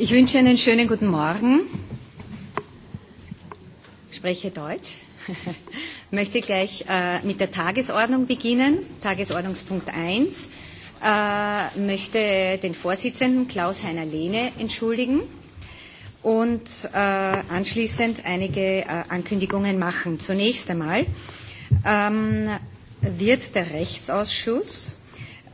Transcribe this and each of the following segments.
Ich wünsche einen schönen guten Morgen. Ich spreche Deutsch. Ich möchte gleich äh, mit der Tagesordnung beginnen. Tagesordnungspunkt 1. Ich äh, möchte den Vorsitzenden Klaus-Heiner Lehne entschuldigen und äh, anschließend einige Ankündigungen machen. Zunächst einmal ähm, wird der Rechtsausschuss,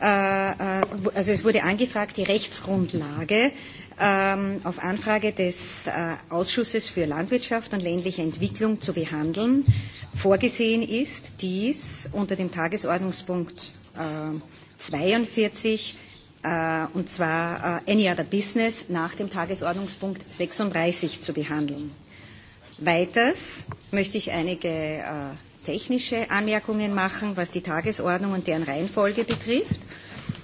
also es wurde angefragt, die Rechtsgrundlage ähm, auf Anfrage des äh, Ausschusses für Landwirtschaft und ländliche Entwicklung zu behandeln. Vorgesehen ist dies unter dem Tagesordnungspunkt äh, 42 äh, und zwar äh, Any Other Business nach dem Tagesordnungspunkt 36 zu behandeln. Weiters möchte ich einige äh, technische Anmerkungen machen, was die Tagesordnung und deren Reihenfolge betrifft.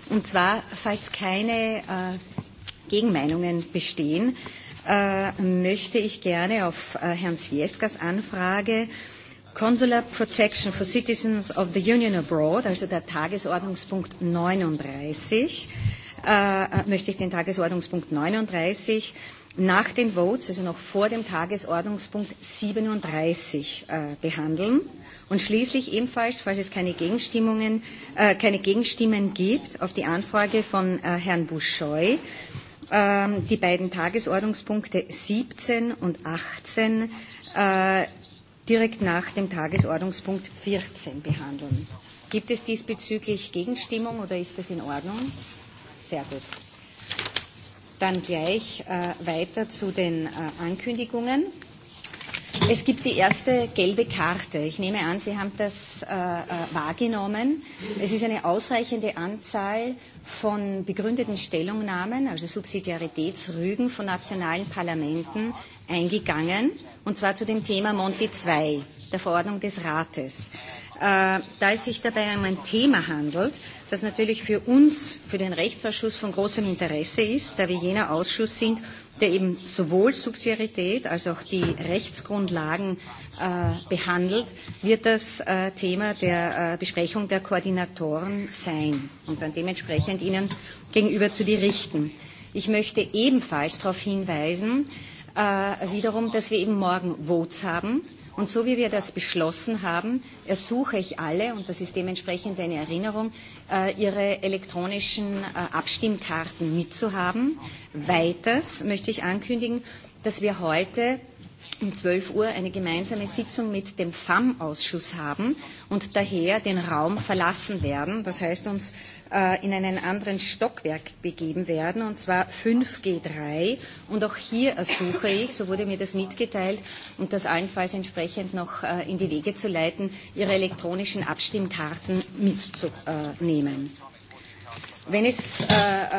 Und zwar, falls keine äh, Gegenmeinungen bestehen, äh, möchte ich gerne auf äh, Herrn Zwiefkas Anfrage Consular Protection for Citizens of the Union Abroad, also der Tagesordnungspunkt 39, äh, möchte ich den Tagesordnungspunkt 39 nach den Votes, also noch vor dem Tagesordnungspunkt 37 behandeln. Und schließlich ebenfalls, falls es keine, Gegenstimmungen, äh, keine Gegenstimmen gibt, auf die Anfrage von äh, Herrn Bouchoy ähm, die beiden Tagesordnungspunkte 17 und 18 äh, direkt nach dem Tagesordnungspunkt 14 behandeln. Gibt es diesbezüglich Gegenstimmung oder ist das in Ordnung? Sehr gut. Dann gleich äh, weiter zu den äh, Ankündigungen. Es gibt die erste gelbe Karte. Ich nehme an, Sie haben das äh, äh, wahrgenommen. Es ist eine ausreichende Anzahl von begründeten Stellungnahmen, also Subsidiaritätsrügen von nationalen Parlamenten eingegangen, und zwar zu dem Thema Monti II, der Verordnung des Rates. Äh, da es sich dabei um ein Thema handelt, das natürlich für uns, für den Rechtsausschuss von großem Interesse ist, da wir jener Ausschuss sind, der eben sowohl Subsidiarität als auch die Rechtsgrundlagen äh, behandelt, wird das äh, Thema der äh, Besprechung der Koordinatoren sein und dann dementsprechend Ihnen gegenüber zu berichten. Ich möchte ebenfalls darauf hinweisen, äh, wiederum, dass wir eben morgen Votes haben Und so wie wir das beschlossen haben, ersuche ich alle, und das ist dementsprechend eine Erinnerung, äh, ihre elektronischen äh, Abstimmkarten mitzuhaben. Weiters möchte ich ankündigen, dass wir heute um 12 Uhr eine gemeinsame Sitzung mit dem FAM-Ausschuss haben und daher den Raum verlassen werden. Das heißt, uns Äh, in einen anderen Stockwerk begeben werden, und zwar 5G3. Und auch hier ersuche ich, so wurde mir das mitgeteilt, und das allenfalls entsprechend noch äh, in die Wege zu leiten, Ihre elektronischen Abstimmkarten mitzunehmen. Wenn es äh,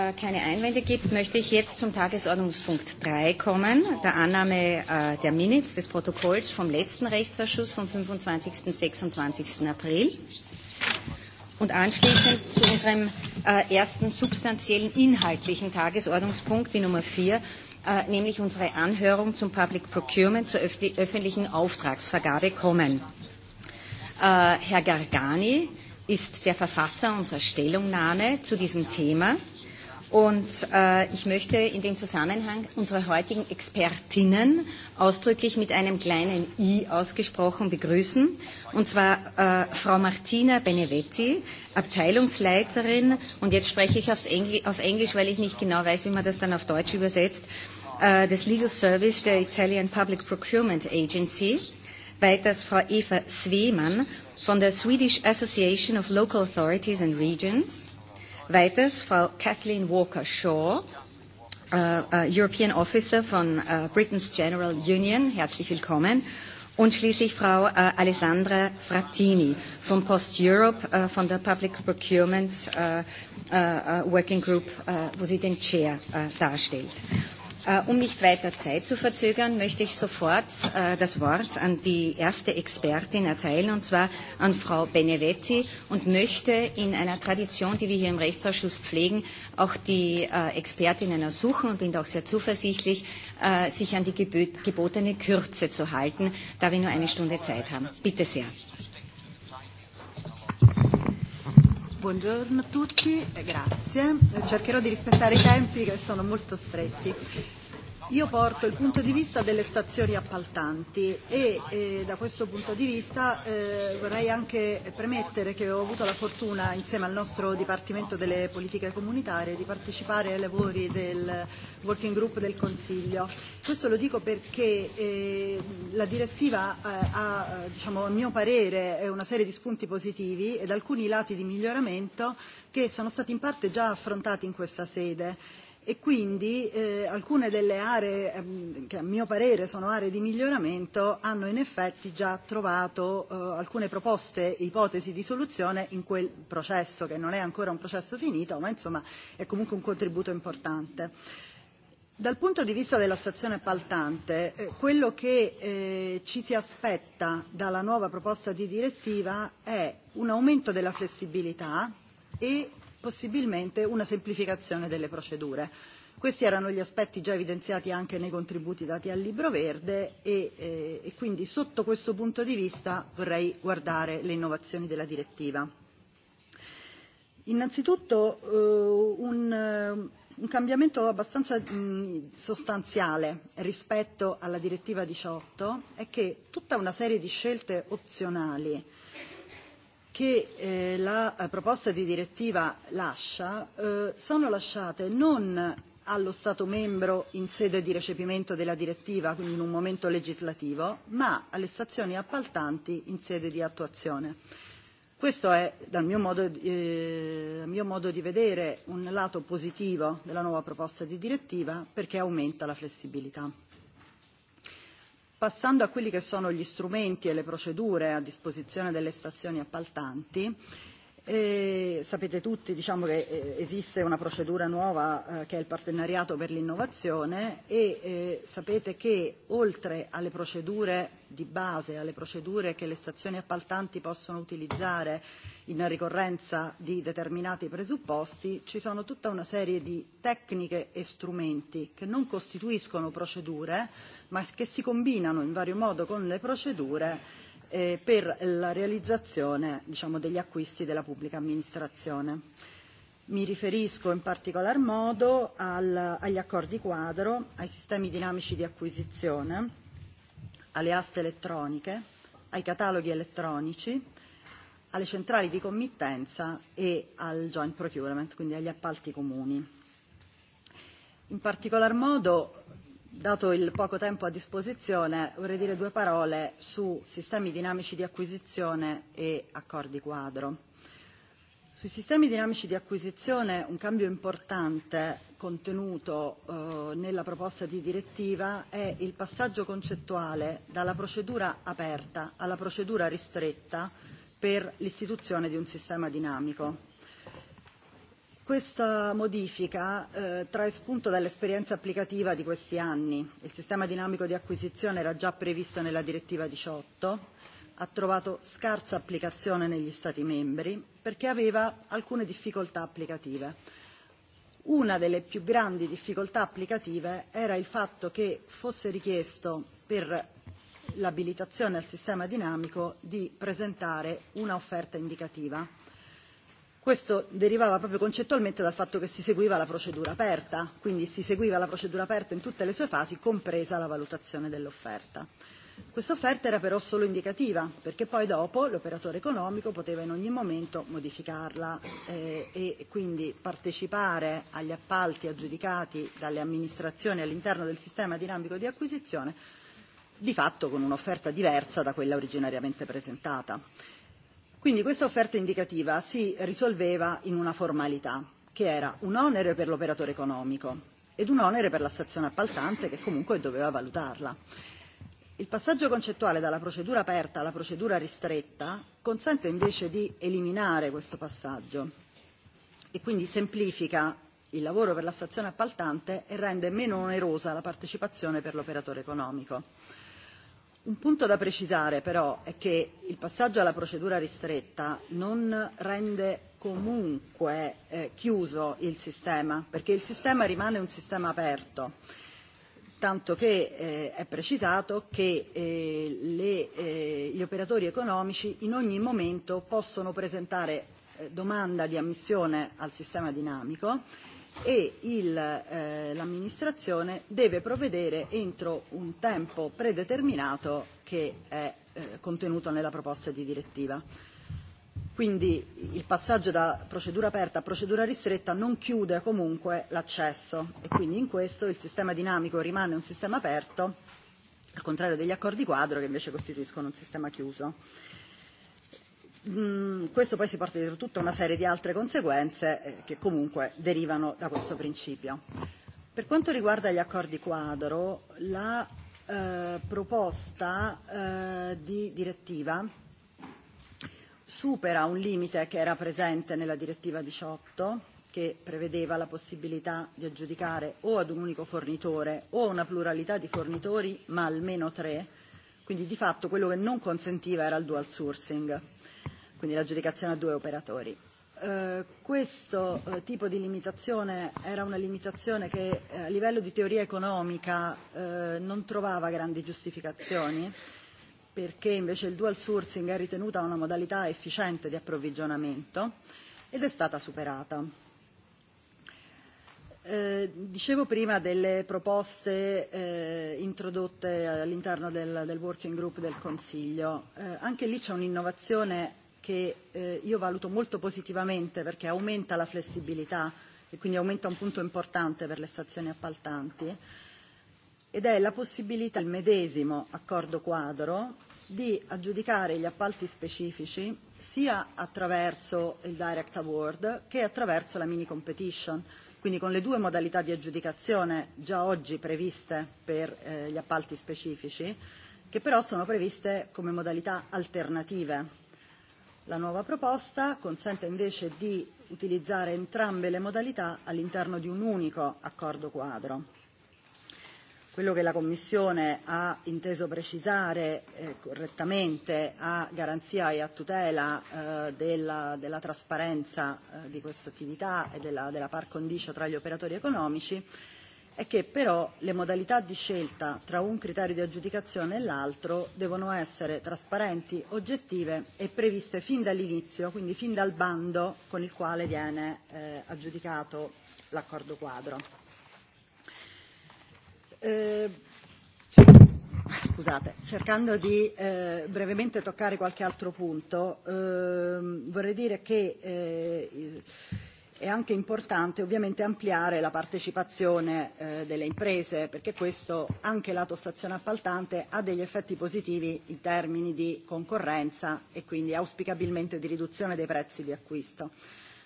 äh keine Einwände gibt, möchte ich jetzt zum Tagesordnungspunkt 3 kommen, der Annahme äh, der Minutes des Protokolls vom letzten Rechtsausschuss vom 25. und 26. April und anschließend zu unserem äh, ersten substanziellen inhaltlichen Tagesordnungspunkt, die Nummer vier, äh, nämlich unsere Anhörung zum Public Procurement zur öf öffentlichen Auftragsvergabe kommen. Äh, Herr Gargani ist der Verfasser unserer Stellungnahme zu diesem Thema. Und äh, ich möchte in dem Zusammenhang unsere heutigen Expertinnen ausdrücklich mit einem kleinen i ausgesprochen begrüßen, und zwar äh, Frau Martina Benevetti, Abteilungsleiterin, und jetzt spreche ich aufs Engl auf Englisch, weil ich nicht genau weiß, wie man das dann auf Deutsch übersetzt, äh, des Legal Service der Italian Public Procurement Agency weiters Frau Eva Sweemann von der Swedish Association of Local Authorities and Regions, Weiters Frau Kathleen Walker-Shaw, äh, uh, European Officer von äh, Britain's General Union, herzlich willkommen. Und schließlich Frau äh, Alessandra Frattini von Post Europe, äh, von der Public Procurement äh, äh, Working Group, äh, wo sie den Chair äh, darstellt. Äh, um nicht weiter Zeit zu verzögern, möchte ich sofort äh, das Wort an die erste Expertin erteilen, und zwar an Frau Benevetti, und möchte in einer Tradition, die wir hier im Rechtsausschuss pflegen, auch die äh, Expertinnen ersuchen und bin da auch sehr zuversichtlich, sich an die gebotene Kürze zu halten, da wir nur eine Stunde Zeit haben. Bitte sehr. Buongiorno a tutti, grazie. Cercherò di rispettare i tempi che sono molto stretti. Io porto il punto di vista delle stazioni appaltanti e eh, da questo punto di vista eh, vorrei anche premettere che ho avuto la fortuna insieme al nostro Dipartimento delle politiche comunitarie di partecipare ai lavori del working group del Consiglio. Questo lo dico perché eh, la direttiva eh, ha, diciamo, a mio parere, una serie di spunti positivi ed alcuni lati di miglioramento che sono stati in parte già affrontati in questa sede e quindi eh, alcune delle aree eh, che a mio parere sono aree di miglioramento hanno in effetti già trovato eh, alcune proposte e ipotesi di soluzione in quel processo che non è ancora un processo finito ma insomma è comunque un contributo importante. Dal punto di vista della stazione appaltante, eh, quello che eh, ci si aspetta dalla nuova proposta di direttiva è un aumento della flessibilità e possibilmente una semplificazione delle procedure. Questi erano gli aspetti già evidenziati anche nei contributi dati al Libro Verde e, eh, e quindi sotto questo punto di vista vorrei guardare le innovazioni della direttiva. Innanzitutto eh, un, eh, un cambiamento abbastanza mh, sostanziale rispetto alla direttiva 18 è che tutta una serie di scelte opzionali eh, che eh, la eh, proposta di direttiva lascia eh, sono lasciate non allo Stato membro in sede di recepimento della direttiva, quindi in un momento legislativo, ma alle stazioni appaltanti in sede di attuazione. Questo è, dal mio modo, eh, a mio modo di vedere, un lato positivo della nuova proposta di direttiva perché aumenta la flessibilità. Passando a quelli che sono gli strumenti e le procedure a disposizione delle stazioni appaltanti, E eh, sapete tutti diciamo, che eh, esiste una procedura nuova eh, che è il partenariato per l'innovazione e eh, sapete che oltre alle procedure di base, alle procedure che le stazioni appaltanti possono utilizzare in ricorrenza di determinati presupposti, ci sono tutta una serie di tecniche e strumenti che non costituiscono procedure ma che si combinano in vario modo con le procedure eh, per la realizzazione diciamo, degli acquisti della pubblica amministrazione. Mi riferisco in particolar modo al, agli accordi quadro, ai sistemi dinamici di acquisizione, alle aste elettroniche, ai cataloghi elettronici, alle centrali di committenza e al joint procurement, quindi agli appalti comuni. In particolar modo dato il poco tempo a disposizione, vorrei dire due parole su sistemi dinamici di acquisizione e accordi quadro. Sui sistemi dinamici di acquisizione un cambio importante contenuto eh, nella proposta di direttiva è il passaggio concettuale dalla procedura aperta alla procedura ristretta per l'istituzione di un sistema dinamico. Questa modifica eh, trae spunto dall'esperienza applicativa di questi anni. Il sistema dinamico di acquisizione era già previsto nella direttiva 18, ha trovato scarsa applicazione negli Stati membri perché aveva alcune difficoltà applicative. Una delle più grandi difficoltà applicative era il fatto che fosse richiesto per l'abilitazione al sistema dinamico di presentare una offerta indicativa Questo derivava proprio concettualmente dal fatto che si seguiva la procedura aperta, quindi si seguiva la procedura aperta in tutte le sue fasi, compresa la valutazione dell'offerta. Questa offerta era però solo indicativa, perché poi dopo l'operatore economico poteva in ogni momento modificarla eh, e quindi partecipare agli appalti aggiudicati dalle amministrazioni all'interno del sistema dinamico di acquisizione, di fatto con un'offerta diversa da quella originariamente presentata. Quindi questa offerta indicativa si risolveva in una formalità, che era un onere per l'operatore economico ed un onere per la stazione appaltante che comunque doveva valutarla. Il passaggio concettuale dalla procedura aperta alla procedura ristretta consente invece di eliminare questo passaggio e quindi semplifica il lavoro per la stazione appaltante e rende meno onerosa la partecipazione per l'operatore economico. Un punto da precisare però è che il passaggio alla procedura ristretta non rende comunque eh, chiuso il sistema, perché il sistema rimane un sistema aperto, tanto che eh, è precisato che eh, le, eh, gli operatori economici in ogni momento possono presentare eh, domanda di ammissione al sistema dinamico e il, eh, l'amministrazione deve provvedere entro un tempo predeterminato che è eh, contenuto nella proposta di direttiva. Quindi il passaggio da procedura aperta a procedura ristretta non chiude comunque l'accesso e quindi in questo il sistema dinamico rimane un sistema aperto, al contrario degli accordi quadro che invece costituiscono un sistema chiuso. Mm, questo poi si porta dietro tutta una serie di altre conseguenze eh, che comunque derivano da questo principio. Per quanto riguarda gli accordi quadro, la eh, proposta eh, di direttiva supera un limite che era presente nella direttiva 18 che prevedeva la possibilità di aggiudicare o ad un unico fornitore o a una pluralità di fornitori, ma almeno tre. Quindi di fatto quello che non consentiva era il dual sourcing quindi l'aggiudicazione a due operatori. Eh, questo eh, tipo di limitazione era una limitazione che eh, a livello di teoria economica eh, non trovava grandi giustificazioni perché invece il dual sourcing è ritenuta una modalità efficiente di approvvigionamento ed è stata superata. Eh, dicevo prima delle proposte eh, introdotte all'interno del, del working group del Consiglio. Eh, anche lì c'è un'innovazione che eh, io valuto molto positivamente perché aumenta la flessibilità e quindi aumenta un punto importante per le stazioni appaltanti, ed è la possibilità, del medesimo accordo quadro, di aggiudicare gli appalti specifici sia attraverso il Direct Award che attraverso la mini competition, quindi con le due modalità di aggiudicazione già oggi previste per eh, gli appalti specifici, che però sono previste come modalità alternative la nuova proposta consente invece di utilizzare entrambe le modalità all'interno di un unico accordo quadro. Quello che la Commissione ha inteso precisare eh, correttamente a garanzia e a tutela eh, della, della trasparenza eh, di questa attività e della, della par condicio tra gli operatori economici è che però le modalità di scelta tra un criterio di aggiudicazione e l'altro devono essere trasparenti, oggettive e previste fin dall'inizio, quindi fin dal bando con il quale viene eh, aggiudicato l'accordo quadro. Eh, Scusate, cercando di eh, brevemente toccare qualche altro punto, eh, vorrei dire che eh, è anche importante ovviamente ampliare la partecipazione eh, delle imprese perché questo anche lato stazione appaltante ha degli effetti positivi in termini di concorrenza e quindi auspicabilmente di riduzione dei prezzi di acquisto.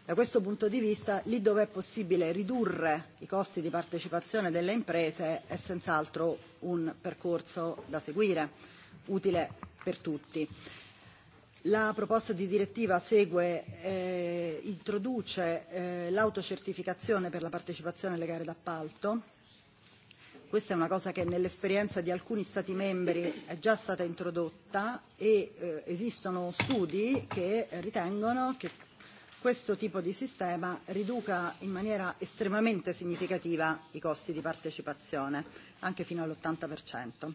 Da questo punto di vista, lì dove è possibile ridurre i costi di partecipazione delle imprese è senz'altro un percorso da seguire, utile per tutti. La proposta di direttiva segue, eh, introduce eh, l'autocertificazione per la partecipazione alle gare d'appalto. Questa è una cosa che nell'esperienza di alcuni Stati membri è già stata introdotta e eh, esistono studi che ritengono che questo tipo di sistema riduca in maniera estremamente significativa i costi di partecipazione, anche fino all'80%.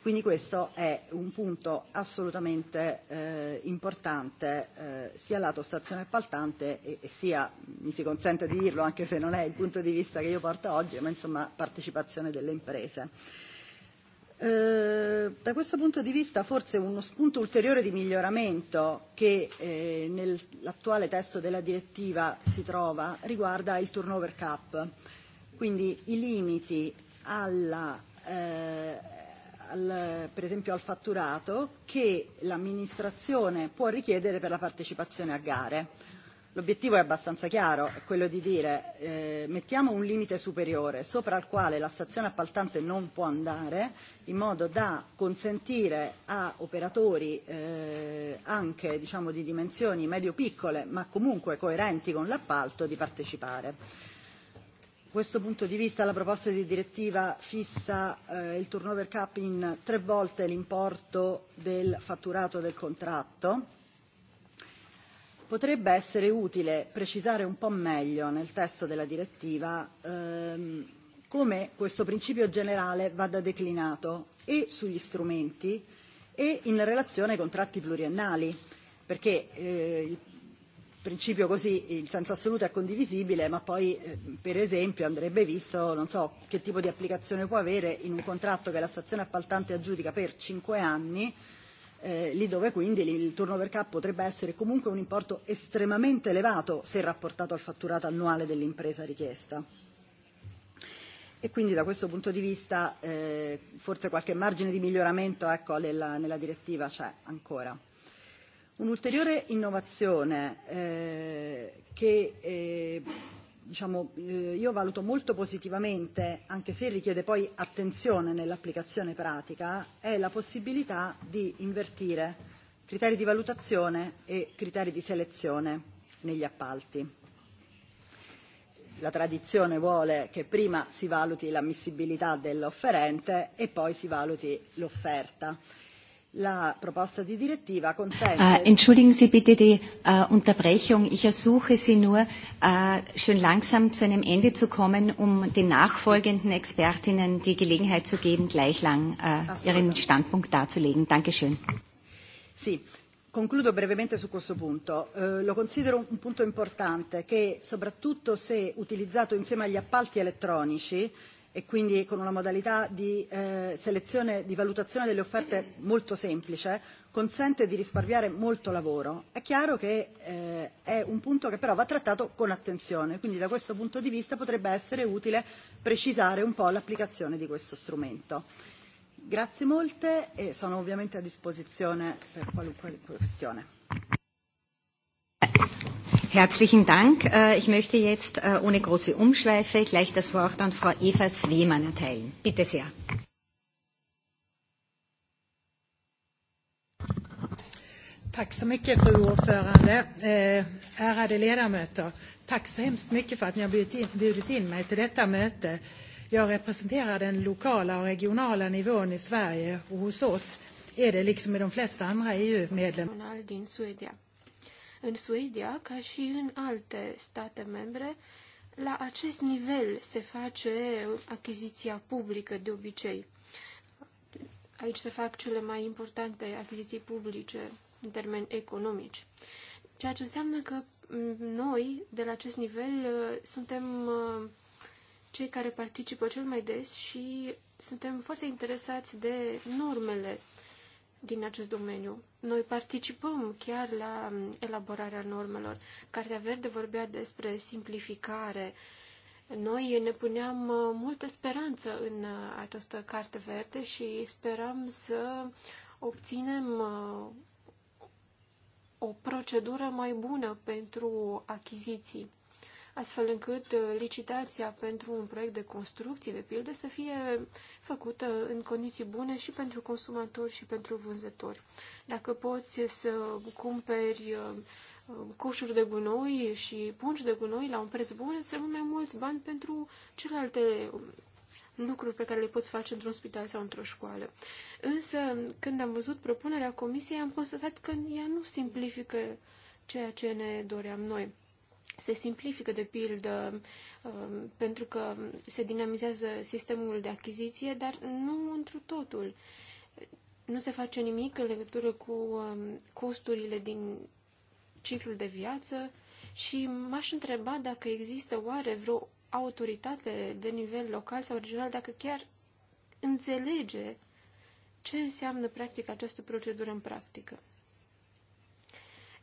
Quindi questo è un punto assolutamente eh, importante eh, sia lato stazione appaltante e, e sia, mi si consente di dirlo anche se non è il punto di vista che io porto oggi, ma insomma partecipazione delle imprese. Eh, da questo punto di vista forse uno spunto ulteriore di miglioramento che eh, nell'attuale testo della direttiva si trova riguarda il turnover cap, quindi i limiti alla eh, al, per esempio al fatturato che l'amministrazione può richiedere per la partecipazione a gare. L'obiettivo è abbastanza chiaro, è quello di dire eh, mettiamo un limite superiore sopra il quale la stazione appaltante non può andare in modo da consentire a operatori eh, anche diciamo, di dimensioni medio-piccole ma comunque coerenti con l'appalto di partecipare questo punto di vista la proposta di direttiva fissa eh, il turnover cap in tre volte l'importo del fatturato del contratto. Potrebbe essere utile precisare un po' meglio nel testo della direttiva ehm, come questo principio generale vada declinato e sugli strumenti e in relazione ai contratti pluriennali, perché eh, principio così in senso assoluto è condivisibile, ma poi eh, per esempio andrebbe visto non so che tipo di applicazione può avere in un contratto che la stazione appaltante aggiudica per cinque anni, eh, lì dove quindi il turnover cap potrebbe essere comunque un importo estremamente elevato se rapportato al fatturato annuale dell'impresa richiesta. E quindi da questo punto di vista eh, forse qualche margine di miglioramento ecco, nella, nella direttiva c'è ancora. Un'ulteriore innovazione eh, che eh, diciamo, eh, io valuto molto positivamente, anche se richiede poi attenzione nell'applicazione pratica, è la possibilità di invertire criteri di valutazione e criteri di selezione negli appalti. La tradizione vuole che prima si valuti l'ammissibilità dell'offerente e poi si valuti l'offerta la proposta di direttiva consente... Äh, entschuldigen Sie bitte die äh, Unterbrechung. Ich ersuche Sie nur, äh, schön langsam zu einem Ende zu kommen, um den nachfolgenden Expertinnen die Gelegenheit zu geben, gleich lang äh, ihren Standpunkt darzulegen. Dankeschön. Sie. Concludo brevemente su questo punto. Eh, lo considero un punto importante che, soprattutto se utilizzato insieme agli appalti elettronici, e quindi con una modalità di eh, selezione, di valutazione delle offerte molto semplice, consente di risparmiare molto lavoro. È chiaro che eh, è un punto che però va trattato con attenzione, quindi da questo punto di vista potrebbe essere utile precisare un po' l'applicazione di questo strumento. Grazie molte e sono ovviamente a disposizione per qualunque questione. Herzlichen Dank. Äh, ich möchte jetzt äh, ohne große Umschweife gleich das Wort an Frau Eva Swemann erteilen. Bitte sehr. Tack så mycket, fru ordförande. Eh, ärade ledamöter, tack så hemskt mycket för att ni har bjudit in, bjudit in mig till detta möte. Jag representerar den lokala och regionala nivån i Sverige och hos oss är det liksom i de flesta andra EU-medlemmar. În Suedia, ca și în alte state membre, la acest nivel se face achiziția publică de obicei. Aici se fac cele mai importante achiziții publice în termeni economici. Ceea ce înseamnă că mm, noi, de la acest nivel, uh, suntem uh, cei care participă cel mai des și suntem foarte interesați de normele din acest domeniu. Noi participăm chiar la um, elaborarea normelor. Cartea Verde vorbea despre simplificare. Noi ne puneam uh, multă speranță în uh, această carte verde și speram să obținem uh, o procedură mai bună pentru achiziții astfel încât uh, licitația pentru un proiect de construcții, de pildă, să fie făcută în condiții bune și pentru consumatori și pentru vânzători. Dacă poți să cumperi uh, uh, coșuri de gunoi și pungi de gunoi la un preț bun, să rămân mai mulți bani pentru celelalte um, lucruri pe care le poți face într-un spital sau într-o școală. Însă, când am văzut propunerea comisiei, am constatat că ea nu simplifică ceea ce ne doream noi se simplifică, de pildă, um, pentru că se dinamizează sistemul de achiziție, dar nu întru totul. Nu se face nimic în legătură cu um, costurile din ciclul de viață și m-aș întreba dacă există oare vreo autoritate de nivel local sau regional, dacă chiar înțelege ce înseamnă practic această procedură în practică.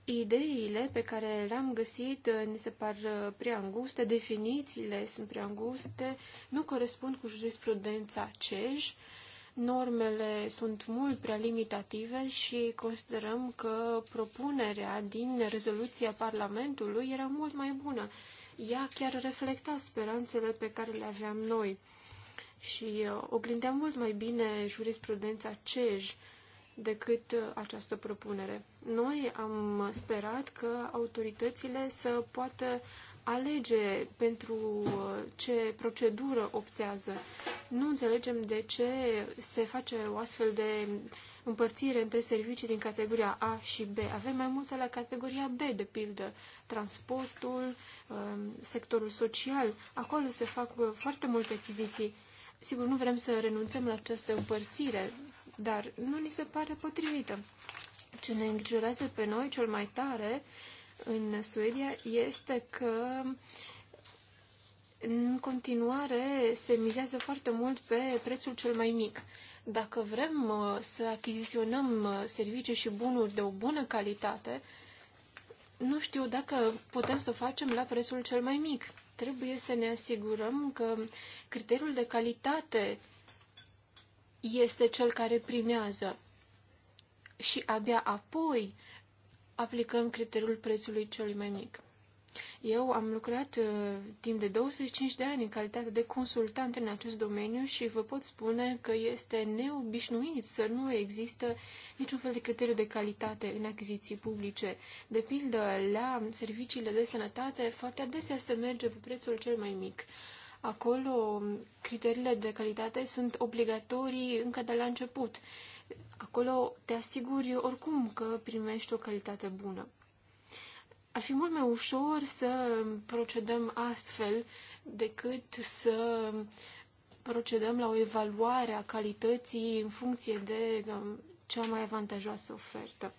Ideile pe care le-am găsit uh, ne se par uh, prea înguste, definițiile sunt prea înguste, nu corespund cu jurisprudența CEJ, normele sunt mult prea limitative și considerăm că propunerea din rezoluția Parlamentului era mult mai bună. Ea chiar reflecta speranțele pe care le aveam noi și uh, oglindea mult mai bine jurisprudența CEJ, decât uh, această propunere. Noi am sperat că autoritățile să poată alege pentru uh, ce procedură optează. Nu înțelegem de ce se face o astfel de împărțire între servicii din categoria A și B. Avem mai multe la categoria B, de pildă, transportul, um, sectorul social. Acolo se fac uh, foarte multe achiziții. Sigur, nu vrem să renunțăm la această împărțire, dar nu ni se pare potrivită. Ce ne îngrijorează pe noi cel mai tare în Suedia este că în continuare se mizează foarte mult pe prețul cel mai mic. Dacă vrem uh, să achiziționăm uh, servicii și bunuri de o bună calitate, nu știu dacă putem să o facem la prețul cel mai mic. Trebuie să ne asigurăm că criteriul de calitate este cel care primează și abia apoi aplicăm criteriul prețului cel mai mic. Eu am lucrat uh, timp de 25 de ani în calitate de consultant în acest domeniu și vă pot spune că este neobișnuit să nu există niciun fel de criteriu de calitate în achiziții publice. De pildă, la serviciile de sănătate, foarte adesea se merge pe prețul cel mai mic. Uh, Acolo criteriile de calitate sunt obligatorii încă de la început. Acolo te asiguri oricum că primești o calitate bună. Ar fi mult mai ușor să procedăm astfel decât să procedăm la o evaluare a calității în funcție de um, cea mai avantajoasă ofertă.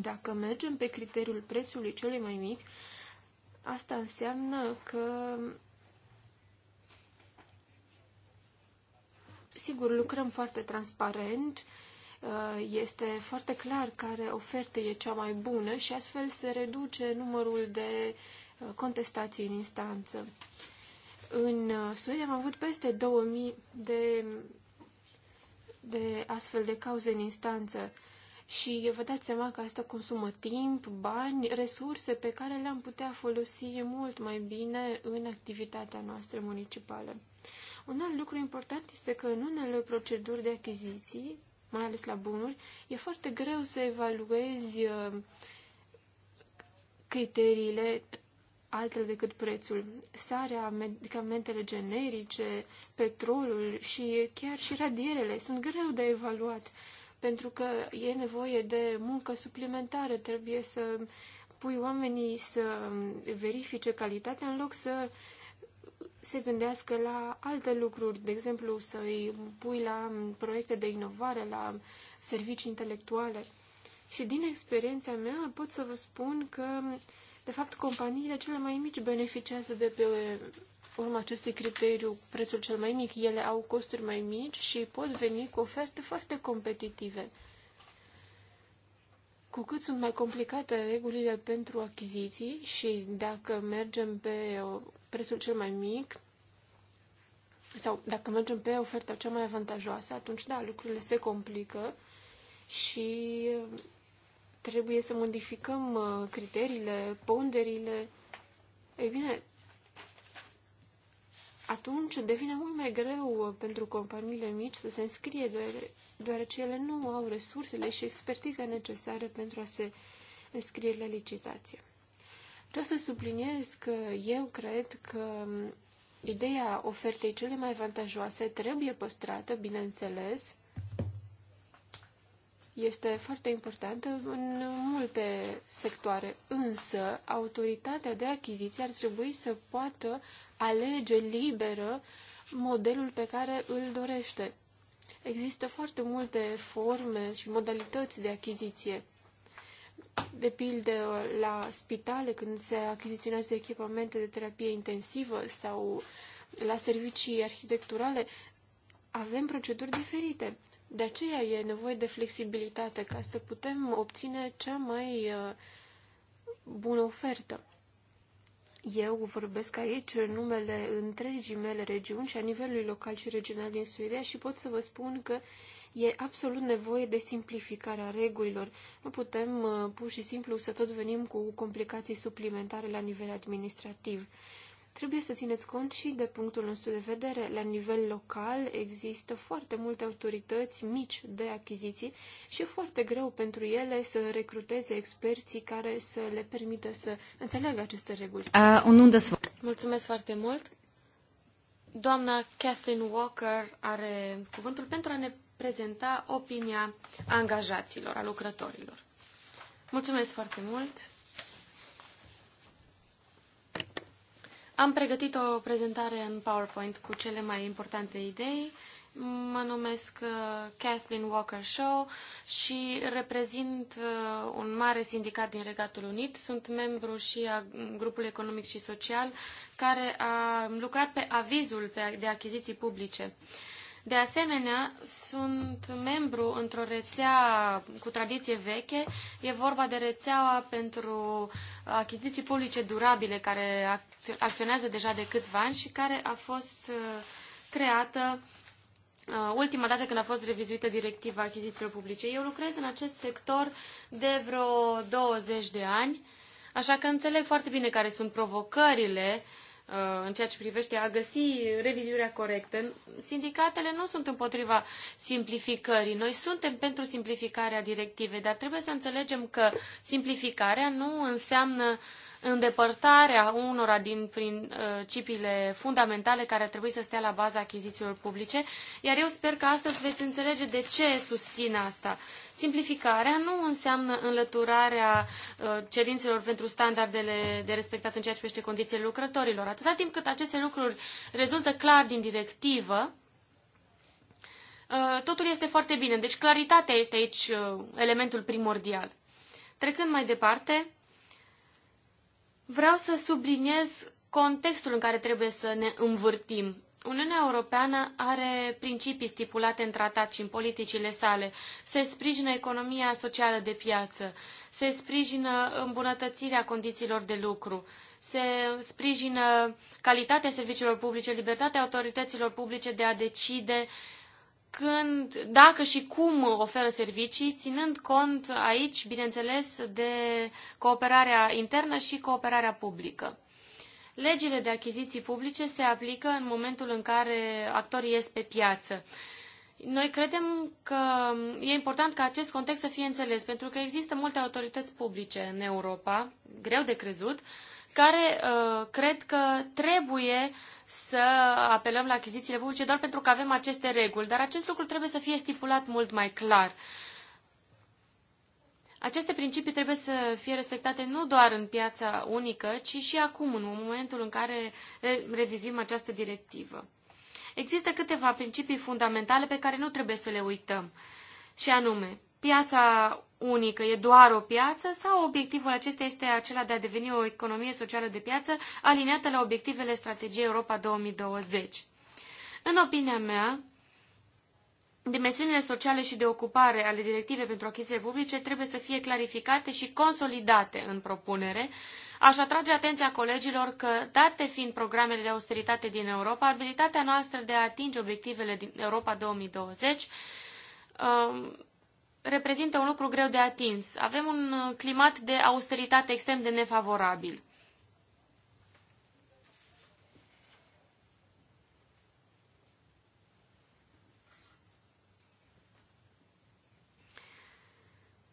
Dacă mergem pe criteriul prețului cel mai mic, asta înseamnă că Sigur, lucrăm foarte transparent, uh, este foarte clar care ofertă e cea mai bună și astfel se reduce numărul de uh, contestații în instanță. În uh, Suedia am avut peste 2000 de, de astfel de cauze în instanță și vă dați seama că asta consumă timp, bani, resurse pe care le-am putea folosi mult mai bine în activitatea noastră municipală. Un alt lucru important este că în unele proceduri de achiziții, mai ales la bunuri, e foarte greu să evaluezi uh, criteriile altele decât prețul. Sarea, medicamentele generice, petrolul și chiar și radierele sunt greu de evaluat pentru că e nevoie de muncă suplimentară, trebuie să pui oamenii să verifice calitatea în loc să se gândească la alte lucruri, de exemplu să îi pui la proiecte de inovare, la servicii intelectuale. Și din experiența mea pot să vă spun că, de fapt, companiile cele mai mici beneficiază de pe urma acestui criteriu prețul cel mai mic. Ele au costuri mai mici și pot veni cu oferte foarte competitive. Cu cât sunt mai complicate regulile pentru achiziții și dacă mergem pe prețul cel mai mic sau dacă mergem pe oferta cea mai avantajoasă, atunci da, lucrurile se complică și trebuie să modificăm uh, criteriile, ponderile. Ei bine, atunci devine mult mai greu uh, pentru companiile mici să se înscrie, deoarece ele nu au resursele și expertiza necesară pentru a se înscrie la licitație. Vreau să subliniez că eu cred că ideea ofertei cele mai avantajoase trebuie păstrată, bineînțeles. Este foarte importantă în multe sectoare, însă autoritatea de achiziție ar trebui să poată alege liberă modelul pe care îl dorește. Există foarte multe forme și modalități de achiziție de pildă la spitale când se achiziționează echipamente de terapie intensivă sau la servicii arhitecturale, avem proceduri diferite. De aceea e nevoie de flexibilitate ca să putem obține cea mai uh, bună ofertă. Eu vorbesc aici în numele întregii mele regiuni și a nivelului local și regional din Suedia și pot să vă spun că E absolut nevoie de simplificarea regulilor. Nu putem uh, pur și simplu să tot venim cu complicații suplimentare la nivel administrativ. Trebuie să țineți cont și de punctul nostru de vedere. La nivel local există foarte multe autorități mici de achiziții și foarte greu pentru ele să recruteze experții care să le permită să înțeleagă aceste reguli. Uh, un Mulțumesc foarte mult! Doamna Kathleen Walker are cuvântul pentru a ne prezenta opinia angajaților, a lucrătorilor. Mulțumesc foarte mult! Am pregătit o prezentare în PowerPoint cu cele mai importante idei. Mă numesc Kathleen uh, Walker Shaw și reprezint uh, un mare sindicat din Regatul Unit. Sunt membru și a grupului economic și social care a lucrat pe avizul de achiziții publice. De asemenea, sunt membru într-o rețea cu tradiție veche. E vorba de rețeaua pentru achiziții publice durabile, care acționează deja de câțiva ani și care a fost uh, creată uh, ultima dată când a fost revizuită directiva achizițiilor publice. Eu lucrez în acest sector de vreo 20 de ani, așa că înțeleg foarte bine care sunt provocările uh, Uh, în ceea ce privește a găsi revizuirea corectă. Sindicatele nu sunt împotriva simplificării. Noi suntem pentru simplificarea directivei, dar trebuie să înțelegem că simplificarea nu înseamnă uh, îndepărtarea unora din principiile uh, fundamentale care ar trebui să stea la baza achizițiilor publice, iar eu sper că astăzi veți înțelege de ce susțin asta. Simplificarea nu înseamnă înlăturarea uh, cerințelor pentru standardele de respectat în ceea ce privește condițiile lucrătorilor. Atâta timp cât aceste lucruri rezultă clar din directivă, uh, totul este foarte bine. Deci claritatea este aici elementul primordial. Trecând mai departe, Vreau să subliniez contextul în care trebuie să ne învârtim. Uniunea Europeană are principii stipulate în tratat și în politicile sale. Se sprijină economia socială de piață, se sprijină îmbunătățirea condițiilor de lucru, se sprijină calitatea serviciilor publice, libertatea autorităților publice de a decide uh, când, dacă și cum oferă servicii, ținând cont aici, bineînțeles, de cooperarea internă și cooperarea publică. Legile de achiziții publice se aplică în momentul în care actorii ies pe piață. Noi credem că e important ca acest context să fie înțeles, pentru că există multe autorități publice în Europa, greu de crezut, care uh, cred că trebuie să apelăm la achizițiile publice doar pentru că avem aceste reguli, dar acest lucru trebuie să fie stipulat mult mai clar. Aceste principii trebuie să fie respectate nu doar în piața unică, ci și acum, în momentul în care revizim această directivă. Există câteva principii fundamentale pe care nu trebuie să le uităm, și anume, piața unică e doar o piață sau obiectivul acesta este acela de a deveni o economie socială de piață aliniată la obiectivele strategiei Europa 2020? În opinia mea, dimensiunile sociale și de ocupare ale directivei pentru achiziții publice trebuie să fie clarificate și consolidate în propunere, Aș atrage atenția colegilor că, date fiind programele de austeritate din Europa, abilitatea noastră de a atinge obiectivele din Europa 2020 um, reprezintă un lucru greu de atins. Avem un uh, climat de austeritate extrem de nefavorabil.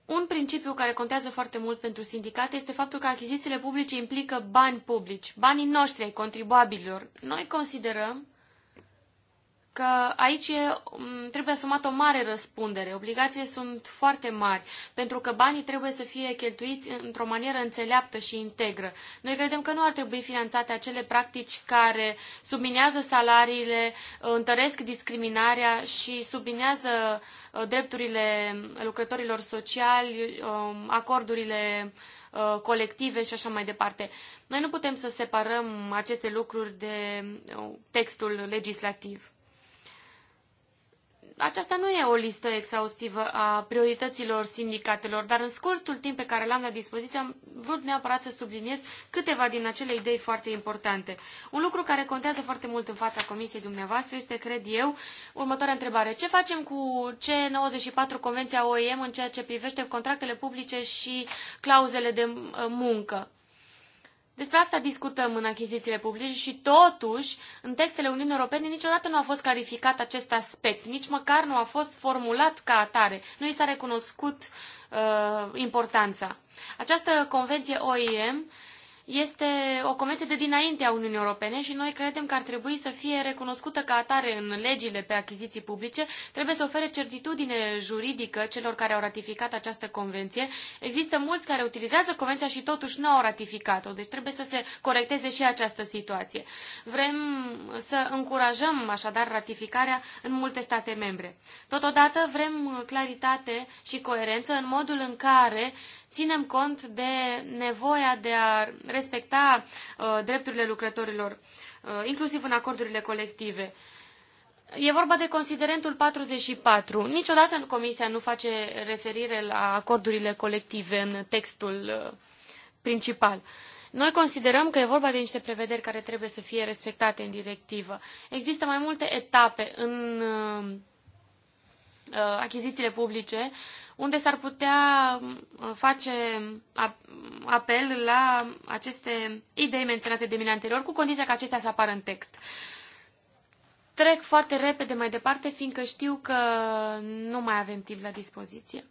Un principiu care contează foarte mult pentru sindicate este faptul că achizițiile publice implică bani publici, banii noștri ai contribuabililor. Noi considerăm că aici trebuie asumată o mare răspundere. Obligațiile sunt foarte mari, pentru că banii trebuie să fie cheltuiți într-o manieră înțeleaptă și integră. Noi credem că nu ar trebui finanțate acele practici care subminează salariile, întăresc discriminarea și subminează uh, drepturile lucrătorilor sociali, um, acordurile uh, colective și așa mai departe. Noi nu putem să separăm aceste lucruri de uh, textul legislativ aceasta nu e o listă exhaustivă a priorităților sindicatelor, dar în scurtul timp pe care l-am la dispoziție am vrut neapărat să subliniez câteva din acele idei foarte importante. Un lucru care contează foarte mult în fața comisiei dumneavoastră este, cred eu, următoarea întrebare. Ce facem cu C94 Convenția OEM în ceea ce privește contractele publice și clauzele de muncă? Despre asta discutăm în achizițiile publice și totuși, în textele Uniunii Europene niciodată nu a fost clarificat acest aspect, nici măcar nu a fost formulat ca atare, nu i s-a recunoscut uh, importanța. Această convenție OIM este o convenție de dinainte a Uniunii Europene și noi credem că ar trebui să fie recunoscută ca atare în legile pe achiziții publice. Trebuie să ofere certitudine juridică celor care au ratificat această convenție. Există mulți care utilizează convenția și totuși nu au ratificat-o, deci trebuie să se corecteze și această situație. Vrem să încurajăm așadar ratificarea în multe state membre. Totodată vrem claritate și coerență în modul în care ținem cont de nevoia de a respecta uh, drepturile lucrătorilor, uh, inclusiv în acordurile colective. E vorba de considerentul 44. Niciodată Comisia nu face referire la acordurile colective în textul uh, principal. Noi considerăm că e vorba de niște prevederi care trebuie să fie respectate în directivă. Există mai multe etape în achizițiile publice uh, unde s-ar putea uh, face apel la aceste idei menționate de mine anterior, cu condiția că acestea să apară în text. Trec foarte repede mai departe, fiindcă știu că nu mai avem timp la dispoziție.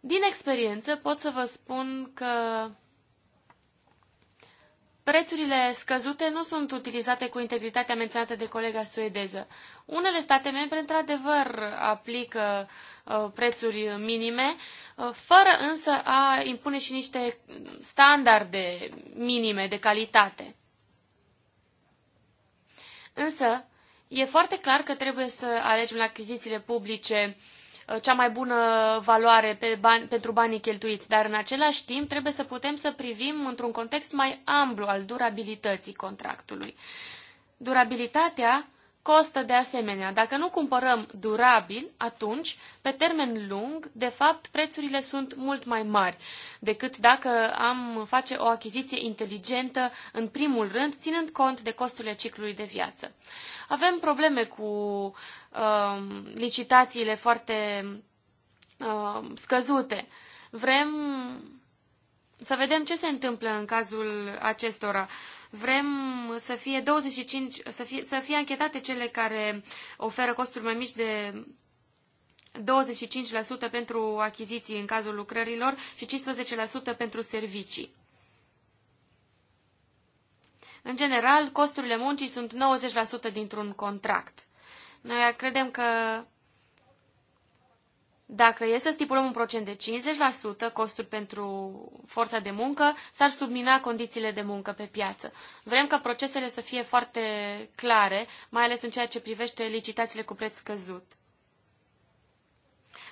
Din experiență pot să vă spun că prețurile scăzute nu sunt utilizate cu integritatea menționată de colega suedeză. Unele state membre, într-adevăr, aplică uh, prețuri minime, uh, fără însă a impune și niște standarde minime de calitate. Însă, e foarte clar că trebuie să alegem la achizițiile publice uh, Uh, cea mai bună valoare pe bani, pentru banii cheltuiți, dar în același timp trebuie să putem să privim într-un context mai amplu al durabilității contractului. Durabilitatea costă de asemenea. Dacă nu cumpărăm durabil, atunci, pe termen lung, de fapt, prețurile sunt mult mai mari decât dacă am face o achiziție inteligentă în primul rând, ținând cont de costurile ciclului de viață. Avem probleme cu uh, licitațiile foarte uh, scăzute. Vrem să vedem ce se întâmplă în cazul acestora. Uh, Vrem să fie 25, să fie, să fie anchetate cele care oferă costuri mai mici de 25% pentru achiziții în cazul lucrărilor și 15% pentru servicii. În general, costurile muncii sunt 90% dintr-un contract. Noi credem că dacă e să stipulăm un procent de 50% costuri pentru forța de muncă, s-ar submina condițiile de muncă pe piață. Vrem ca procesele să fie foarte clare, mai ales în ceea ce privește licitațiile cu preț scăzut.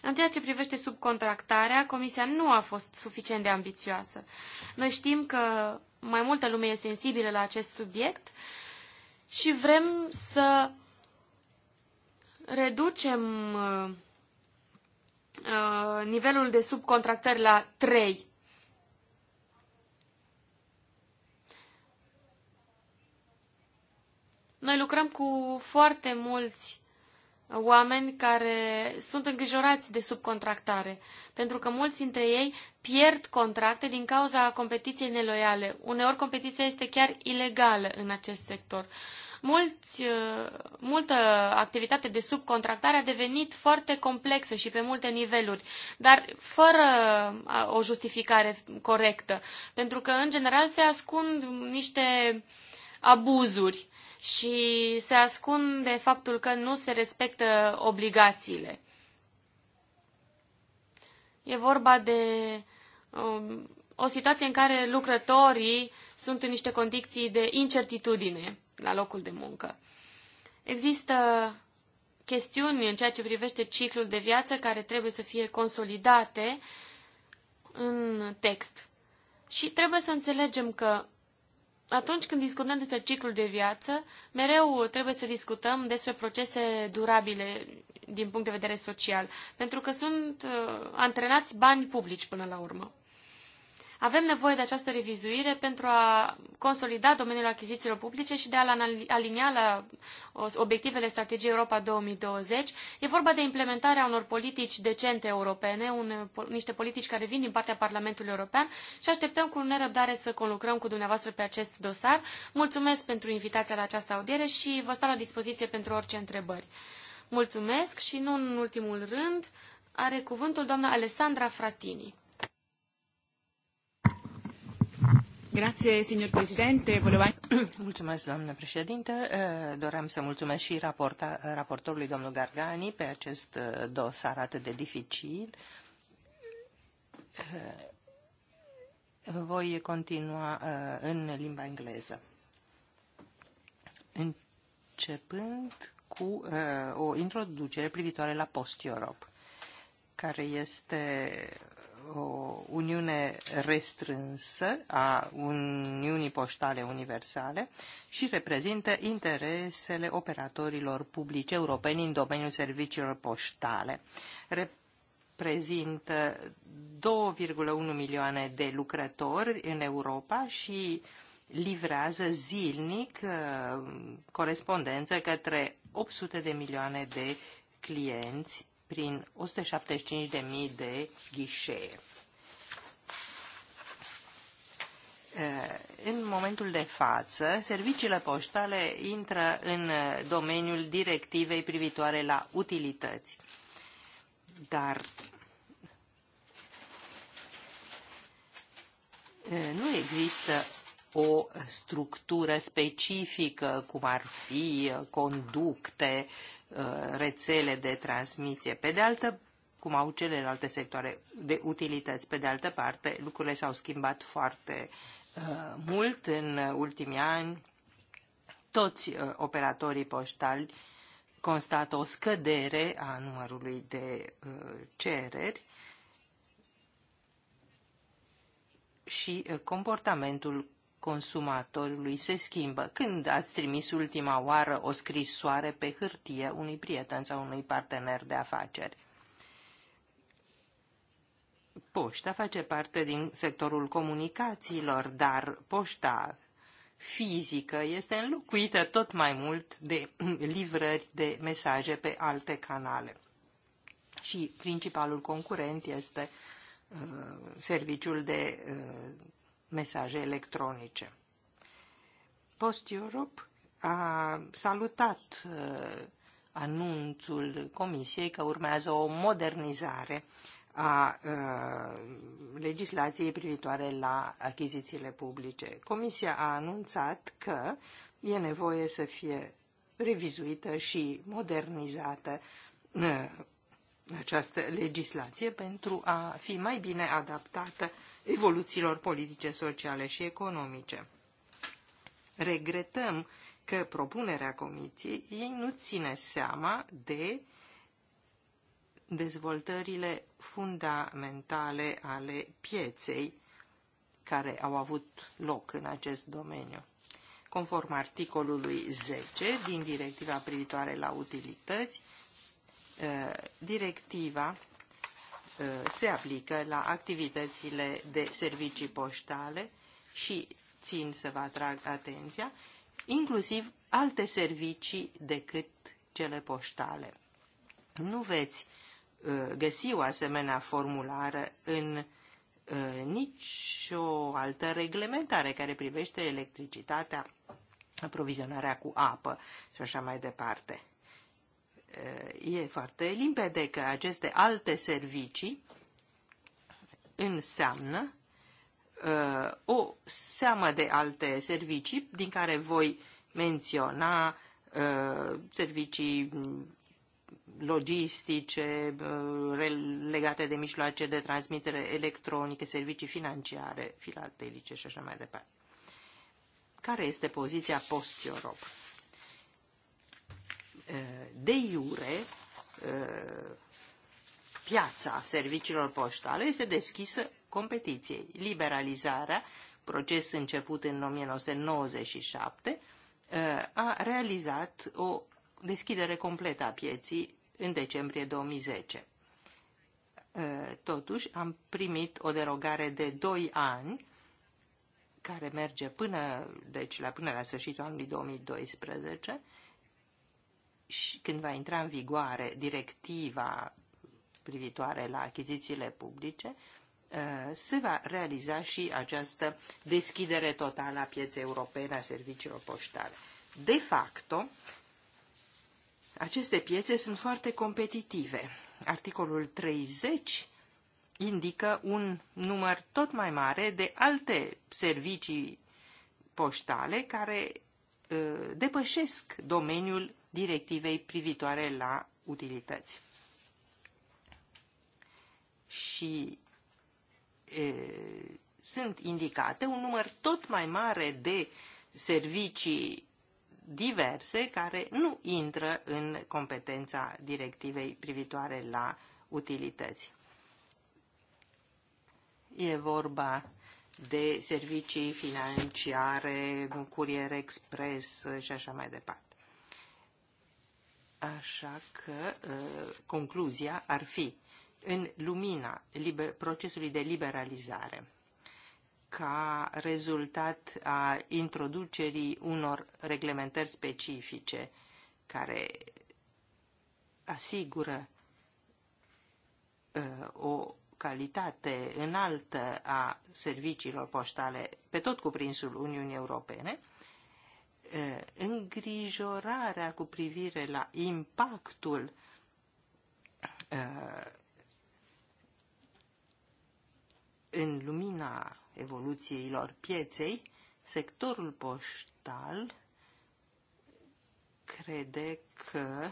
În ceea ce privește subcontractarea, Comisia nu a fost suficient de ambițioasă. Noi știm că mai multă lume e sensibilă la acest subiect și vrem să reducem uh, Uh, nivelul de subcontractări la 3. Noi lucrăm cu foarte mulți oameni care sunt îngrijorați de subcontractare, pentru că mulți dintre ei pierd contracte din cauza competiției neloiale. Uneori competiția este chiar ilegală în acest sector mulți, uh, multă activitate de subcontractare a devenit foarte complexă și pe multe niveluri, dar fără uh, o justificare corectă, pentru că, în general, se ascund niște abuzuri și se ascunde faptul că nu se respectă obligațiile. E vorba de um, o situație în care lucrătorii sunt în niște condiții de incertitudine la locul de muncă. Există chestiuni în ceea ce privește ciclul de viață care trebuie să fie consolidate în text. Și trebuie să înțelegem că atunci când discutăm despre ciclul de viață, mereu trebuie să discutăm despre procese durabile din punct de vedere social, pentru că sunt uh, antrenați bani publici până la urmă. Avem nevoie de această revizuire pentru a consolida domeniul achizițiilor publice și de a-l alinia la obiectivele strategiei Europa 2020. E vorba de implementarea unor politici decente europene, un, niște politici care vin din partea Parlamentului European și așteptăm cu nerăbdare să conlucrăm cu dumneavoastră pe acest dosar. Mulțumesc pentru invitația la această audiere și vă stau la dispoziție pentru orice întrebări. Mulțumesc și nu în ultimul rând are cuvântul doamna Alessandra Fratini. Mulțumesc, doamnă președinte. Eh, doream să mulțumesc și raportorului domnul Gargani pe acest eh, dosar atât de dificil. Eh, voi continua în limba engleză. Începând cu o introducere privitoare la Post Europe, care este o uniune restrânsă a Uniunii Poștale Universale și reprezintă interesele operatorilor publici europeni în domeniul serviciilor poștale. Reprezintă 2,1 milioane de lucrători în Europa și livrează zilnic uh, corespondență către 800 de milioane de clienți prin 175.000 de ghișee. În momentul de față, serviciile poștale intră în domeniul directivei privitoare la utilități. Dar nu există o structură specifică, cum ar fi conducte Uh, rețele de transmisie. Pe de altă cum au celelalte sectoare de utilități. Pe de altă parte, lucrurile s-au schimbat foarte uh, mult în ultimii ani. Toți uh, operatorii poștali constată o scădere a numărului de uh, cereri și uh, comportamentul consumatorului se schimbă. Când ați trimis ultima oară o scrisoare pe hârtie unui prieten sau unui partener de afaceri? Poșta face parte din sectorul comunicațiilor, dar poșta fizică este înlocuită tot mai mult de livrări de mesaje pe alte canale. Și principalul concurent este uh, serviciul de uh, mesaje electronice. Post Europe a salutat uh, anunțul Comisiei că urmează o modernizare a uh, legislației privitoare la achizițiile publice. Comisia a anunțat că e nevoie să fie revizuită și modernizată uh, această legislație pentru a fi mai bine adaptată evoluțiilor politice, sociale și economice. Regretăm că propunerea comisiei ei nu ține seama de dezvoltările fundamentale ale pieței care au avut loc în acest domeniu. Conform articolului 10 din directiva privitoare la utilități, Uh, directiva uh, se aplică la activitățile de servicii poștale și țin să vă atrag atenția, inclusiv alte servicii decât cele poștale. Nu veți uh, găsi o asemenea formulară în nicio altă reglementare care privește electricitatea, aprovizionarea cu apă și așa mai departe e foarte limpede că aceste alte servicii înseamnă uh, o seamă de alte servicii din care voi menționa uh, servicii logistice uh, legate de mijloace de transmitere electronică, servicii financiare, filatelice și așa mai departe. Care este poziția post-Europa? Eh, de iure eh, piața serviciilor poștale este deschisă competiției. Liberalizarea, proces început în 1997, eh, a realizat o deschidere completă a pieții în decembrie 2010. Totuși, am primit o derogare de 2 ani care merge până, deci, la, până la sfârșitul anului 2012 și când va intra în vigoare directiva privitoare la achizițiile publice, uh, se va realiza și această deschidere totală a pieței europene a serviciilor poștale. De facto, aceste piețe sunt foarte competitive. Articolul 30 indică un număr tot mai mare de alte servicii poștale care uh, depășesc domeniul directivei privitoare la utilități. Și e, sunt indicate un număr tot mai mare de servicii diverse care nu intră în competența directivei privitoare la utilități. E vorba de servicii financiare, curier expres și așa mai departe. Așa că ă, concluzia ar fi în lumina liber, procesului de liberalizare ca rezultat a introducerii unor reglementări specifice care asigură uh, o calitate înaltă a serviciilor poștale pe tot cuprinsul Uniunii Europene, Eh, îngrijorarea cu privire la impactul eh, în lumina evoluțiilor pieței, sectorul poștal crede că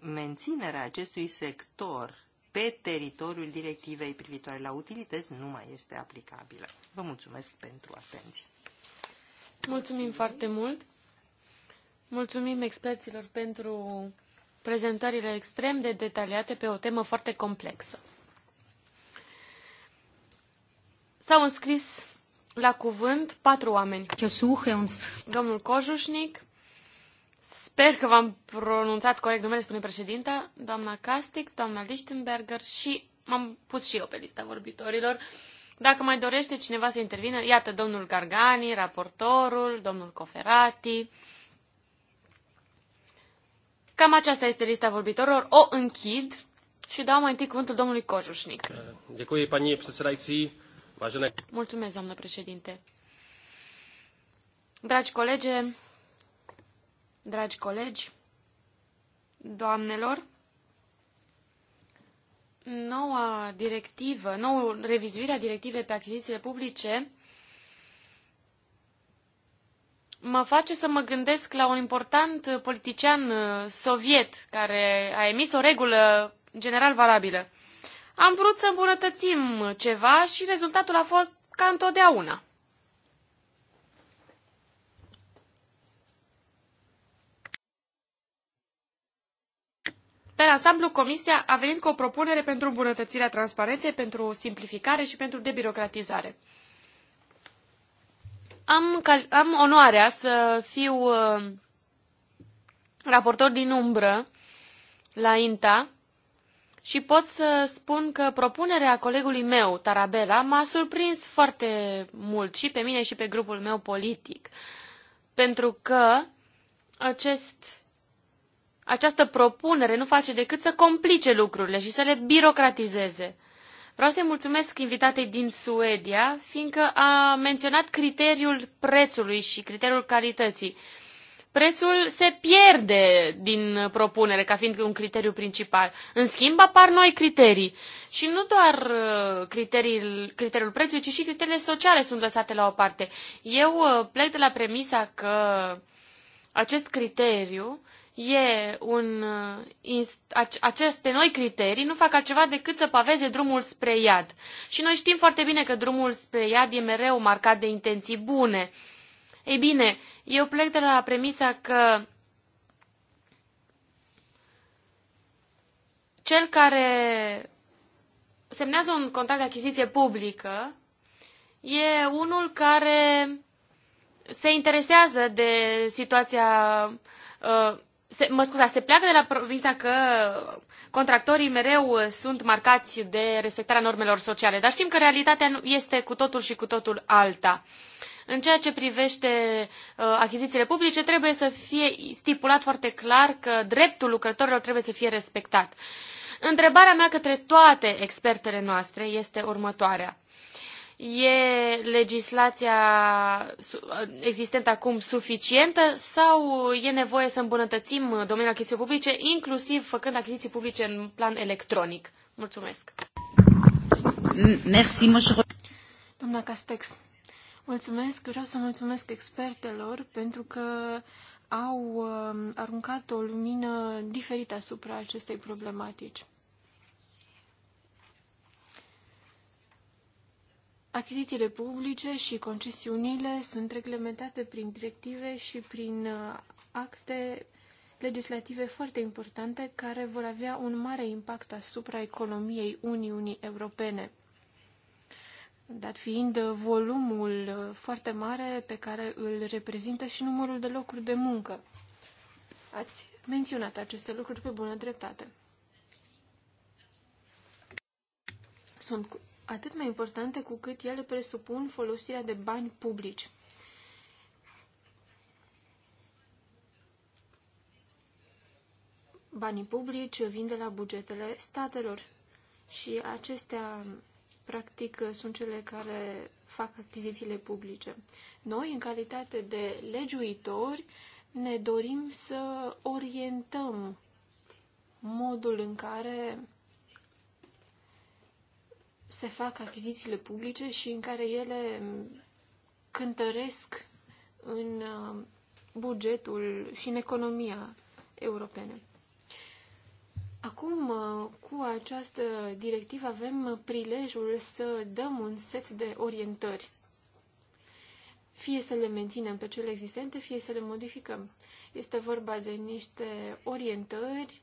menținerea acestui sector pe teritoriul directivei privitoare la utilități nu mai este aplicabilă. Vă mulțumesc pentru atenție. Mulțumim foarte mult! Mulțumim experților pentru prezentările extrem de detaliate pe o temă foarte complexă. S-au înscris la cuvânt patru oameni. Domnul Cojușnic, sper că v-am pronunțat corect numele, spune președinta, doamna Castix, doamna Lichtenberger și m-am pus și eu pe lista vorbitorilor. Dacă mai dorește cineva să intervină, iată domnul Gargani, raportorul, domnul Coferati. Cam aceasta este lista vorbitorilor. O închid și dau mai întâi cuvântul domnului Cojușnic. Děkuji, paní předsedající. Vážené... Mulțumesc, doamnă președinte. Dragi colege, dragi colegi, doamnelor, noua directivă, nouă revizuirea directivei pe achizițiile publice mă face să mă gândesc la un important politician uh, soviet care a emis o regulă general valabilă. Am vrut să îmbunătățim ceva și rezultatul a fost ca întotdeauna. Pe ansamblu, Comisia a venit cu o propunere pentru îmbunătățirea transparenței, pentru simplificare și pentru debirocratizare. Am, am onoarea să fiu uh, raportor din umbră la INTA și pot să spun că propunerea colegului meu, Tarabela, m-a surprins foarte mult și pe mine și pe grupul meu politic, pentru că acest această propunere nu face decât să complice lucrurile și să le birocratizeze. Vreau să-i mulțumesc invitatei din Suedia, fiindcă a menționat criteriul prețului și criteriul calității. Prețul se pierde din propunere ca fiind un criteriu principal. În schimb, apar noi criterii. Și nu doar uh, criteriul, criteriul prețului, ci și criteriile sociale sunt lăsate la o parte. Eu uh, plec de la premisa că acest criteriu e un, uh, aceste noi criterii nu fac altceva decât să paveze drumul spre iad. Și noi știm foarte bine că drumul spre iad e mereu marcat de intenții bune. Ei bine, eu plec de la premisa că cel care semnează un contract de achiziție publică e unul care se interesează de situația uh, se, mă scuza, se pleacă de la provința că contractorii mereu sunt marcați de respectarea normelor sociale, dar știm că realitatea este cu totul și cu totul alta. În ceea ce privește uh, achizițiile publice, trebuie să fie stipulat foarte clar că dreptul lucrătorilor trebuie să fie respectat. Întrebarea mea către toate expertele noastre este următoarea. E legislația existentă acum suficientă sau e nevoie să îmbunătățim domeniul achiziției publice, inclusiv făcând achiziții publice în plan electronic? Mulțumesc! Merci, Doamna Castex, mulțumesc. Vreau să mulțumesc expertelor pentru că au um, aruncat o lumină diferită asupra acestei problematici. Achizițiile publice și concesiunile sunt reglementate prin directive și prin uh, acte legislative foarte importante care vor avea un mare impact asupra economiei Uniunii Europene. Dat fiind volumul uh, foarte mare pe care îl reprezintă și numărul de locuri de muncă. Ați menționat aceste lucruri pe bună dreptate. Sunt atât mai importante cu cât ele presupun folosirea de bani publici. Banii publici vin de la bugetele statelor și acestea, practic, sunt cele care fac achizițiile publice. Noi, în calitate de legiuitori, ne dorim să orientăm modul în care se fac achizițiile publice și în care ele cântăresc în uh, bugetul și în economia europene. Acum, uh, cu această directivă, avem prilejul să dăm un set de orientări. Fie să le menținem pe cele existente, fie să le modificăm. Este vorba de niște orientări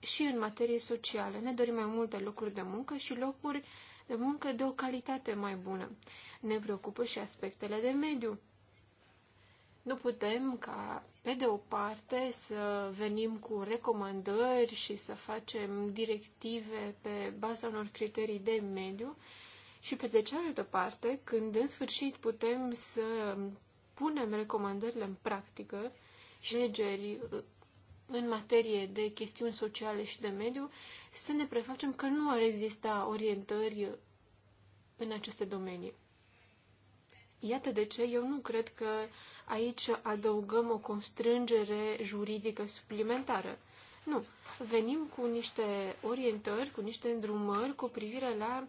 și în materie socială. Ne dorim mai multe locuri de muncă și locuri de muncă de o calitate mai bună. Ne preocupă și aspectele de mediu. Nu putem ca, pe de o parte, să venim cu recomandări și să facem directive pe baza unor criterii de mediu și, pe de cealaltă parte, când în sfârșit putem să punem recomandările în practică și legeri în materie de chestiuni sociale și de mediu, să ne prefacem că nu ar exista orientări în aceste domenii. Iată de ce eu nu cred că aici adăugăm o constrângere juridică suplimentară. Nu. Venim cu niște orientări, cu niște îndrumări cu privire la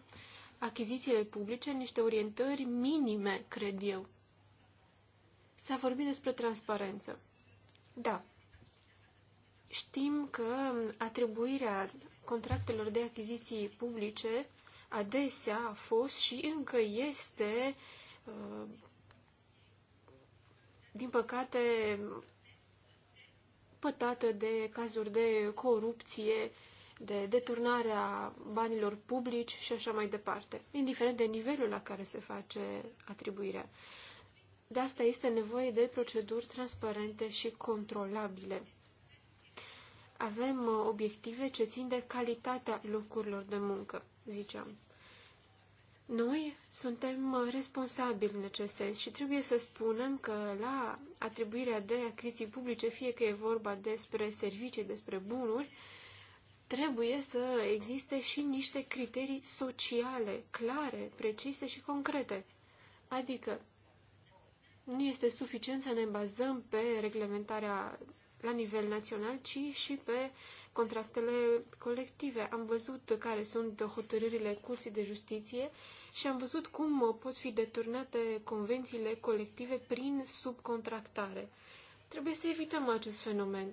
achizițiile publice, niște orientări minime, cred eu. S-a vorbit despre transparență. Da, Știm că atribuirea contractelor de achiziții publice adesea a fost și încă este, uh, din păcate, pătată de cazuri de corupție, de deturnarea banilor publici și așa mai departe, indiferent de nivelul la care se face atribuirea. De asta este nevoie de proceduri transparente și controlabile avem uh, obiective ce țin de calitatea locurilor de muncă, ziceam. Noi suntem uh, responsabili în acest sens și trebuie să spunem că la atribuirea de achiziții publice, fie că e vorba despre servicii, despre bunuri, trebuie să existe și niște criterii sociale, clare, precise și concrete. Adică nu este suficient să ne bazăm pe reglementarea la nivel național, ci și pe contractele colective. Am văzut care sunt hotărârile Curții de Justiție și am văzut cum pot fi deturnate convențiile colective prin subcontractare. Trebuie să evităm acest fenomen.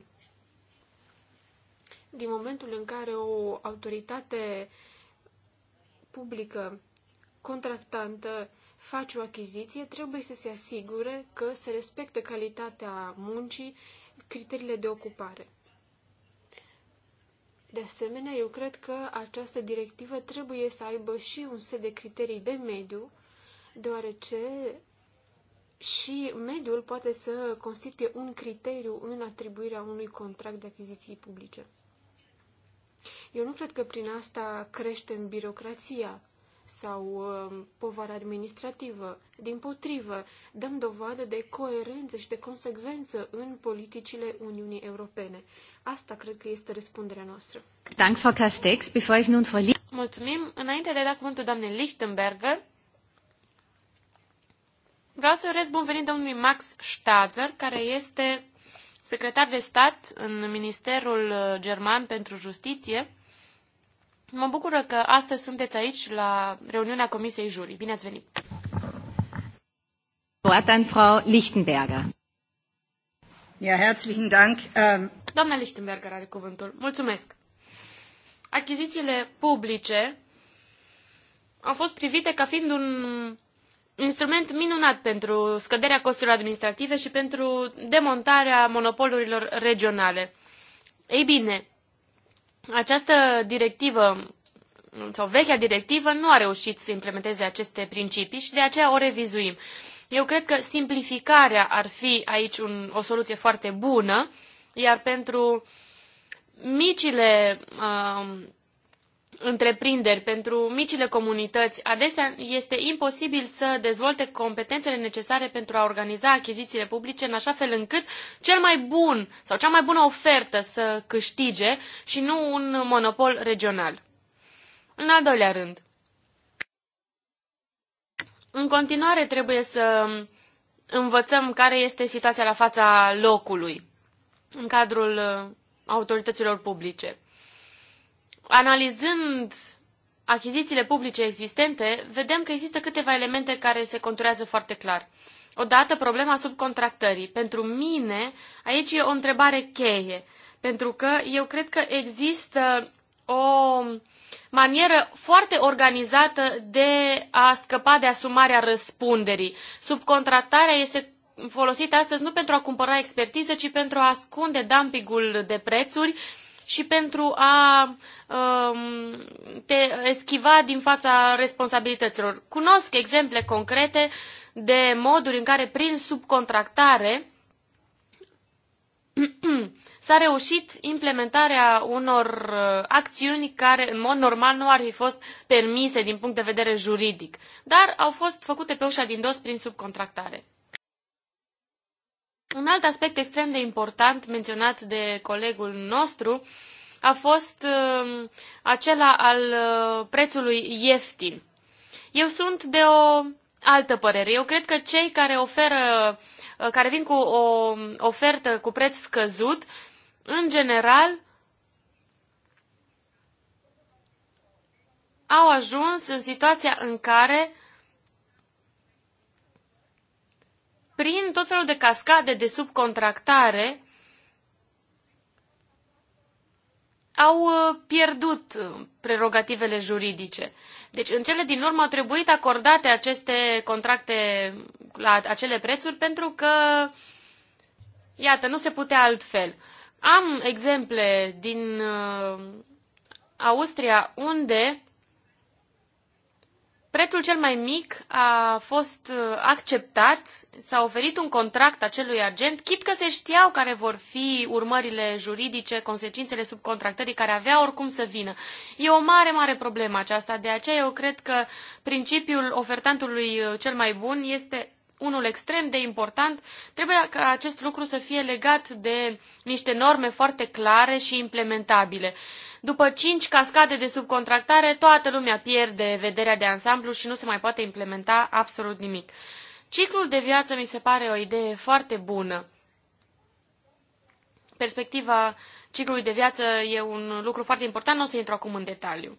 Din momentul în care o autoritate publică contractantă face o achiziție, trebuie să se asigure că se respectă calitatea muncii criteriile de ocupare. De asemenea, eu cred că această directivă trebuie să aibă și un set de criterii de mediu, deoarece și mediul poate să constituie un criteriu în atribuirea unui contract de achiziții publice. Eu nu cred că prin asta creștem birocrația, sau um, povară administrativă. Din potrivă, dăm dovadă de coerență și de consecvență în politicile Uniunii Europene. Asta cred că este răspunderea noastră. Dank, Frau Castex. Bevor ich nun Mulțumim. Înainte de a da cuvântul doamnei Lichtenberger, vreau să urez bun venit domnului Max Stadler, care este secretar de stat în Ministerul uh, German pentru Justiție Mă bucură că astăzi sunteți aici la reuniunea Comisiei Jurii. Bine ați venit! Frau Lichtenberger. Ja, herzlichen Dank. Ähm, Doamna Lichtenberger are cuvântul. Mulțumesc. Achizițiile publice au fost privite ca fiind un instrument minunat pentru scăderea costurilor administrative și pentru demontarea monopolurilor regionale. Ei bine, această directivă sau vechea directivă nu a reușit să implementeze aceste principii și de aceea o revizuim. Eu cred că simplificarea ar fi aici un, o soluție foarte bună, iar pentru micile uh, întreprinderi, pentru micile comunități, adesea este imposibil să dezvolte competențele necesare pentru a organiza achizițiile publice în așa fel încât cel mai bun sau cea mai bună ofertă să câștige și nu un monopol regional. În al doilea rând, în continuare trebuie să învățăm care este situația la fața locului în cadrul uh, autorităților publice analizând achizițiile publice existente, vedem că există câteva elemente care se conturează foarte clar. Odată, problema subcontractării. Pentru mine, aici e o întrebare cheie, pentru că eu cred că există o manieră foarte organizată de a scăpa de asumarea răspunderii. Subcontractarea este folosită astăzi nu pentru a cumpăra expertiză, ci pentru a ascunde dumpingul de prețuri, și pentru a um, te eschiva din fața responsabilităților. Cunosc exemple concrete de moduri în care prin subcontractare s-a reușit implementarea unor uh, acțiuni care în mod normal nu ar fi fost permise din punct de vedere juridic, dar au fost făcute pe ușa din dos prin subcontractare. Un alt aspect extrem de important menționat de colegul nostru a fost uh, acela al uh, prețului ieftin. Eu sunt de o altă părere. Eu cred că cei care oferă, uh, care vin cu o um, ofertă cu preț scăzut, în general, au ajuns în situația în care prin tot felul de cascade de subcontractare, au uh, pierdut uh, prerogativele juridice. Deci, în cele din urmă au trebuit acordate aceste contracte la acele prețuri pentru că, iată, nu se putea altfel. Am exemple din uh, Austria unde Prețul cel mai mic a fost uh, acceptat, s-a oferit un contract acelui agent, chit că se știau care vor fi urmările juridice, consecințele subcontractării care avea oricum să vină. E o mare, mare problemă aceasta, de aceea eu cred că principiul ofertantului uh, cel mai bun este unul extrem de important, trebuie ca acest lucru să fie legat de niște norme foarte clare și implementabile. Uh, după cinci cascade de subcontractare, toată lumea pierde vederea de ansamblu și nu se mai poate implementa absolut nimic. Ciclul de viață mi se pare o idee foarte bună. Perspectiva ciclului de viață e un lucru foarte important, nu o să intru acum în detaliu.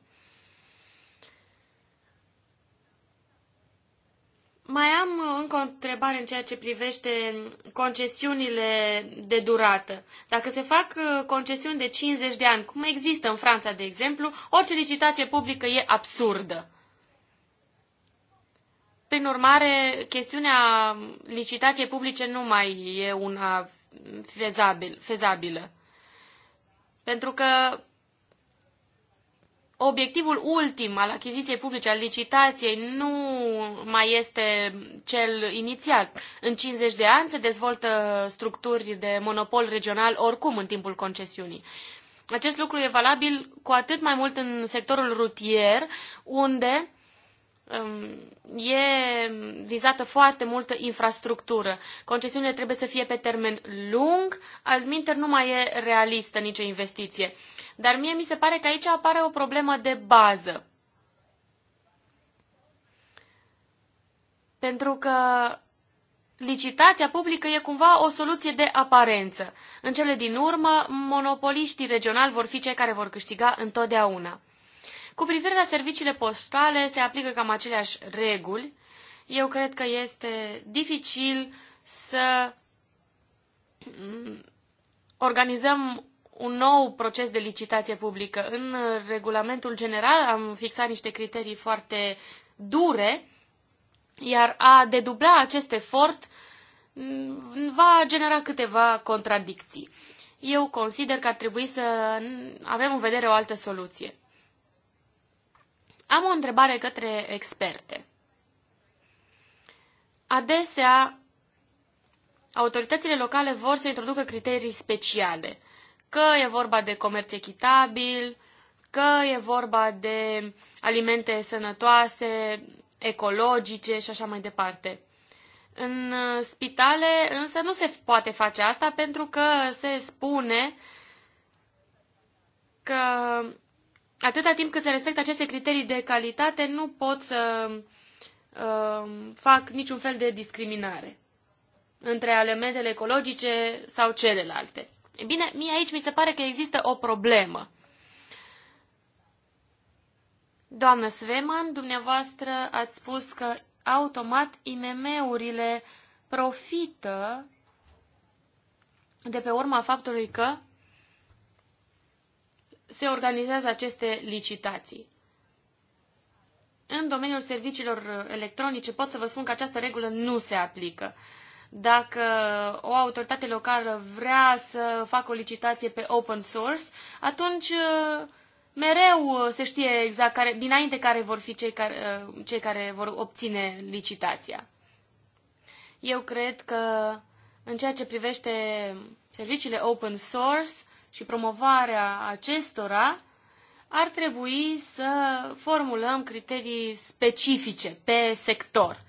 Mai am uh, încă o întrebare în ceea ce privește concesiunile de durată. Dacă se fac uh, concesiuni de 50 de ani, cum există în Franța, de exemplu, orice licitație publică e absurdă. Prin urmare, chestiunea licitației publice nu mai e una fezabil, fezabilă. Pentru că obiectivul ultim al achiziției publice, al licitației, nu mai este cel inițial. În 50 de ani se dezvoltă structuri de monopol regional oricum în timpul concesiunii. Acest lucru e valabil cu atât mai mult în sectorul rutier, unde e vizată foarte multă infrastructură. Concesiunile trebuie să fie pe termen lung, altminteri nu mai e realistă nicio investiție. Dar mie mi se pare că aici apare o problemă de bază. Pentru că licitația publică e cumva o soluție de aparență. În cele din urmă, monopoliștii regionali vor fi cei care vor câștiga întotdeauna. Cu privire la serviciile postale, se aplică cam aceleași reguli. Eu cred că este dificil să mm, organizăm un nou proces de licitație publică. În regulamentul general am fixat niște criterii foarte dure, iar a dedubla acest efort mm, va genera câteva contradicții. Eu consider că ar trebui să avem în vedere o altă soluție. Am o întrebare către experte. Adesea, autoritățile locale vor să introducă criterii speciale, că e vorba de comerț echitabil, că e vorba de alimente sănătoase, ecologice și așa mai departe. În uh, spitale însă nu se poate face asta pentru că se spune că atâta timp cât se respectă aceste criterii de calitate, nu pot să uh, fac niciun fel de discriminare între elementele ecologice sau celelalte. E bine, mie aici mi se pare că există o problemă. Doamnă Sveman, dumneavoastră ați spus că automat IMM-urile profită de pe urma faptului că se organizează aceste licitații. În domeniul serviciilor electronice pot să vă spun că această regulă nu se aplică. Dacă o autoritate locală vrea să facă o licitație pe open source, atunci uh, mereu uh, se știe exact care, dinainte care vor fi cei care, uh, cei care vor obține licitația. Eu cred că în ceea ce privește serviciile open source, și promovarea acestora, ar trebui să formulăm criterii specifice pe sector.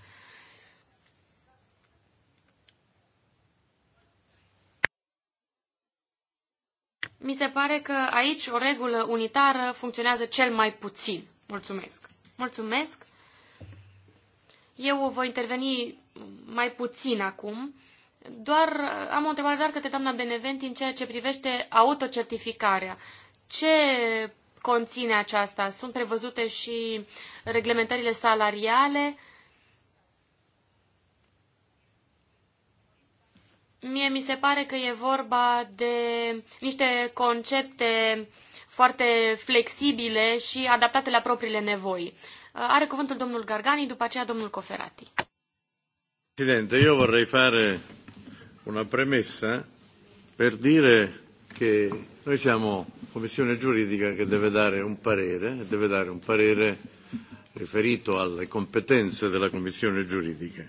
Mi se pare că aici o regulă unitară funcționează cel mai puțin. Mulțumesc. Mulțumesc. Eu voi interveni mai puțin acum doar am o întrebare doar către doamna Benevent în ceea ce privește autocertificarea. Ce conține aceasta? Sunt prevăzute și reglementările salariale? Mie mi se pare că e vorba de niște concepte foarte flexibile și adaptate la propriile nevoi. Are cuvântul domnul Gargani, după aceea domnul Coferati. Presidente, eu vorrei fare una premessa per dire che noi siamo commissione giuridica che deve dare un parere, e deve dare un parere riferito alle competenze della commissione giuridica.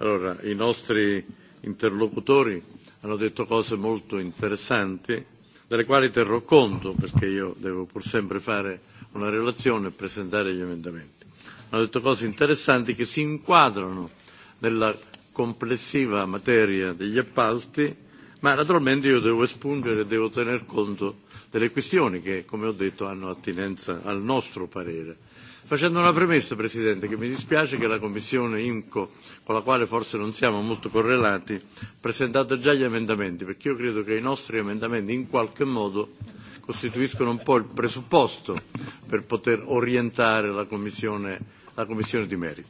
Allora, i nostri interlocutori hanno detto cose molto interessanti, delle quali terrò conto perché io devo pur sempre fare una relazione e presentare gli emendamenti. Hanno detto cose interessanti che si inquadrano nella complessiva materia degli appalti, ma naturalmente io devo espungere e devo tener conto delle questioni che, come ho detto, hanno attinenza al nostro parere. Facendo una premessa, Presidente, che mi dispiace che la Commissione IMCO, con la quale forse non siamo molto correlati, ha presentato già gli emendamenti, perché io credo che i nostri emendamenti in qualche modo costituiscono un po' il presupposto per poter orientare la Commissione, la commissione di merito.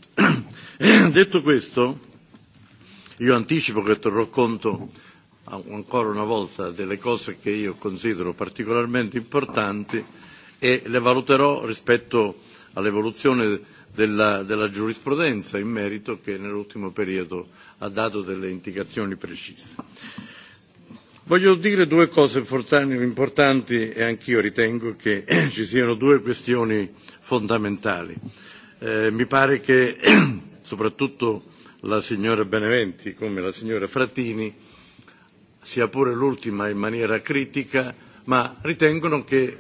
Detto questo, Io anticipo che terrò conto ancora una volta delle cose che io considero particolarmente importanti e le valuterò rispetto all'evoluzione della, della giurisprudenza in merito che nell'ultimo periodo ha dato delle indicazioni precise. Voglio dire due cose importanti e anch'io ritengo che ci siano due questioni fondamentali. Eh, mi pare che soprattutto la signora Beneventi come la signora Frattini, sia pure l'ultima in maniera critica, ma ritengono che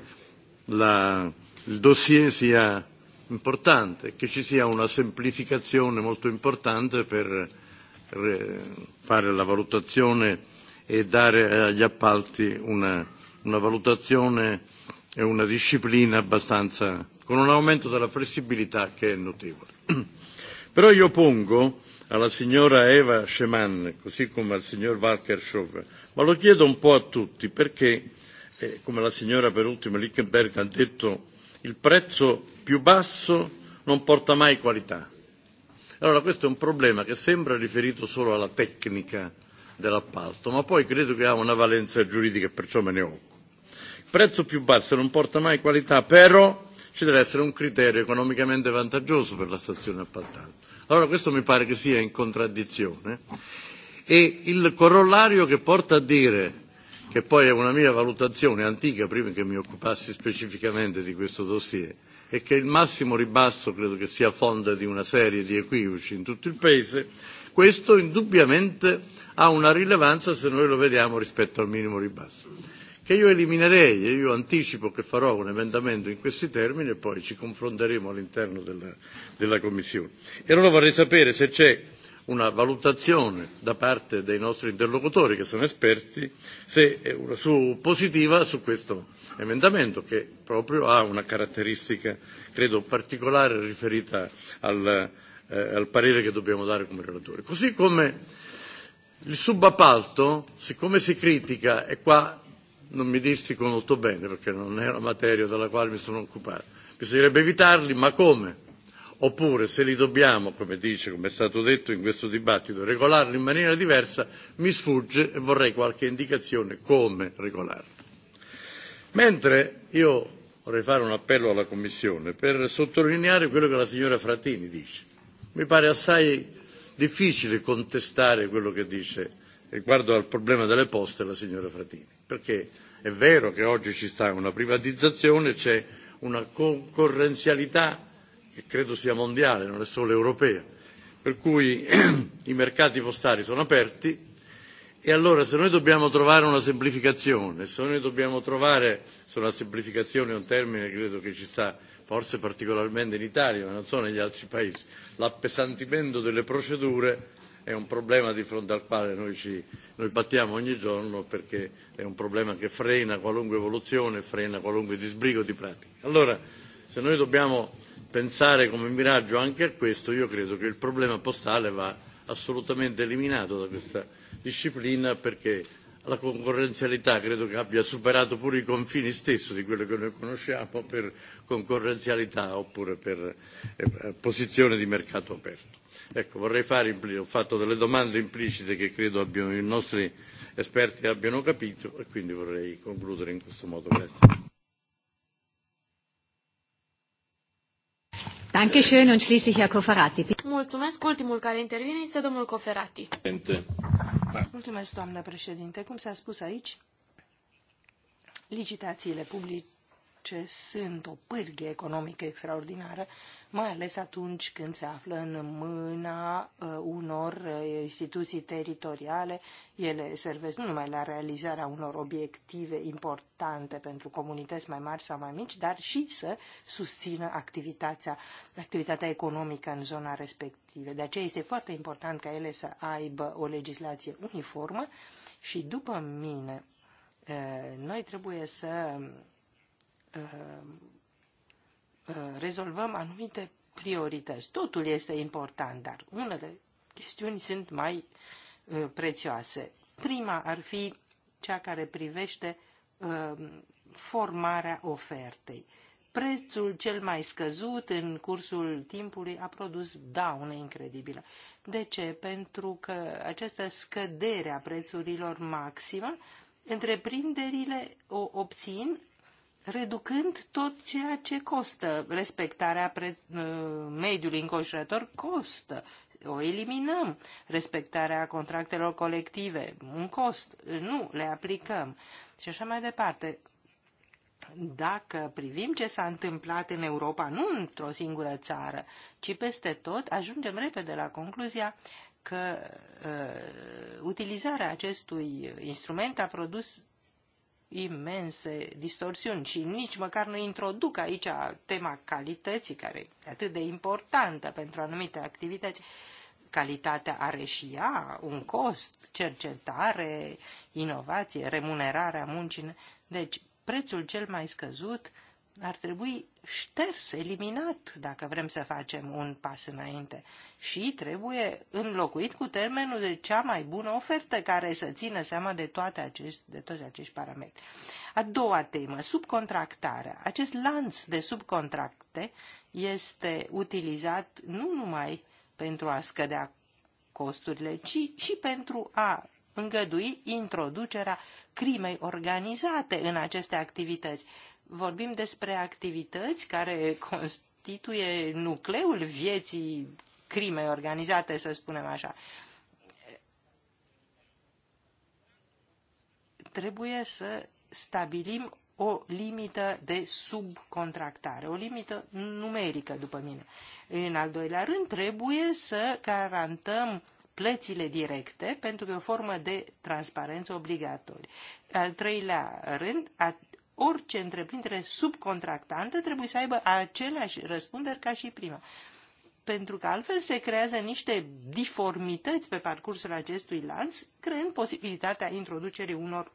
la, il dossier sia importante, che ci sia una semplificazione molto importante per re, eh, fare la valutazione e dare agli appalti una, una valutazione e una disciplina abbastanza con un aumento della flessibilità che è notevole. Però io pongo alla signora Eva Scheman, così come al signor Walker Schover, ma lo chiedo un po' a tutti perché, eh, come la signora per ultimo Lichtenberg ha detto, il prezzo più basso non porta mai qualità. Allora questo è un problema che sembra riferito solo alla tecnica dell'appalto, ma poi credo che ha una valenza giuridica e perciò me ne occupo. Il prezzo più basso non porta mai qualità, però ci deve essere un criterio economicamente vantaggioso per la stazione appaltante. Allora questo mi pare che sia in contraddizione e il corollario che porta a dire che poi è una mia valutazione antica prima che mi occupassi specificamente di questo dossier è che il massimo ribasso credo che sia fonda di una serie di equivoci in tutto il paese questo indubbiamente ha una rilevanza se noi lo vediamo rispetto al minimo ribasso che io eliminerei e io anticipo che farò un emendamento in questi termini e poi ci confronteremo all'interno della, della Commissione. E allora vorrei sapere se c'è una valutazione da parte dei nostri interlocutori che sono esperti se è una, su, positiva su questo emendamento che proprio ha una caratteristica credo particolare riferita al, eh, al parere che dobbiamo dare come relatore. Così come il subappalto, siccome si critica, e qua non mi distico molto bene perché non è una materia della quale mi sono occupato. Bisognerebbe evitarli, ma come? Oppure se li dobbiamo, come dice, come è stato detto in questo dibattito, regolarli in maniera diversa, mi sfugge e vorrei qualche indicazione come regolarli. Mentre io vorrei fare un appello alla Commissione per sottolineare quello che la signora Frattini dice. Mi pare assai difficile contestare quello che dice riguardo al problema delle poste la signora Frattini perché è vero che oggi ci sta una privatizzazione, c'è una concorrenzialità che credo sia mondiale, non è solo europea, per cui i mercati postali sono aperti e allora se noi dobbiamo trovare una semplificazione, se noi dobbiamo trovare, se una semplificazione è un termine credo che ci sta forse particolarmente in Italia, ma non so negli altri paesi, l'appesantimento delle procedure è un problema di fronte al quale noi ci noi battiamo ogni giorno perché è un problema che frena qualunque evoluzione, frena qualunque disbrigo di pratica. Allora, se noi dobbiamo pensare come miraggio anche a questo, io credo che il problema postale va assolutamente eliminato da questa disciplina perché la concorrenzialità credo che abbia superato pure i confini stessi di quello che noi conosciamo per concorrenzialità oppure per eh, posizione di mercato aperto. Ecco, vorrei fare, ho fatto delle domande implicite che credo abbiano, i nostri esperti abbiano capito e quindi vorrei concludere in questo modo. Grazie. Dankeschön und schließlich Herr Coferati. Mulțumesc. Ultimul care intervine este domnul Mulțumesc, doamnă președinte. Cum s-a spus aici, licitațiile publice ce sunt o pârghie economică extraordinară, mai ales atunci când se află în mâna uh, unor uh, instituții teritoriale. Ele servesc nu numai la realizarea unor obiective importante pentru comunități mai mari sau mai mici, dar și să susțină activitatea, activitatea economică în zona respectivă. De aceea este foarte important ca ele să aibă o legislație uniformă și, după mine, uh, noi trebuie să Uh, uh, rezolvăm anumite priorități. Totul este important, dar unele chestiuni sunt mai uh, prețioase. Prima ar fi cea care privește formarea ofertei. Prețul cel mai scăzut în cursul timpului a produs daune incredibile. De ce? Pentru că această scădere a prețurilor maximă, întreprinderile o obțin reducând tot ceea ce costă. Respectarea pre, uh, mediului înconjurător costă. O eliminăm. Respectarea contractelor colective, un cost, nu le aplicăm. Și așa mai departe. Dacă privim ce s-a întâmplat în Europa, nu într-o singură țară, ci peste tot, ajungem repede la concluzia că uh, utilizarea acestui instrument a produs imense distorsiuni și nici măcar nu introduc aici tema calității, care e atât de importantă pentru anumite activități. Calitatea are și ea un cost, cercetare, inovație, remunerarea muncii. Deci, prețul cel mai scăzut uh, ar trebui șters, eliminat, dacă vrem să facem un pas înainte. Și trebuie înlocuit cu termenul de cea mai bună ofertă care să țină seama de, toate acești, de toți acești parametri. A doua temă, subcontractarea. Acest lanț de subcontracte este utilizat nu numai pentru a scădea costurile, ci și pentru a îngădui introducerea crimei organizate în aceste activități Vorbim despre activități care constituie nucleul vieții crimei organizate, să spunem așa. Trebuie să stabilim o limită de subcontractare, o limită numerică, după mine. În al doilea rând, trebuie să garantăm plățile directe, pentru că e o formă de transparență obligatorie. Al treilea rând, orice întreprindere subcontractantă trebuie să aibă aceleași răspunderi ca și prima. Pentru că altfel se creează niște diformități pe parcursul acestui lanț, creând posibilitatea introducerii unor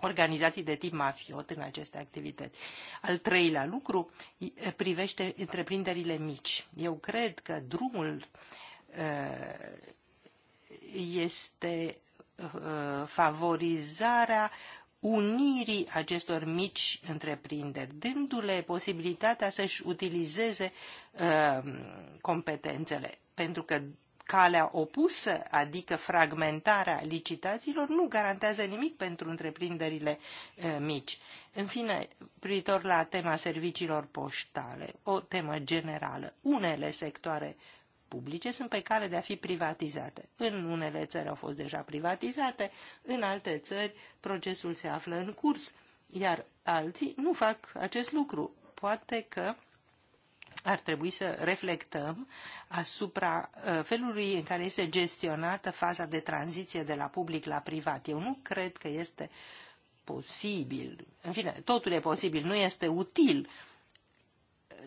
organizații de tip mafiot în aceste activități. Al treilea lucru privește întreprinderile mici. Eu cred că drumul uh, este uh, favorizarea unirii acestor mici întreprinderi, dându-le posibilitatea să-și utilizeze uh, competențele, pentru că calea opusă, adică fragmentarea licitațiilor, nu garantează nimic pentru întreprinderile uh, mici. În fine, privitor la tema serviciilor poștale, o temă generală, unele sectoare publice sunt pe care de a fi privatizate. În unele țări au fost deja privatizate, în alte țări procesul se află în curs, iar alții nu fac acest lucru. Poate că ar trebui să reflectăm asupra uh, felului în care este gestionată faza de tranziție de la public la privat. Eu nu cred că este posibil. În fine, totul e posibil, nu este util uh,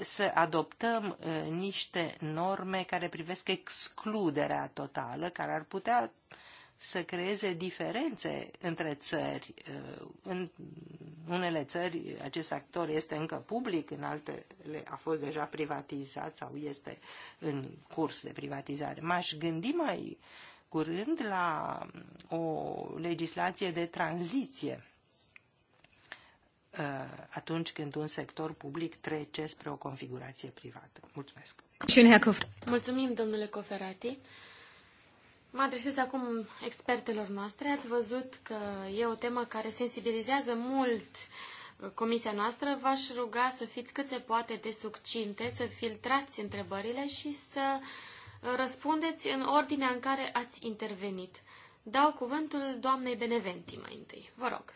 să adoptăm uh, niște norme care privesc excluderea totală, care ar putea să creeze diferențe între țări. Uh, în unele țări acest actor este încă public, în altele a fost deja privatizat sau este în curs de privatizare. M-aș gândi mai curând la o legislație de tranziție Uh, atunci când un sector public trece spre o configurație privată. Mulțumesc! Mulțumim, domnule Coferati! Mă adresez acum expertelor noastre. Ați văzut că e o temă care sensibilizează mult comisia noastră. V-aș ruga să fiți cât se poate de succinte, să filtrați întrebările și să uh, răspundeți în ordinea în care ați intervenit. Dau cuvântul doamnei Beneventi mai întâi. Vă rog.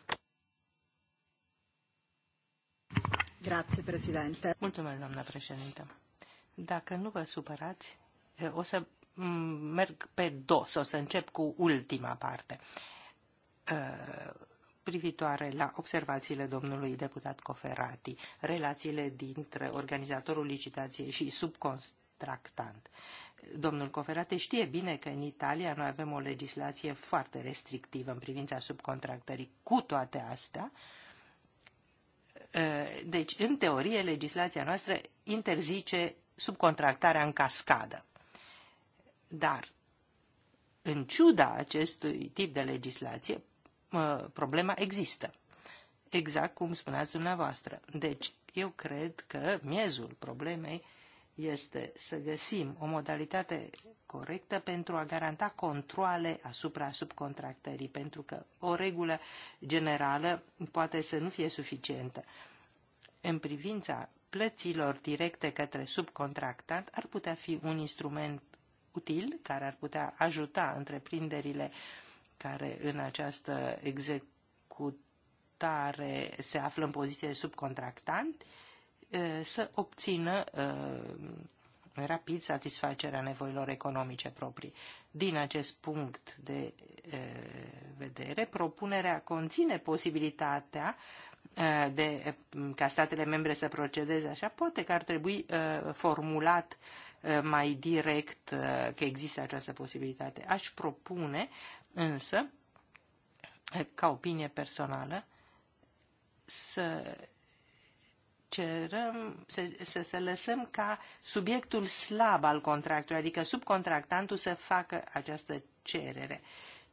Mulțumesc, doamna președintă. Dacă nu vă supărați, o să merg pe dos, o să încep cu ultima parte privitoare la observațiile domnului deputat Coferati, relațiile dintre organizatorul licitației și subcontractant. Domnul Coferate știe bine că în Italia noi avem o legislație foarte restrictivă în privința subcontractării. Cu toate astea, uh, Uh, deci, în teorie, legislația noastră interzice subcontractarea în cascadă. Dar, în ciuda acestui tip de legislație, uh, problema există. Exact cum spuneați dumneavoastră. Deci, eu cred că miezul problemei este să găsim o modalitate corectă pentru a garanta controle asupra subcontractării, pentru că o regulă generală poate să nu fie suficientă. În privința plăților directe către subcontractant ar putea fi un instrument util care ar putea ajuta întreprinderile care în această executare se află în poziție de subcontractant eh, să obțină eh, rapid satisfacerea nevoilor economice proprii. Din acest punct de vedere, propunerea conține posibilitatea de, ca statele membre să procedeze așa, poate că ar trebui formulat mai direct că există această posibilitate. Aș propune însă, ca opinie personală, să cerem, să, să, să lăsăm ca subiectul slab al contractului, adică subcontractantul să facă această cerere.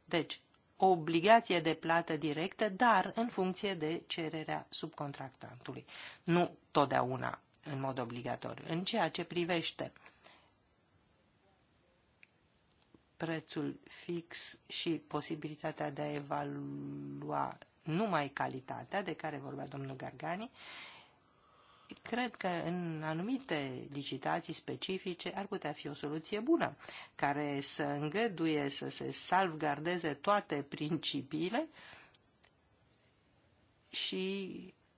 Deci, obligație de plată directă, dar în funcție de cererea subcontractantului. Nu totdeauna în mod obligatoriu. În ceea ce privește prețul fix și posibilitatea de a evalua numai calitatea, de care vorbea domnul Gargani, cred că în anumite licitații specifice ar putea fi o soluție bună, care să îngăduie să se salvgardeze toate principiile și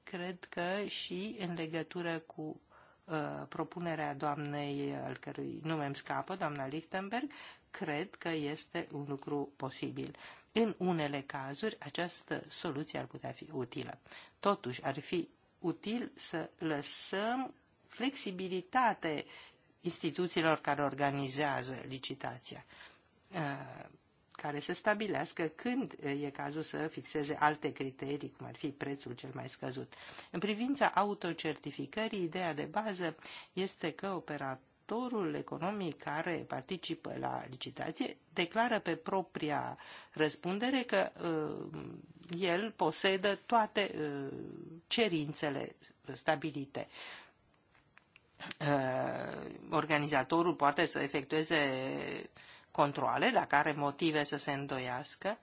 cred că și în legătură cu uh, propunerea doamnei, uh, al cărui nume îmi scapă, doamna Lichtenberg, cred că este un lucru posibil. În unele cazuri, această soluție ar putea fi utilă. Totuși, ar fi util să lăsăm flexibilitate instituțiilor care organizează licitația, uh, care să stabilească când uh, e cazul să fixeze alte criterii, cum ar fi prețul cel mai scăzut. În privința autocertificării, ideea de bază este că operatorul operatorul economic care participă la licitație declară pe propria răspundere că uh, el posedă toate uh, cerințele stabilite. Uh, organizatorul poate să efectueze controle la care motive să se îndoiască.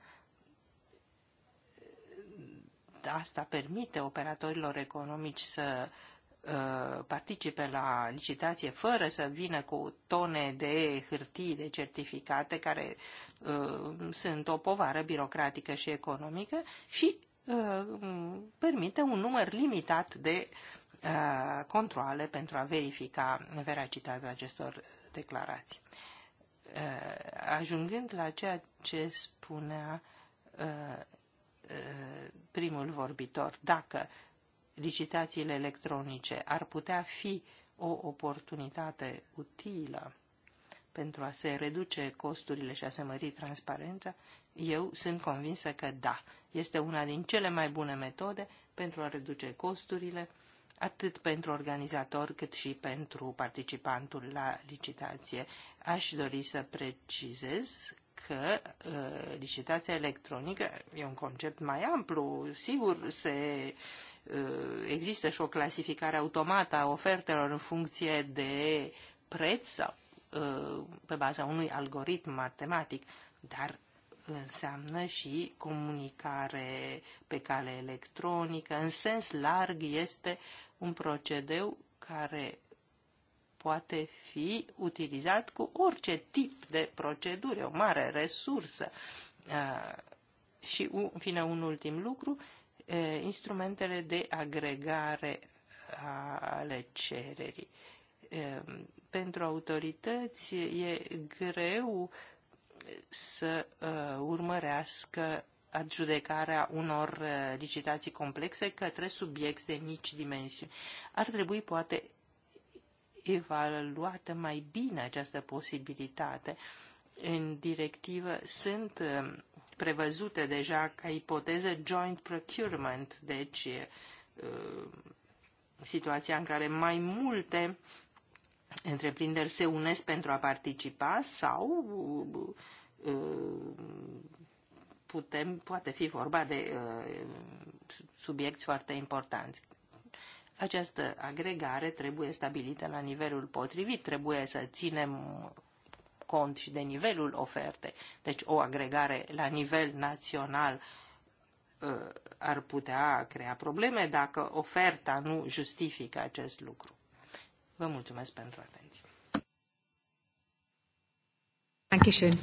Asta permite operatorilor economici să uh, Uh, participe la licitație fără să vină cu tone de hârtii, de certificate care uh, sunt o povară birocratică și economică și uh, permite un număr limitat de uh, controle pentru a verifica veracitatea acestor declarații. Uh, ajungând la ceea ce spunea uh, primul vorbitor, dacă licitațiile electronice ar putea fi o oportunitate utilă pentru a se reduce costurile și a se mări transparența, eu sunt convinsă că da, este una din cele mai bune metode pentru a reduce costurile, atât pentru organizator cât și pentru participantul la licitație. Aș dori să precizez că uh, licitația electronică e un concept mai amplu, sigur se Uh, există și o clasificare automată a ofertelor în funcție de preț sau uh, pe baza unui algoritm matematic, dar înseamnă și comunicare pe cale electronică. În sens larg este un procedeu care poate fi utilizat cu orice tip de procedură, o mare resursă. Uh, și, în fine, un ultim lucru, instrumentele de agregare ale cererii. Pentru autorități e greu să urmărească adjudecarea unor licitații complexe către subiecte de mici dimensiuni. Ar trebui poate evaluată mai bine această posibilitate. În directivă sunt prevăzute deja ca ipoteză joint procurement, deci situația în care mai multe întreprinderi se unesc pentru a participa sau putem, poate fi vorba de subiecti foarte importanți. Această agregare trebuie stabilită la nivelul potrivit, trebuie să ținem cont și de nivelul oferte, Deci o agregare la nivel național uh, ar putea crea probleme dacă oferta nu justifică acest lucru. Vă mulțumesc pentru atenție. Dankeschön.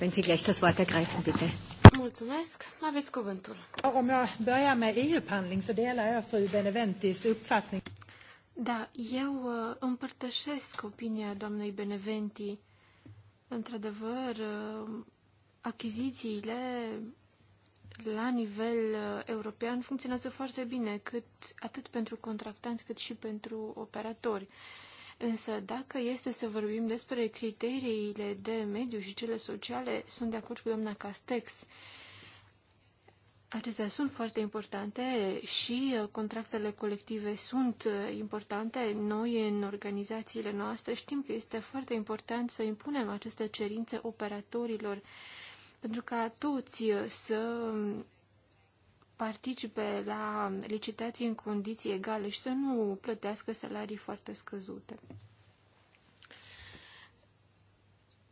Wenn Sie gleich das Wort ergreifen, bitte. Mulțumesc. Aveți cuvântul. Om jag börjar med EU-handling så delar jag fru Beneventis uppfattning. Da, eu uh, împărtășesc opinia doamnei Beneventi Într-adevăr, uh, achizițiile la nivel uh, european funcționează foarte bine, cât, atât pentru contractanți cât și pentru operatori. Însă, dacă este să vorbim despre criteriile de mediu și cele sociale, sunt de acord cu doamna Castex. Uh, Acestea sunt foarte importante și uh, contractele colective sunt uh, importante. Noi, în organizațiile noastre, știm că este foarte important să impunem aceste cerințe operatorilor pentru ca toți uh, să participe la licitații în condiții egale și să nu plătească salarii foarte scăzute.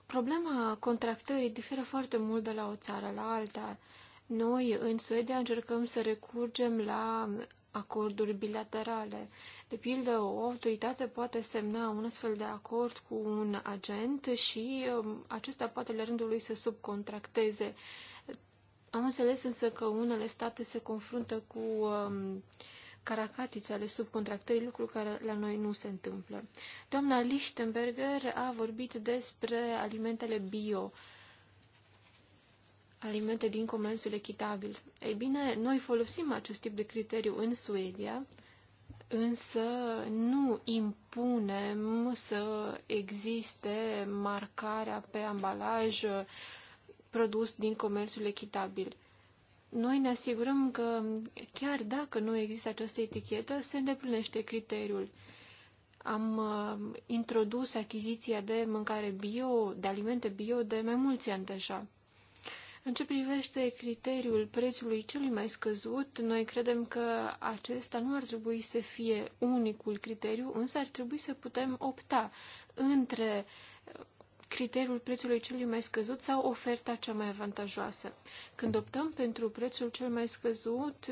Problema contractării diferă foarte mult de la o țară la alta. Noi, în Suedia, încercăm să recurgem la acorduri bilaterale. De pildă, o autoritate poate semna un astfel de acord cu un agent și um, acesta poate la rândul lui să subcontracteze. Am înțeles însă că unele state se confruntă cu um, caracatițe ale subcontractării, lucru care la noi nu se întâmplă. Doamna Lichtenberger a vorbit despre alimentele bio. Uh, alimente din comerțul echitabil. Ei bine, noi folosim acest tip de criteriu în Suedia, însă nu impunem să existe marcarea pe ambalaj uh, produs din comerțul echitabil. Noi ne asigurăm că chiar dacă nu există această etichetă, se îndeplinește criteriul. Am uh, introdus achiziția de mâncare bio, de alimente bio, de mai mulți ani deja. În ce privește criteriul prețului celui mai scăzut, noi credem că acesta nu ar trebui să fie unicul criteriu, însă ar trebui să putem opta între criteriul prețului celui mai scăzut sau oferta cea mai avantajoasă. Când optăm pentru prețul cel mai scăzut,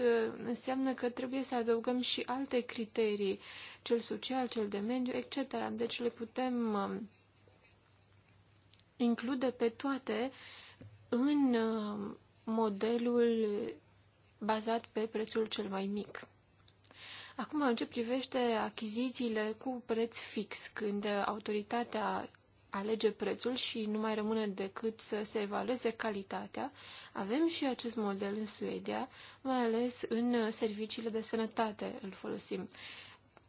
înseamnă că trebuie să adăugăm și alte criterii, cel social, cel de mediu, etc. Deci le putem um, include pe toate uh, în uh, modelul bazat pe prețul cel mai mic. Acum, în ce privește achizițiile cu preț fix, când autoritatea alege prețul și nu mai rămâne decât să se evalueze calitatea, avem și acest model în Suedia, mai ales în serviciile de sănătate îl folosim.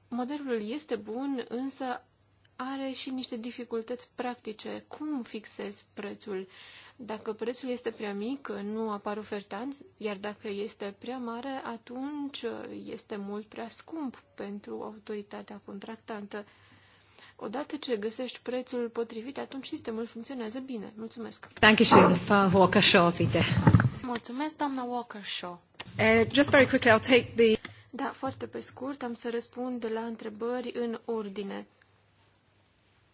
Modelul este bun, însă are și niște dificultăți practice. Cum fixezi prețul? Dacă prețul este prea mic, nu apar ofertanți, iar dacă este prea mare, atunci este mult prea scump pentru autoritatea contractantă. Odată ce găsești prețul potrivit, atunci sistemul funcționează bine. Mulțumesc! Mulțumesc, doamna Walkershaw! Uh, just very quickly, I'll take the... Da, foarte pe scurt, am să răspund la întrebări în ordine.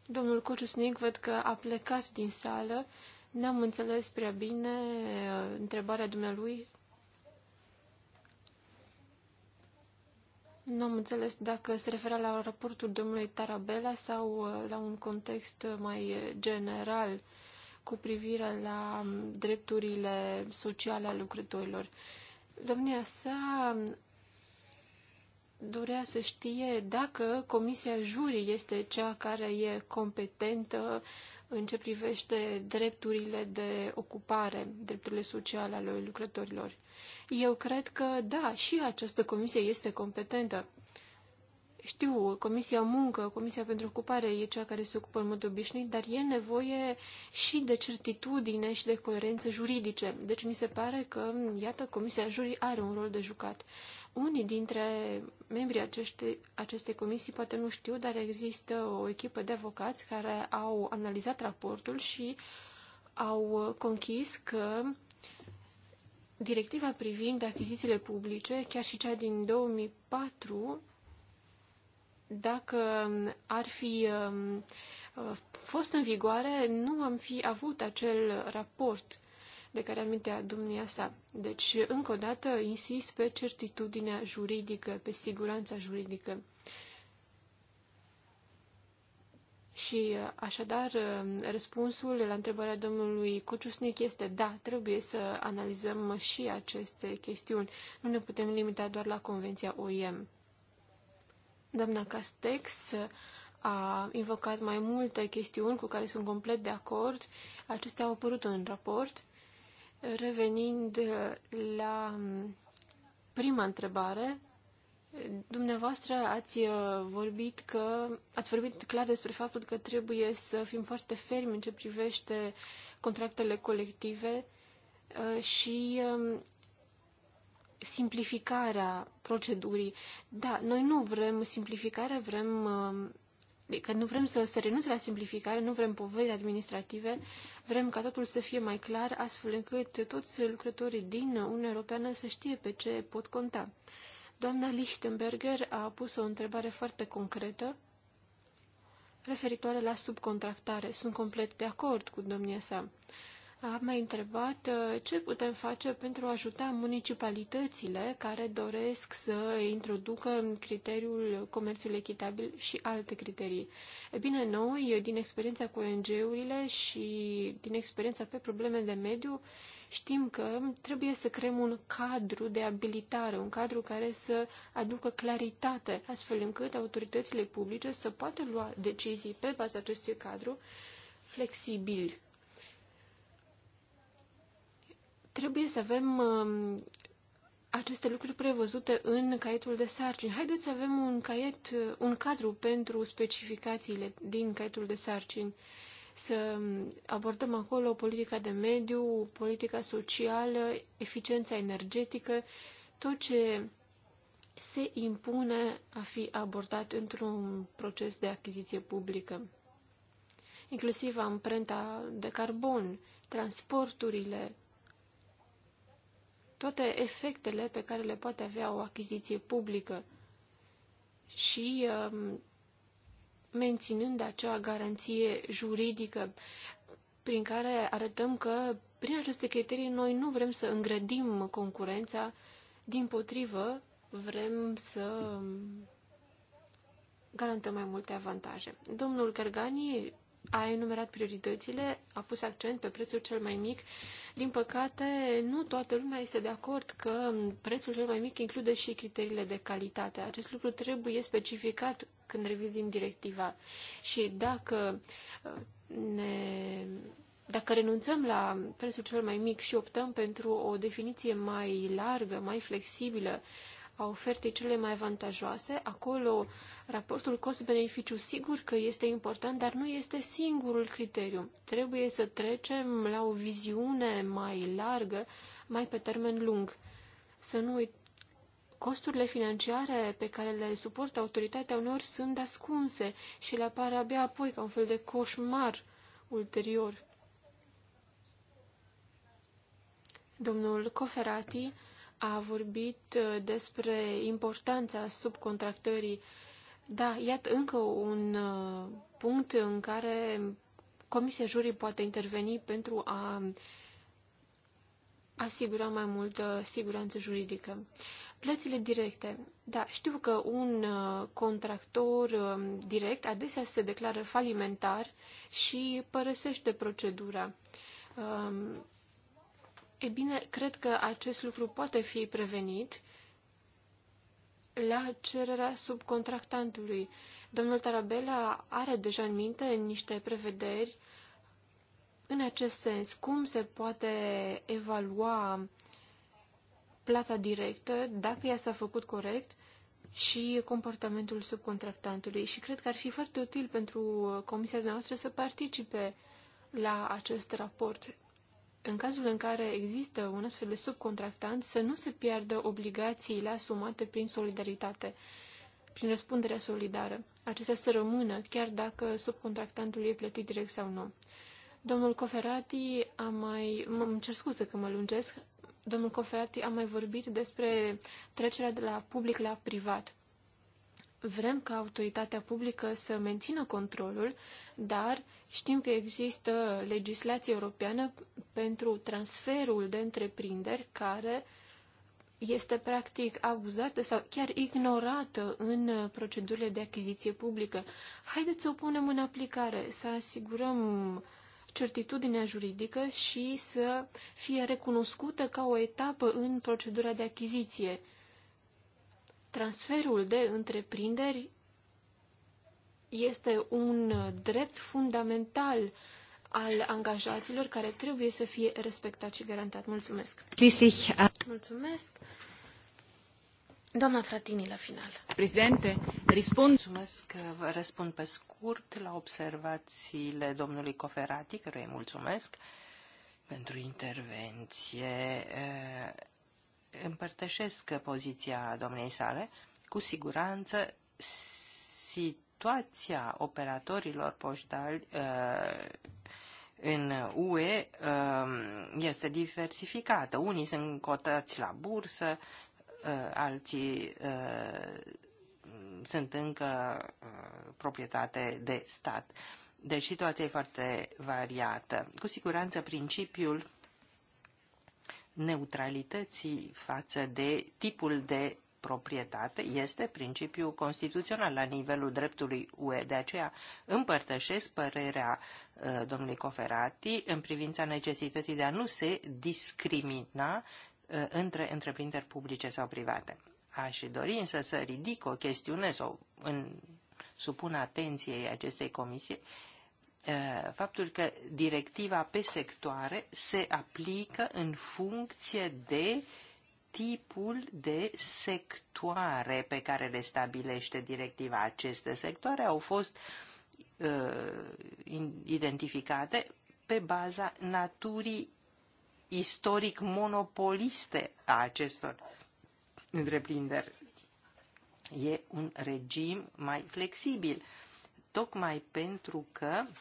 Domnul Cociusnic văd că a plecat din sală, nu am înțeles prea bine uh, întrebarea dumnealui. Nu am înțeles dacă se referea la raportul domnului Tarabella sau uh, la un context mai general cu privire la um, drepturile sociale ale lucrătorilor. Domnia sa um, dorea să știe dacă Comisia Jurii este cea care e competentă în ce privește drepturile de ocupare, drepturile sociale ale lucrătorilor. Eu cred că, da, și această comisie este competentă. Știu, Comisia Muncă, Comisia pentru Ocupare e cea care se ocupă în mod obișnuit, dar e nevoie și de certitudine și de coerență juridice. Deci mi se pare că, iată, Comisia Jurii are un rol de jucat. Unii dintre membrii aceste, acestei comisii poate nu știu, dar există o echipă de avocați care au analizat raportul și au conchis că directiva privind achizițiile publice, chiar și cea din 2004, dacă ar fi um, uh, fost în vigoare, nu am fi avut acel raport de care amintea domnia sa. Deci, încă o dată, insist pe certitudinea juridică, pe siguranța juridică. Și așadar, răspunsul la întrebarea domnului Cuciusnic este da, trebuie să analizăm și aceste chestiuni. Nu ne putem limita doar la Convenția OIM. Doamna Castex a invocat mai multe chestiuni cu care sunt complet de acord. Acestea au apărut în raport. Revenind uh, la um, prima întrebare, dumneavoastră ați uh, vorbit că ați vorbit clar despre faptul că trebuie să fim foarte fermi în ce privește contractele colective uh, și um, simplificarea procedurii. Da, noi nu vrem simplificare, vrem um, că nu vrem să se renunțe la simplificare, nu vrem poveri administrative, vrem ca totul să fie mai clar, astfel încât toți lucrătorii din Uniunea Europeană să știe pe ce pot conta. Doamna Lichtenberger a pus o întrebare foarte concretă referitoare la subcontractare. Sunt complet de acord cu domnia sa a mai întrebat uh, ce putem face pentru a ajuta municipalitățile care doresc să introducă în criteriul comerțului echitabil și alte criterii. E bine, noi, din experiența cu ONG-urile și din experiența pe probleme de mediu, știm că trebuie să creăm un cadru de abilitare, un cadru care să aducă claritate, astfel încât autoritățile publice să poată lua decizii pe baza acestui cadru flexibil Trebuie să avem um, aceste lucruri prevăzute în caietul de sarcini. Haideți să avem un caiet, uh, un cadru pentru specificațiile din caietul de sarcini. Să um, abordăm acolo politica de mediu, politica socială, eficiența energetică, tot ce se impune a fi abordat într-un proces de achiziție publică. Inclusiv amprenta de carbon, transporturile, toate efectele pe care le poate avea o achiziție publică și um, menținând acea garanție juridică prin care arătăm că prin aceste criterii noi nu vrem să îngrădim concurența, din potrivă vrem să um, garantăm mai multe avantaje. Domnul Cărgani a enumerat prioritățile, a pus accent pe prețul cel mai mic. Din păcate, nu toată lumea este de acord că prețul cel mai mic include și criteriile de calitate. Acest lucru trebuie specificat când revizim directiva. Și dacă uh, ne dacă renunțăm la prețul cel mai mic și optăm pentru o definiție mai largă, mai flexibilă, a ofertei cele mai avantajoase. Acolo, raportul cost-beneficiu sigur că este important, dar nu este singurul criteriu. Trebuie să trecem la o viziune mai largă, mai pe termen lung. Să nu uit Costurile financiare pe care le suportă autoritatea uneori sunt ascunse și le apare abia apoi ca un fel de coșmar ulterior. Domnul Coferati a vorbit uh, despre importanța subcontractării. Da, iată încă un uh, punct în care Comisia Jurii poate interveni pentru a asigura mai multă siguranță juridică. Plățile directe. Da, știu că un uh, contractor direct adesea se declară falimentar și părăsește procedura. Um, E bine, cred că acest lucru poate fi prevenit la cererea subcontractantului. Domnul Tarabella are deja în minte niște prevederi în acest sens. Cum se poate evalua plata directă, dacă ea s-a făcut corect și comportamentul subcontractantului. Și cred că ar fi foarte util pentru comisia noastră să participe la acest raport în cazul în care există un astfel de subcontractant, să nu se piardă obligațiile asumate prin solidaritate, prin răspunderea solidară. Acestea să rămână, chiar dacă subcontractantul e plătit direct sau nu. Domnul Coferati a mai... Îmi cer scuze că mă lungesc. Domnul Coferati a mai vorbit despre trecerea de la public la privat. Vrem ca autoritatea publică să mențină controlul, dar știm că există legislație europeană pentru transferul de întreprinderi care este practic abuzată sau chiar ignorată în procedurile de achiziție publică. Haideți să o punem în aplicare, să asigurăm certitudinea juridică și să fie recunoscută ca o etapă în procedura de achiziție transferul de întreprinderi este un drept fundamental al angajaților care trebuie să fie respectat și garantat. Mulțumesc! Mulțumesc! Doamna Fratini, la final. Președinte, răspund. Mulțumesc, vă răspund pe scurt la observațiile domnului Coferati, căruia îi mulțumesc pentru intervenție împărtășesc poziția domnei sale. Cu siguranță, situația operatorilor poștali uh, în UE uh, este diversificată. Unii sunt cotați la bursă, uh, alții sunt încă proprietate de stat. Deci situația e foarte variată. Cu siguranță principiul neutralității față de tipul de proprietate este principiu constituțional la nivelul dreptului UE. De aceea împărtășesc părerea uh, domnului Coferati în privința necesității de a nu se discrimina uh, între întreprinderi publice sau private. Aș dori însă să ridic o chestiune sau în, supun atenției acestei comisii Eh, faptul că directiva pe sectoare se aplică în funcție de tipul de sectoare pe care le stabilește directiva. Aceste sectoare au fost uh, identificate pe baza naturii istoric monopoliste a acestor întreprinderi. E un regim mai flexibil, tocmai pentru că uh,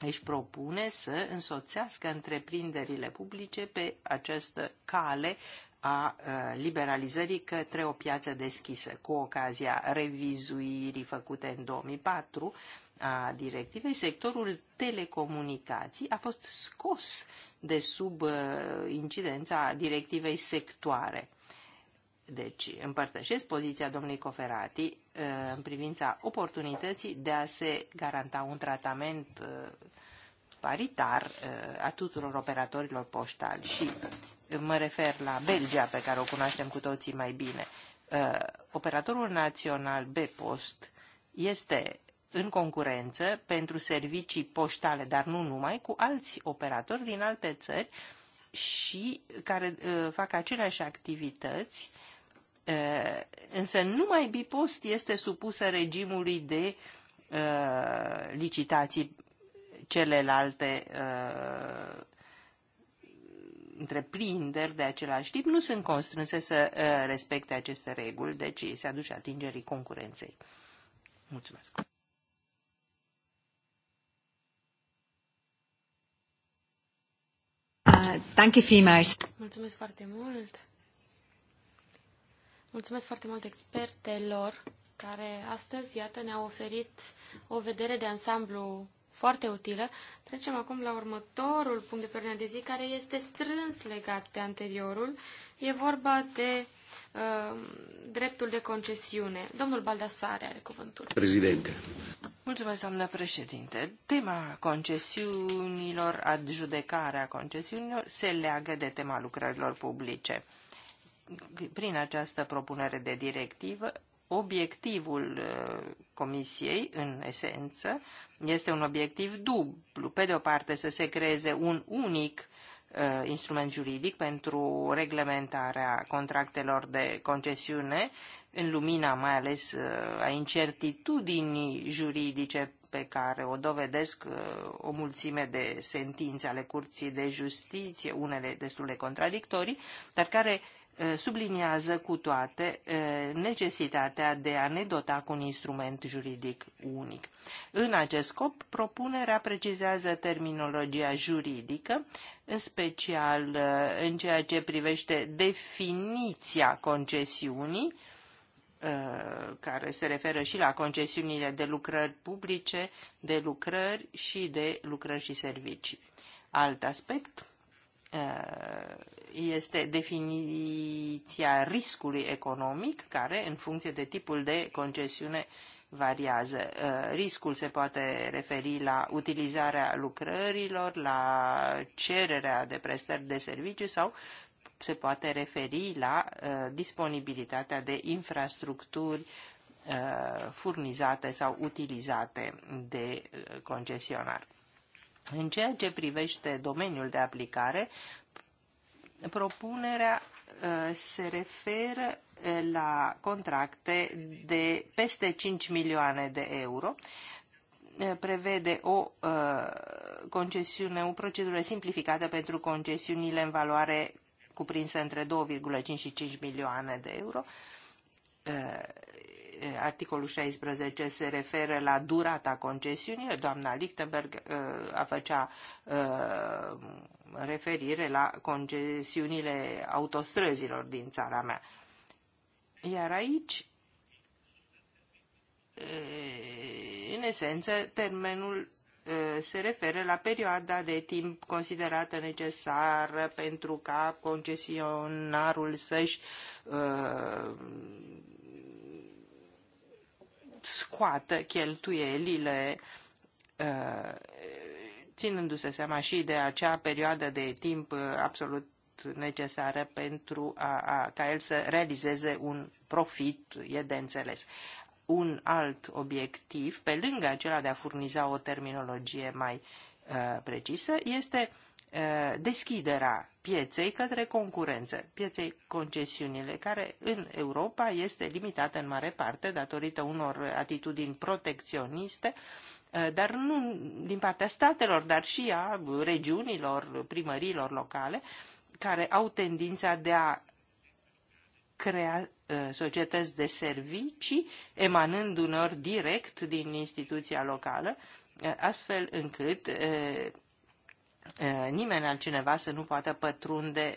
își propune să însoțească întreprinderile publice pe această cale a liberalizării către o piață deschisă. Cu ocazia revizuirii făcute în 2004 a directivei, sectorul telecomunicații a fost scos de sub incidența directivei sectoare. Deci împărtășesc poziția domnului Coferati uh, în privința oportunității de a se garanta un tratament uh, paritar uh, a tuturor operatorilor poștali și mă refer la Belgia, pe care o cunoaștem cu toții mai bine. Operatorul național B-Post este în concurență pentru servicii poștale, dar nu numai, cu alți operatori din alte țări și care fac aceleași activități uh, Însă numai Bipost este supusă regimului de licitații celelalte întreprinderi de același tip nu sunt constrânse să respecte aceste reguli, deci se aduce atingerii concurenței. Mulțumesc! Uh, thank you, Mulțumesc foarte mult. Mulțumesc foarte mult expertelor care astăzi, iată, ne-au oferit o vedere de ansamblu foarte utilă. Trecem acum la următorul punct de pe ordinea de zi, care este strâns legat de anteriorul. E vorba de uh, dreptul de concesiune. Domnul Baldasare are cuvântul. Președinte. Mulțumesc, doamnă președinte. Tema concesiunilor, adjudecarea concesiunilor, se leagă de tema lucrărilor publice prin această propunere de directivă, obiectivul uh, Comisiei, în esență, este un obiectiv dublu. Pe de o parte, să se creeze un unic uh, instrument juridic pentru reglementarea contractelor de concesiune, în lumina mai ales uh, a incertitudinii juridice pe care o dovedesc o mulțime de sentințe ale Curții de Justiție, unele destul de contradictorii, dar care uh, subliniază cu toate necesitatea de a ne dota cu un instrument juridic unic. În acest scop, propunerea precizează terminologia juridică, în special în ceea ce privește definiția concesiunii, care se referă și la concesiunile de lucrări publice, de lucrări și de lucrări și servicii. Alt aspect este definiția riscului economic, care în funcție de tipul de concesiune variază. Uh, riscul se poate referi la utilizarea lucrărilor, la cererea de prestări de serviciu sau se poate referi la uh, disponibilitatea de infrastructuri uh, furnizate sau utilizate de concesionar. În ceea ce privește domeniul de aplicare, Propunerea uh, se referă uh, la contracte de peste 5 milioane de euro. Uh, prevede o concesiune, o procedură simplificată pentru concesiunile în valoare cuprinse între 2,5 și 5 milioane de euro articolul 16 se referă la durata concesiunii. Doamna Lichtenberg uh, a făcea uh, referire la concesiunile autostrăzilor din țara mea. Iar aici, uh, în esență, termenul se referă la perioada de timp considerată necesară pentru ca concesionarul să-și uh, scoată cheltuielile uh, ținându-se seama și de acea perioadă de timp uh, absolut necesară pentru a, a, ca el să realizeze un profit, e de înțeles. Un alt obiectiv, pe lângă acela de a furniza o terminologie mai uh, precisă, este uh, deschiderea pieței către concurență, pieței concesiunile, care în Europa este limitată în mare parte datorită unor atitudini protecționiste, eh, dar nu din partea statelor, dar și a regiunilor, primărilor locale, care au tendința de a crea eh, societăți de servicii, emanând unor direct din instituția locală, eh, astfel încât Eh, nimeni altcineva să nu poată pătrunde eh,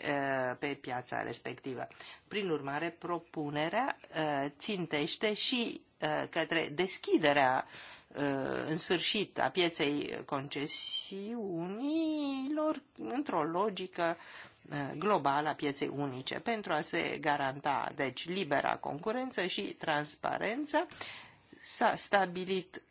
pe piața respectivă. Prin urmare, propunerea eh, țintește și către deschiderea în sfârșit a pieței concesiunilor într-o logică globală a pieței unice pentru a se garanta deci libera concurență și transparență s-a stabilit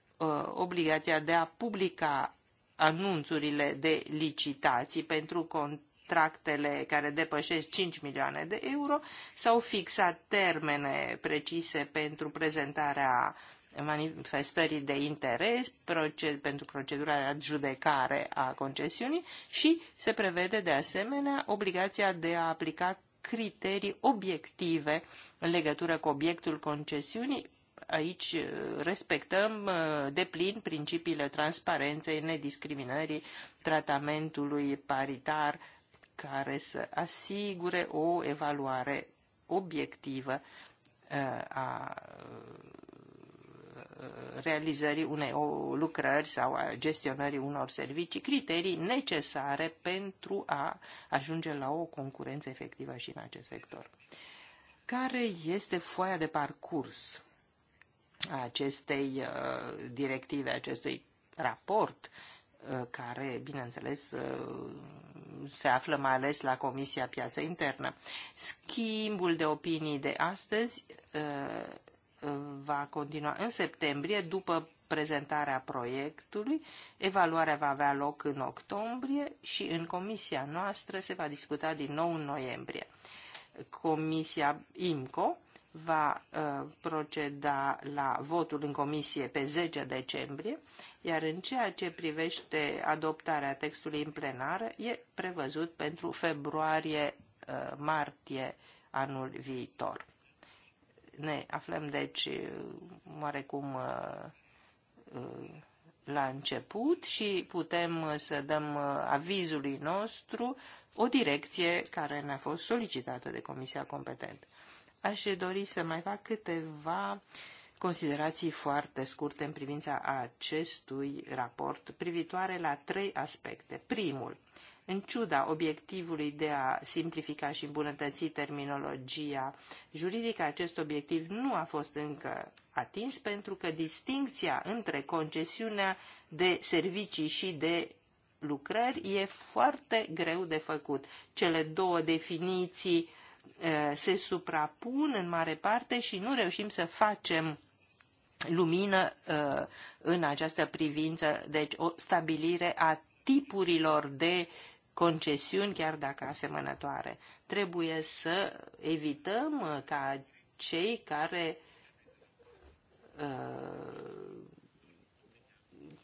obligația de a publica anunțurile de licitații pentru contractele care depășesc 5 milioane de euro, s-au fixat termene precise pentru prezentarea manifestării de interes proced, pentru procedura de adjudecare a concesiunii și se prevede de asemenea obligația de a aplica criterii obiective în legătură cu obiectul concesiunii aici uh, respectăm uh, de plin principiile transparenței, nediscriminării, tratamentului paritar care să asigure o evaluare obiectivă uh, a realizării unei lucrări sau a gestionării unor servicii, criterii necesare pentru a ajunge la o concurență efectivă și în acest sector. Care este foaia de parcurs acestei uh, directive, acestui raport, uh, care, bineînțeles, uh, se află mai ales la Comisia Piață Internă. Schimbul de opinii de astăzi va continua în septembrie, după prezentarea proiectului. Evaluarea va avea loc în octombrie și în comisia noastră se va discuta din nou în noiembrie. Comisia IMCO va uh, proceda la votul în comisie pe 10 decembrie, iar în ceea ce privește adoptarea textului în plenară, e prevăzut pentru februarie-martie uh, anul viitor. Ne aflăm, deci, uh, oarecum uh, uh, la început și putem uh, să dăm avizului nostru o direcție care ne-a fost solicitată de Comisia Competentă. Aș dori să mai fac câteva considerații foarte scurte în privința acestui raport privitoare la trei aspecte. Primul, în ciuda obiectivului de a simplifica și îmbunătăți terminologia juridică, acest obiectiv nu a fost încă atins pentru că distinția între concesiunea de servicii și de lucrări e foarte greu de făcut. Cele două definiții Eh, se suprapun în mare parte și nu reușim să facem lumină eh, în această privință, deci o stabilire a tipurilor de concesiuni, chiar dacă asemănătoare. Trebuie să evităm eh, ca cei care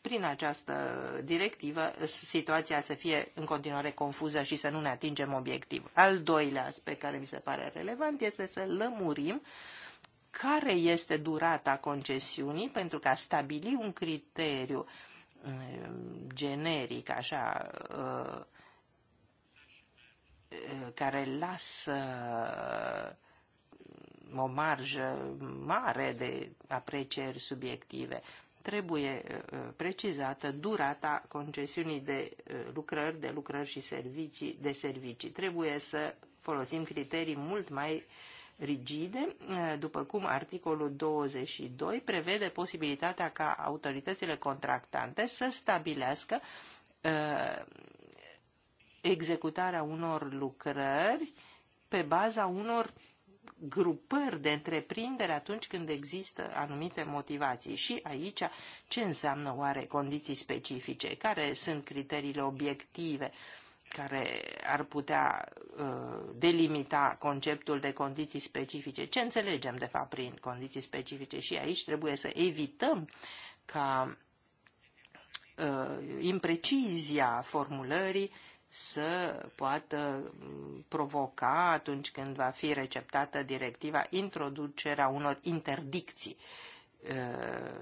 prin această directivă situația să fie în continuare confuză și să nu ne atingem obiectiv. Al doilea aspect care mi se pare relevant este să lămurim care este durata concesiunii pentru că a stabili un criteriu um, generic, așa, uh, uh, care lasă o marjă mare de aprecieri subiective trebuie uh, uh, precizată durata concesiunii de uh, lucrări, de lucrări și servicii, de servicii. Trebuie să folosim criterii mult mai rigide, după cum articolul 22 prevede posibilitatea ca autoritățile contractante să stabilească executarea unor lucrări pe baza unor grupări de întreprinderi atunci când există anumite motivații. Și aici ce înseamnă oare condiții specifice? Care sunt criteriile obiective care ar putea uh, delimita conceptul de condiții specifice? Ce înțelegem de fapt prin condiții specifice? Și aici trebuie să evităm ca uh, imprecizia formulării să poată mm, provoca atunci când va fi receptată directiva introducerea unor interdicții uh,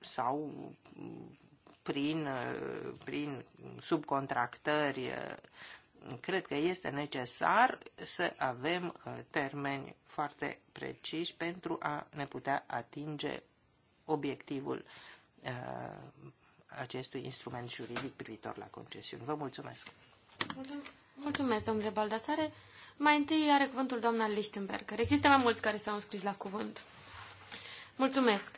sau mm, prin, uh, prin subcontractări. Uh, cred că este necesar să avem termeni foarte preciși pentru a ne putea atinge obiectivul acestui instrument juridic privitor la concesiuni. Vă mulțumesc! Mulțumesc, domnule Baldasare. Mai întâi are cuvântul doamna Lichtenberger. Există mai mulți care s-au înscris la cuvânt. Mulțumesc.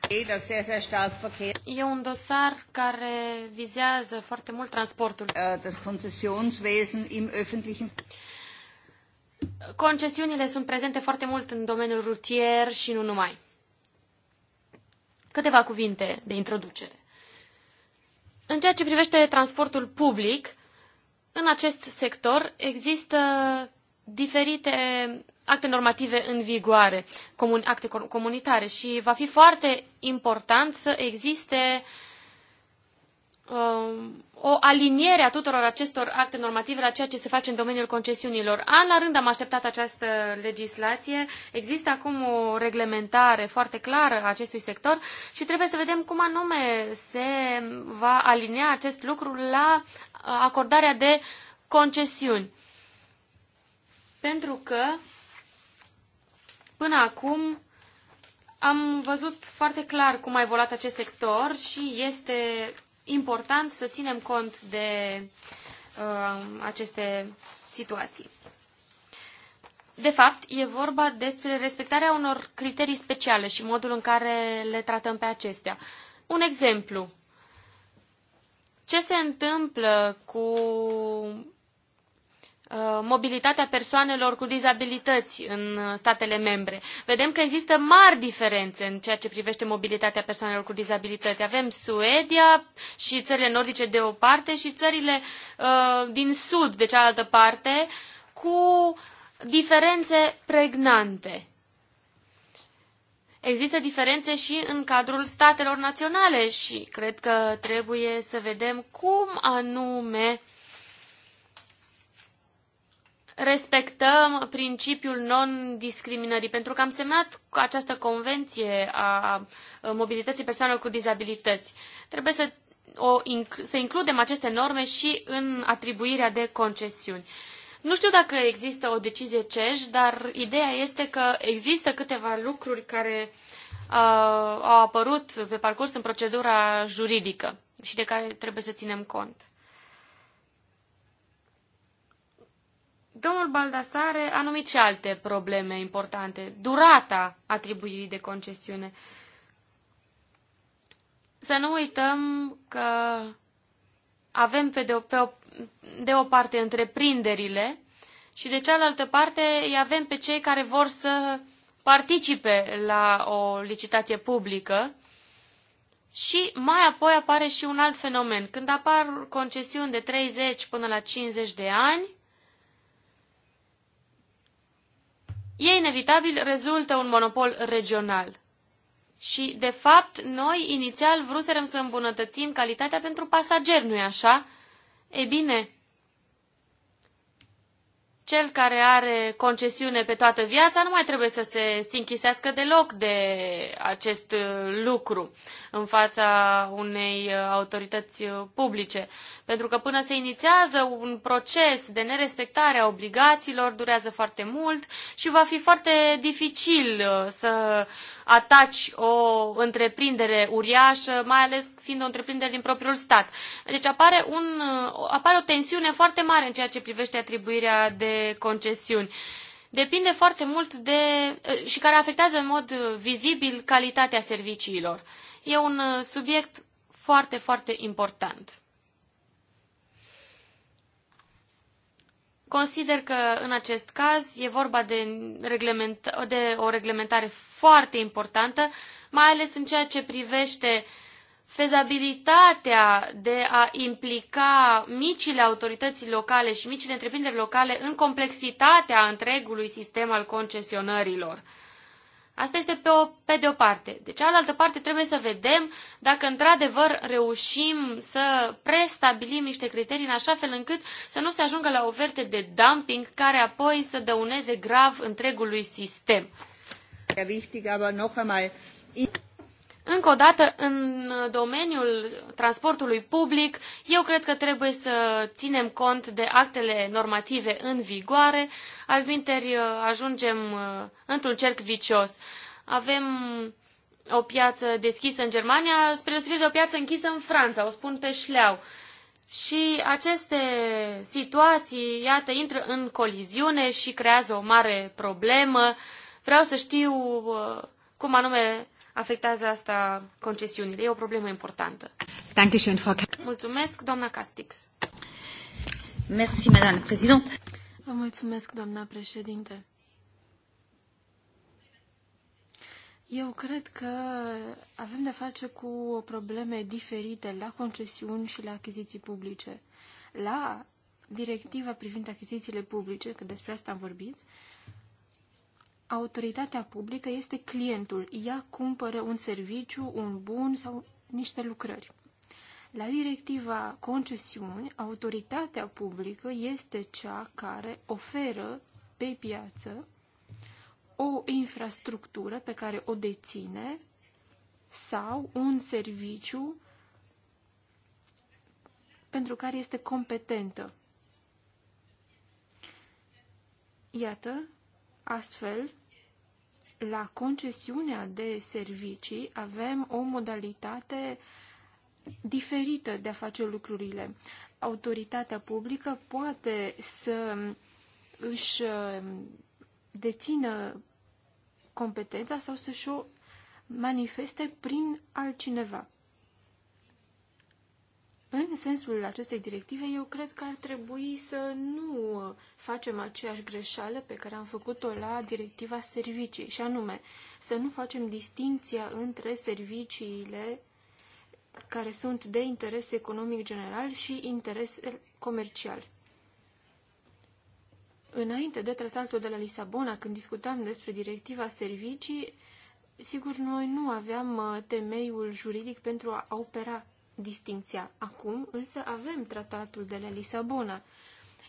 E un dosar care vizează foarte mult transportul. Concesiunile sunt prezente foarte mult în domeniul rutier și nu numai. Câteva cuvinte de introducere. În ceea ce privește transportul public, în acest sector există diferite acte normative în vigoare, comun, acte comunitare și va fi foarte important să existe uh, Um, o aliniere a tuturor acestor acte normative la ceea ce se face în domeniul concesiunilor. An la rând am așteptat această legislație, există acum o reglementare foarte clară a acestui sector și trebuie să vedem cum anume se va alinea acest lucru la uh, acordarea de concesiuni. Pentru că până acum am văzut foarte clar cum a evoluat acest sector și este important să ținem cont de uh, aceste situații. De fapt, e vorba despre respectarea unor criterii speciale și modul în care le tratăm pe acestea. Un exemplu. Ce se întâmplă cu Uh, mobilitatea persoanelor cu dizabilități în uh, statele membre. Vedem că există mari diferențe în ceea ce privește mobilitatea persoanelor cu dizabilități. Avem Suedia și țările nordice de o parte și țările uh, din sud de cealaltă parte cu diferențe pregnante. Există diferențe și în cadrul statelor naționale și cred că trebuie să vedem cum anume uh, respectăm principiul non-discriminării, pentru că am semnat această convenție a mobilității persoanelor cu dizabilități. Trebuie să, o, să includem aceste norme și în atribuirea de concesiuni. Nu știu dacă există o decizie CEJ, dar ideea este că există câteva lucruri care uh, au apărut pe parcurs în procedura juridică și de care trebuie să ținem cont. Domnul Baldasare a numit și alte probleme importante. Durata atribuirii de concesiune. Să nu uităm că avem pe de o, pe o, de o parte întreprinderile și de cealaltă parte îi avem pe cei care vor să participe la o licitație publică. Și mai apoi apare și un alt fenomen. Când apar concesiuni de 30 până la 50 de ani, e inevitabil, rezultă un monopol regional. Și, de fapt, noi inițial vruserăm să îmbunătățim calitatea pentru pasageri, nu-i așa? E bine, cel care are concesiune pe toată viața nu mai trebuie să se stinchisească deloc de acest uh, lucru în fața unei uh, autorități uh, publice. Pentru că până se inițiază un proces de nerespectare a obligațiilor, durează foarte mult și va fi foarte dificil uh, să ataci o întreprindere uriașă, mai ales fiind o întreprindere din propriul stat. Deci apare, un, uh, apare o tensiune foarte mare în ceea ce privește atribuirea de concesiuni depinde foarte mult de uh, și care afectează în mod vizibil calitatea serviciilor. E un subiect foarte, foarte important. Consider că în acest caz e vorba de, reglement, de o reglementare foarte importantă, mai ales în ceea ce privește fezabilitatea de a implica micile autorități locale și micile întreprinderi locale în complexitatea întregului sistem al concesionărilor. Asta este pe, o, pe de o parte. De cealaltă parte trebuie să vedem dacă într-adevăr reușim să prestabilim niște criterii în așa fel încât să nu se ajungă la oferte de dumping care apoi să dăuneze grav întregului sistem. Încă o dată, în domeniul transportului public, eu cred că trebuie să ținem cont de actele normative în vigoare, Altminteri uh, ajungem uh, într-un cerc vicios. Avem o piață deschisă în Germania, spre deosebire de o piață închisă în Franța, o spun pe șleau. Și aceste situații, iată, intră în coliziune și creează o mare problemă. Vreau să știu uh, cum anume afectează asta concesiunile. E o problemă importantă. Mulțumesc, doamna Castix. Mulțumesc madame președinte. Vă mulțumesc, doamna președinte. Eu cred că avem de face cu probleme diferite la concesiuni și la achiziții publice. La directiva privind achizițiile publice, că despre asta am vorbit, autoritatea publică este clientul. Ea cumpără un serviciu, un bun sau niște lucrări. La directiva concesiuni, autoritatea publică este cea care oferă pe piață o infrastructură pe care o deține sau un serviciu pentru care este competentă. Iată, astfel, la concesiunea de servicii avem o modalitate uh, diferită de a face lucrurile. Autoritatea publică poate să își uh, dețină competența sau să-și o manifeste prin altcineva. În sensul acestei directive, eu cred că ar trebui să nu facem aceeași greșeală pe care am făcut-o la directiva servicii, și anume să nu facem distinția între serviciile care sunt de interes economic general și interes comercial. Înainte de tratatul de la Lisabona, când discutam despre directiva servicii, sigur, noi nu aveam uh, temeiul juridic pentru a opera distinția. Acum, însă, avem tratatul de la Lisabona,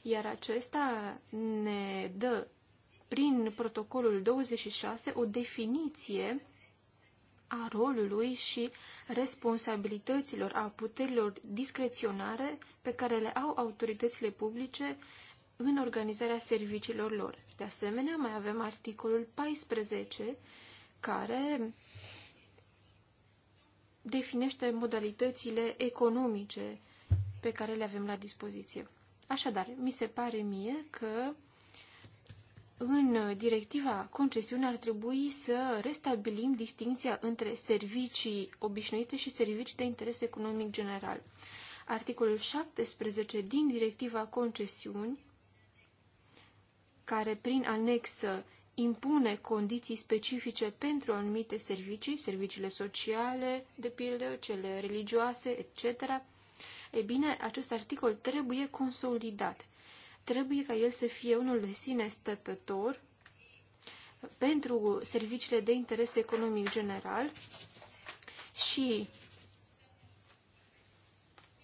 iar acesta ne dă, prin protocolul 26, o definiție a rolului și responsabilităților, a puterilor discreționare pe care le au autoritățile publice în organizarea serviciilor lor. De asemenea, mai avem articolul 14 care definește modalitățile economice pe care le avem la dispoziție. Așadar, mi se pare mie că în directiva concesiune ar trebui să restabilim distinția între servicii obișnuite și servicii de interes economic general. Articolul 17 din directiva concesiuni, care prin anexă impune condiții specifice pentru anumite servicii, serviciile sociale, de pildă, cele religioase, etc., e bine, acest articol trebuie consolidat trebuie ca el să fie unul de sine stătător pentru serviciile de interes economic general și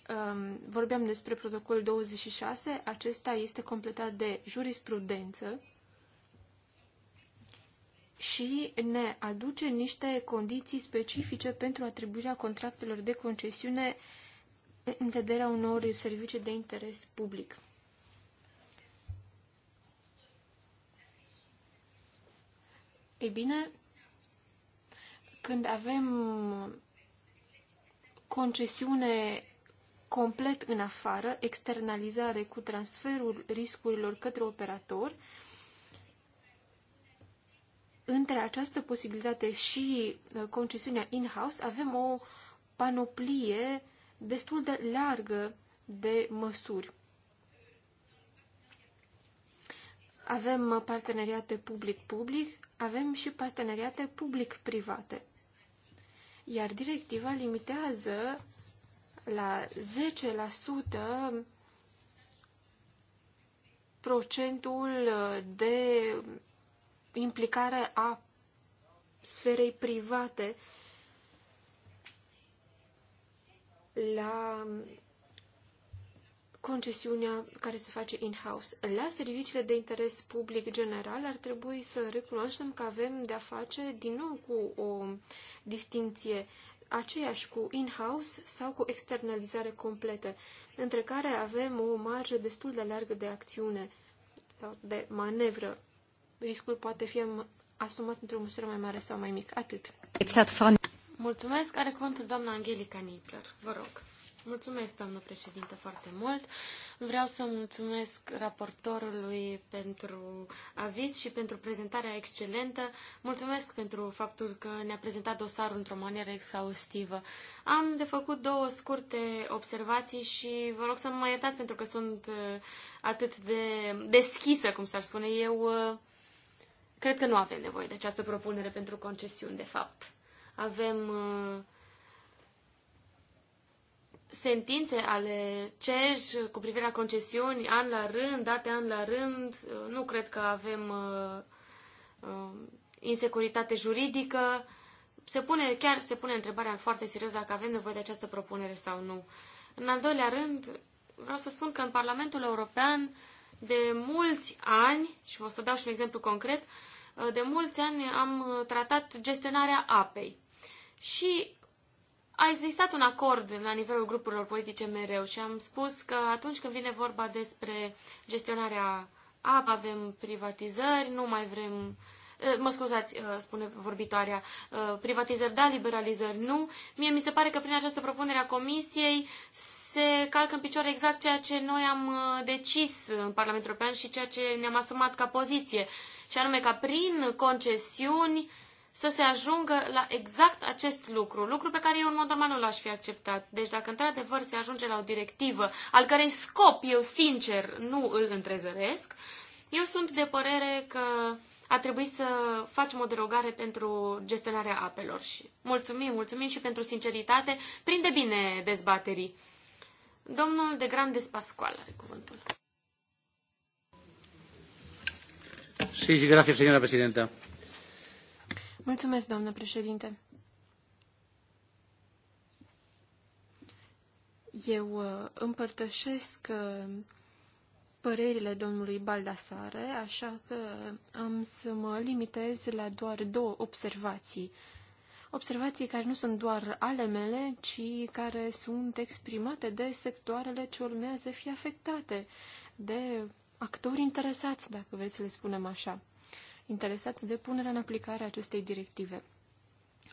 um, vorbeam despre protocolul 26, acesta este completat de jurisprudență și ne aduce niște condiții specifice pentru atribuirea contractelor de concesiune în vederea unor servicii de interes public. Ei bine, când avem concesiune complet în afară, externalizare cu transferul riscurilor către operator, între această posibilitate și uh, concesiunea in-house avem o panoplie destul de largă de măsuri. Avem uh, parteneriate public-public, avem și parteneriate public-private. Iar directiva limitează la 10% procentul de implicare a sferei private la concesiunea care se face in-house. La serviciile de interes public general ar trebui să recunoaștem că avem de-a face din nou cu o distinție aceeași cu in-house sau cu externalizare completă, între care avem o marjă destul de largă de acțiune sau de manevră. Riscul poate fi asumat într-o măsură mai mare sau mai mică. Atât. Exact. Mulțumesc. Are cuvântul doamna Angelica Nipler. Vă rog. Mulțumesc, doamnă președinte, foarte mult. Vreau să mulțumesc raportorului pentru aviz și pentru prezentarea excelentă. Mulțumesc pentru faptul că ne-a prezentat dosarul într-o manieră exhaustivă. Am de făcut două scurte observații și vă rog să mă iertați pentru că sunt uh, atât de deschisă, cum s-ar spune eu. Uh, cred că nu avem nevoie de această propunere pentru concesiuni, de fapt. Avem uh, sentințe ale CEJ cu privire la concesiuni an la rând, date an la rând, uh, nu cred că avem uh, uh, insecuritate juridică. Se pune, chiar se pune întrebarea foarte serios dacă avem nevoie de această propunere sau nu. În al doilea rând, vreau să spun că în Parlamentul European de mulți ani, și vă să dau și un exemplu concret, uh, de mulți ani am uh, tratat gestionarea apei. Și a existat un acord la nivelul grupurilor politice mereu și am spus că atunci când vine vorba despre gestionarea apă, avem privatizări, nu mai vrem eh, mă scuzați, eh, spune vorbitoarea, eh, privatizări da, liberalizări nu. Mie mi se pare că prin această propunere a Comisiei se calcă în picioare exact ceea ce noi am decis în Parlamentul European și ceea ce ne-am asumat ca poziție, și anume ca prin concesiuni să se ajungă la exact acest lucru, lucru pe care eu în mod normal nu l-aș fi acceptat. Deci dacă într-adevăr se ajunge la o directivă al cărei scop eu sincer nu îl întrezăresc, eu sunt de părere că a trebuit să facem o derogare pentru gestionarea apelor. Și mulțumim, mulțumim și pentru sinceritate. Prinde bine dezbaterii. Domnul de Grandes Pascual are cuvântul. Sí, sí, gracias, señora presidenta. Mulțumesc, doamnă președinte. Eu uh, împărtășesc uh, părerile domnului Baldasare, așa că am să mă limitez la doar două observații. Observații care nu sunt doar ale mele, ci care sunt exprimate de sectoarele ce urmează fi afectate, de actori interesați, dacă vreți să le spunem așa interesați de punerea în aplicare a acestei directive.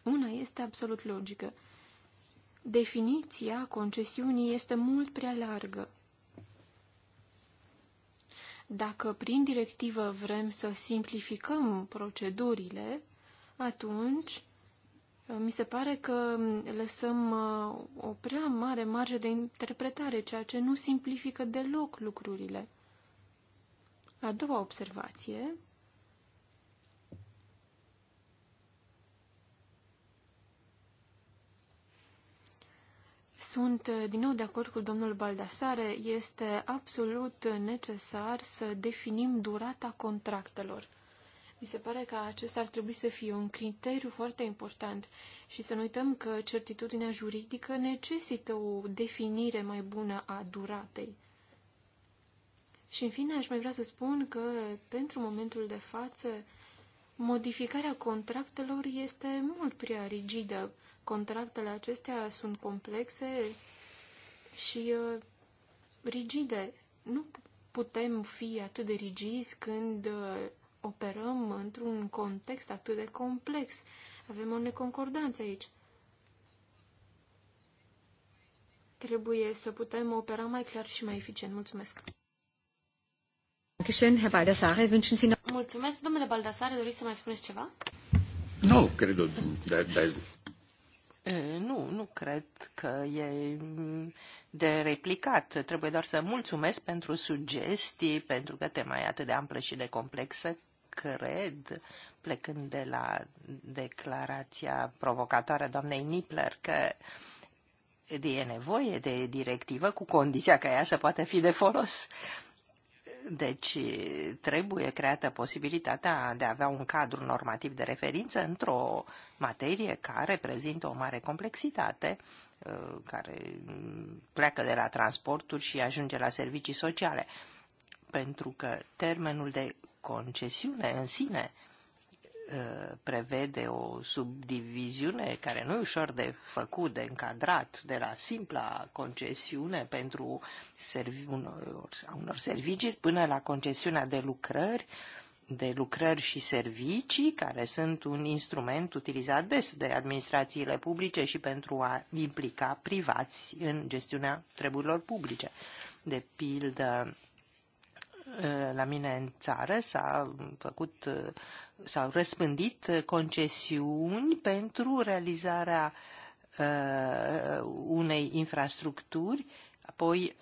Una este absolut logică. Definiția concesiunii este mult prea largă. Dacă prin directivă vrem să simplificăm procedurile, atunci uh, mi se pare că mm, lăsăm uh, o prea mare marge de interpretare, ceea ce nu simplifică deloc lucrurile. A doua observație Sunt uh, din nou de acord cu domnul Baldasare, este absolut necesar să definim durata contractelor. Mi se pare că acesta ar trebui să fie un criteriu foarte important și să nu uităm că certitudinea juridică necesită o definire mai bună a duratei. Și în fine aș mai vrea să spun că pentru momentul de față modificarea contractelor este mult prea rigidă Contractele acestea sunt complexe și uh, rigide. Nu putem fi atât de rigizi când uh, operăm într-un context atât de complex. Avem o neconcordanță aici. Trebuie să putem opera mai clar și mai eficient. Mulțumesc! Mulțumesc, domnule Baldassare, doriți să mai spuneți ceva? Nu, no, cred, dar, dar nu, nu cred că e de replicat. Trebuie doar să mulțumesc pentru sugestii, pentru că tema e atât de amplă și de complexă. Cred, plecând de la declarația provocatoare a doamnei Nipler, că e nevoie de directivă cu condiția ca ea să poată fi de folos. Deci trebuie creată posibilitatea de a avea un cadru normativ de referință într-o materie care prezintă o mare complexitate, uh, care pleacă de la transporturi și ajunge la servicii sociale. Pentru că termenul de concesiune în sine Uh, prevede o subdiviziune care nu e ușor de făcut, de încadrat, de la simpla concesiune pentru servi unor, unor servicii până la concesiunea de lucrări, de lucrări și servicii, care sunt un instrument utilizat des de administrațiile publice și pentru a implica privați în gestiunea treburilor publice. De pildă, Eh, la mine în țară s-a făcut, eh, s-au răspândit eh, concesiuni pentru realizarea unei infrastructuri, apoi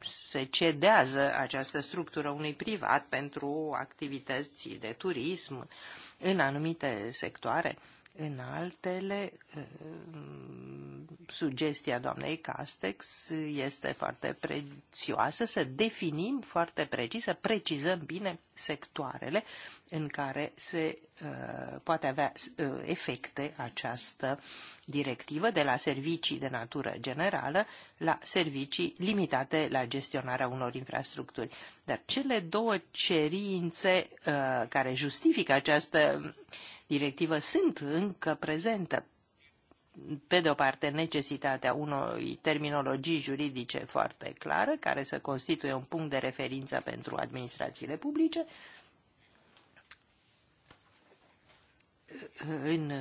se cedează această structură unui privat pentru activități de turism în anumite sectoare, în altele sugestia doamnei Castex este foarte prețioasă, să definim foarte precis, să precizăm bine sectoarele în care se uh, poate avea uh, efecte această directivă, de la servicii de natură generală la servicii limitate la gestionarea unor infrastructuri. Dar cele două cerințe uh, care justifică această directivă sunt încă prezente pe de o parte, necesitatea unei terminologii juridice foarte clară, care să constituie un punct de referință pentru administrațiile publice, în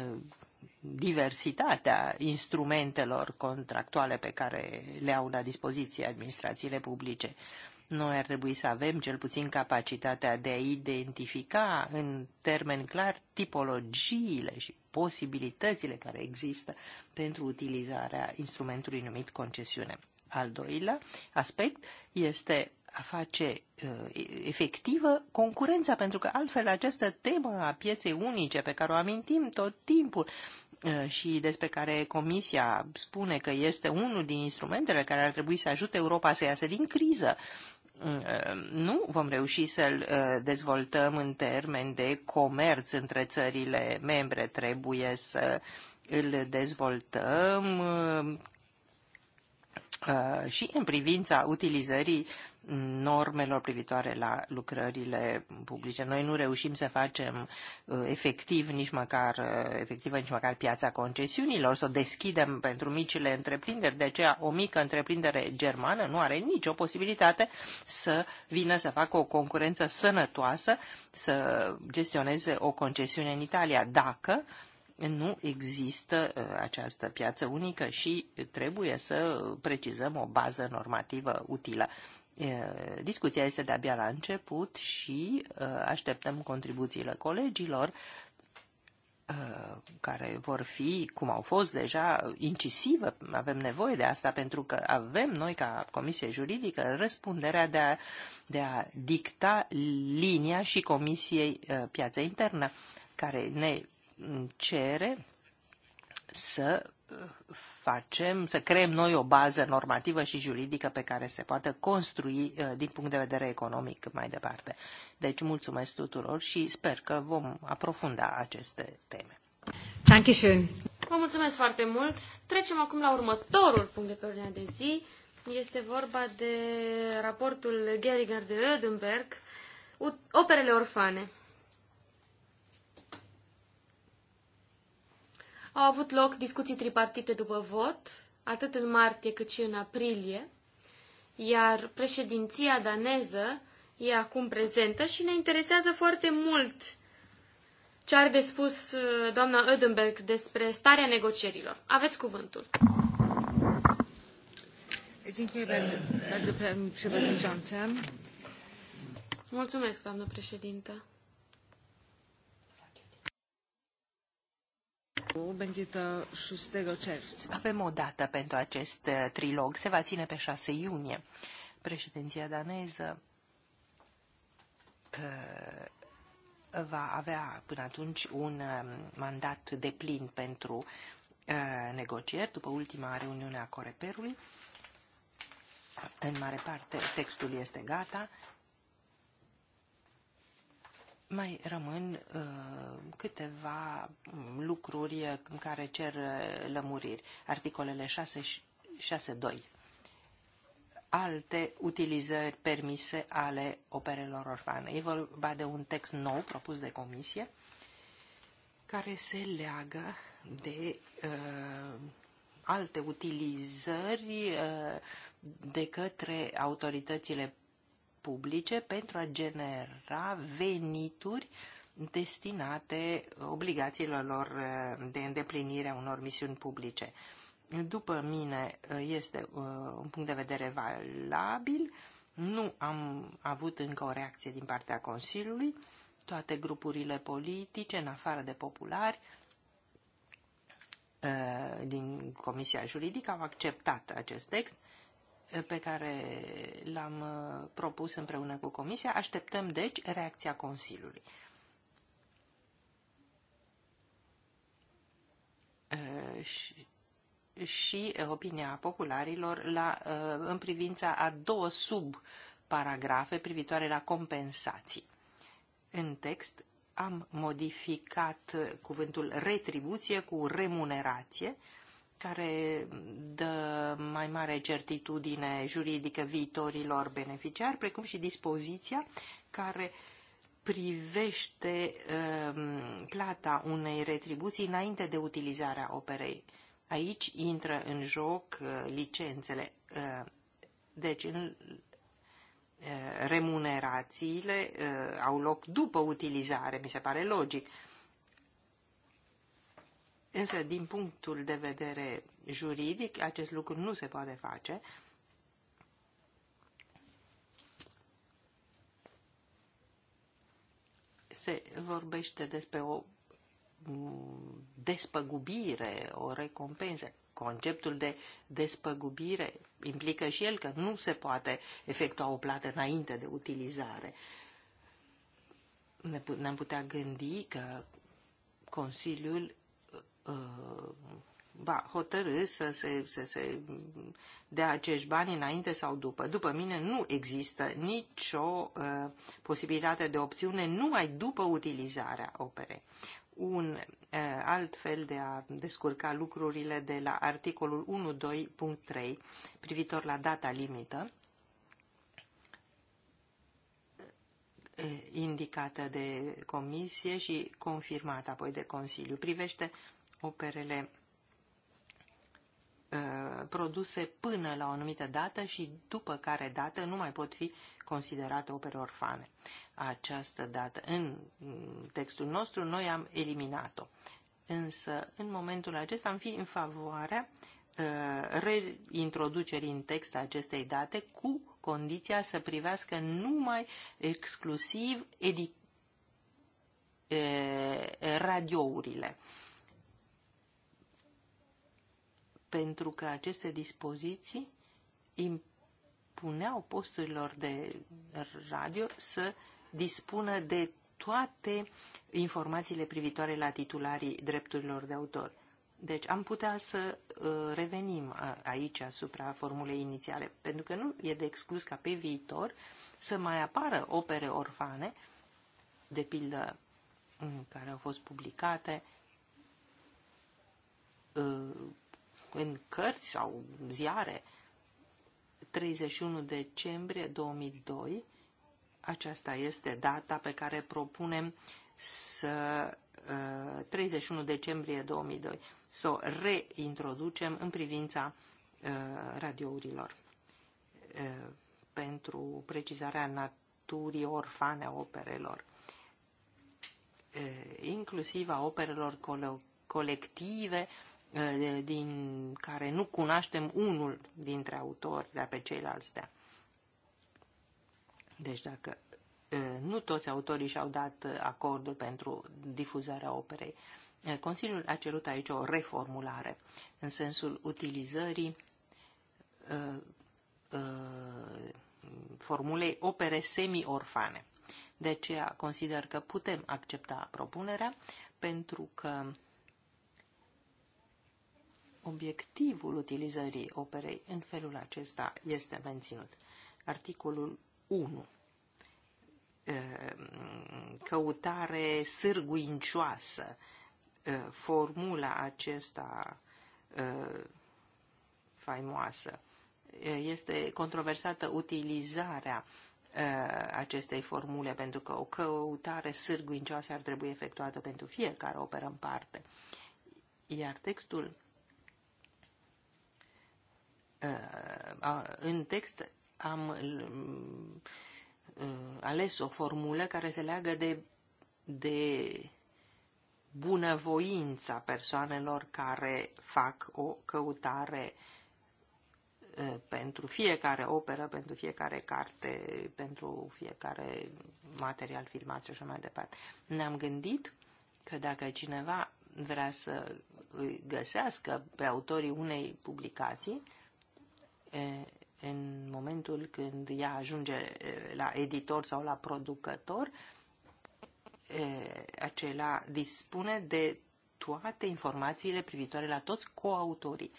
diversitatea instrumentelor contractuale pe care le au la dispoziție administrațiile publice. Noi ar trebui să avem cel puțin capacitatea de a identifica în termeni clar tipologiile și posibilitățile care există pentru utilizarea instrumentului numit concesiune. Al doilea aspect este a face uh, efectivă concurența, pentru că altfel această temă a pieței unice pe care o amintim tot timpul uh, și despre care Comisia spune că este unul din instrumentele care ar trebui să ajute Europa să iasă din criză, Ehm, nu vom reuși să-l eh, dezvoltăm în termen de comerț între țările membre. Trebuie să îl dezvoltăm ehm, eh, și în privința utilizării normelor privitoare la lucrările publice. Noi nu reușim să facem uh, efectiv nici măcar, uh, efectivă nici măcar piața concesiunilor, să o deschidem pentru micile întreprinderi. De aceea o mică întreprindere germană nu are nicio posibilitate să vină să facă o concurență sănătoasă, să gestioneze o concesiune în Italia, dacă nu există uh, această piață unică și trebuie să precizăm o bază normativă utilă discuția este de-abia la început și așteptăm contribuțiile colegilor care vor fi, cum au fost deja, incisivă. Avem nevoie de asta pentru că avem noi, ca Comisie Juridică, răspunderea de a, de a dicta linia și Comisiei Piața Internă, care ne cere să facem, să creăm noi o bază normativă și juridică pe care se poate construi uh, din punct de vedere economic mai departe. Deci mulțumesc tuturor și sper că vom aprofunda aceste teme. Thank you Shun. Vă mulțumesc foarte mult. Trecem acum la următorul punct de pe ordinea de zi. Este vorba de raportul Geringer de Ödenberg, Operele orfane. Au avut loc discuții tripartite după vot, atât în martie cât și în aprilie, iar președinția daneză e acum prezentă și ne interesează foarte mult ce are de spus uh, doamna Ödenberg despre starea negocierilor. Aveți cuvântul. Mulțumesc, doamnă președintă. Avem o dată pentru acest trilog. Se va ține pe 6 iunie. Președinția daneză va avea până atunci un mandat de plin pentru negocieri după ultima reuniune a Coreperului. În mare parte textul este gata mai rămân uh, câteva lucruri uh, care cer uh, lămuriri. Articolele 6 și 6.2. Alte utilizări permise ale operelor orfane. E vorba de un text nou propus de comisie care se leagă de uh, alte utilizări uh, de către autoritățile publice pentru a genera venituri destinate obligațiilor lor eh, de îndeplinire a unor misiuni publice. După mine eh, este eh, un punct de vedere valabil, nu am avut încă o reacție din partea Consiliului, toate grupurile politice, în afară de populari, din Comisia Juridică au acceptat acest text pe care l-am uh, propus împreună cu Comisia. Așteptăm, deci, reacția Consiliului. Uh, și, și opinia popularilor la, uh, în privința a două subparagrafe privitoare la compensații. În text am modificat cuvântul retribuție cu remunerație, care dă mai mare certitudine juridică viitorilor beneficiari, precum și dispoziția care privește um, plata unei retribuții înainte de utilizarea operei. Aici intră în joc uh, licențele, uh, deci în, uh, remunerațiile uh, au loc după utilizare, mi se pare logic. Însă, din punctul de vedere juridic, acest lucru nu se poate face. Se vorbește despre o despăgubire, o recompensă. Conceptul de despăgubire implică și el că nu se poate efectua o plată înainte de utilizare. Ne-am putea gândi că Consiliul Uh, va hotărâ să se, să se dea acești bani înainte sau după. După mine nu există nicio uh, posibilitate de opțiune numai după utilizarea operei. Un uh, alt fel de a descurca lucrurile de la articolul 1.2.3 privitor la data limită uh, indicată de comisie și confirmată apoi de Consiliu. Privește operele uh, produse până la o anumită dată și după care dată nu mai pot fi considerate opere orfane. Această dată, în textul nostru, noi am eliminat-o. Însă, în momentul acesta, am fi în favoarea uh, reintroducerii în text a acestei date cu condiția să privească numai exclusiv edi uh, radiourile. Uh, pentru că aceste dispoziții impuneau posturilor de radio să dispună de toate informațiile privitoare la titularii drepturilor de autor. Deci am putea să uh, revenim aici asupra formulei inițiale, pentru că nu e de exclus ca pe viitor să mai apară opere orfane, de pildă mm, care au fost publicate uh, în cărți sau ziare. 31 decembrie 2002, aceasta este data pe care propunem să 31 uh, decembrie 2002, să o reintroducem în privința uh, radiourilor uh, pentru precizarea naturii orfane a operelor, inclusiv a operelor colective din care nu cunoaștem unul dintre autori, dar pe ceilalți de, da. Deci dacă nu toți autorii și-au dat acordul pentru difuzarea operei, Consiliul a cerut aici o reformulare în sensul utilizării formulei opere semi-orfane. De aceea consider că putem accepta propunerea pentru că obiectivul utilizării operei în felul acesta este menținut. Articolul 1. Căutare sârguincioasă. Formula acesta faimoasă. Este controversată utilizarea acestei formule, pentru că o căutare sârguincioasă ar trebui efectuată pentru fiecare operă în parte. Iar textul Uh, în text am uh, ales o formulă care se leagă de, de bunăvoința persoanelor care fac o căutare uh, pentru fiecare operă, pentru fiecare carte, pentru fiecare material filmat și așa mai departe. Ne-am gândit că dacă cineva vrea să îi găsească pe autorii unei publicații, în momentul când ea ajunge la editor sau la producător, acela dispune de toate informațiile privitoare la toți coautorii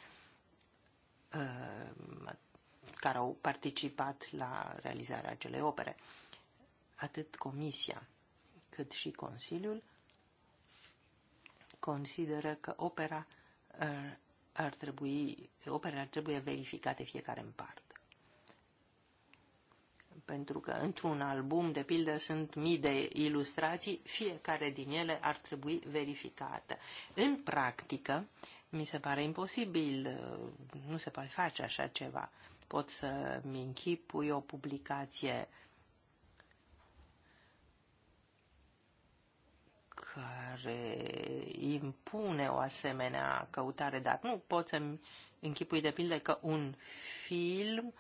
care au participat la realizarea acelei opere. Atât Comisia cât și Consiliul consideră că opera ar trebui, operele ar trebui verificate fiecare în parte. Pentru că într-un album, de pildă, sunt mii de ilustrații, fiecare din ele ar trebui verificată. În practică, mi se pare imposibil, nu se poate face așa ceva. Pot să-mi închipui o publicație care impune o asemenea căutare, dar nu pot să-mi închipui de pildă că un film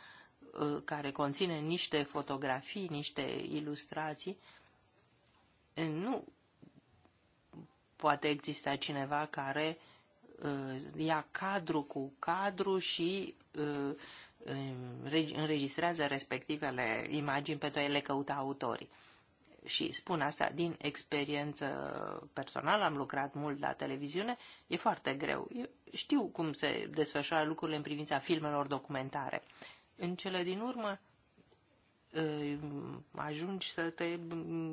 uh, care conține niște fotografii, niște ilustrații, uh, nu poate exista cineva care uh, ia cadru cu cadru și înregistrează respectivele imagini pentru a le căuta autorii și spun asta din experiență personală, am lucrat mult la televiziune, e foarte greu. Eu știu cum se desfășoară lucrurile în privința filmelor documentare. În cele din urmă, ă, ajungi să te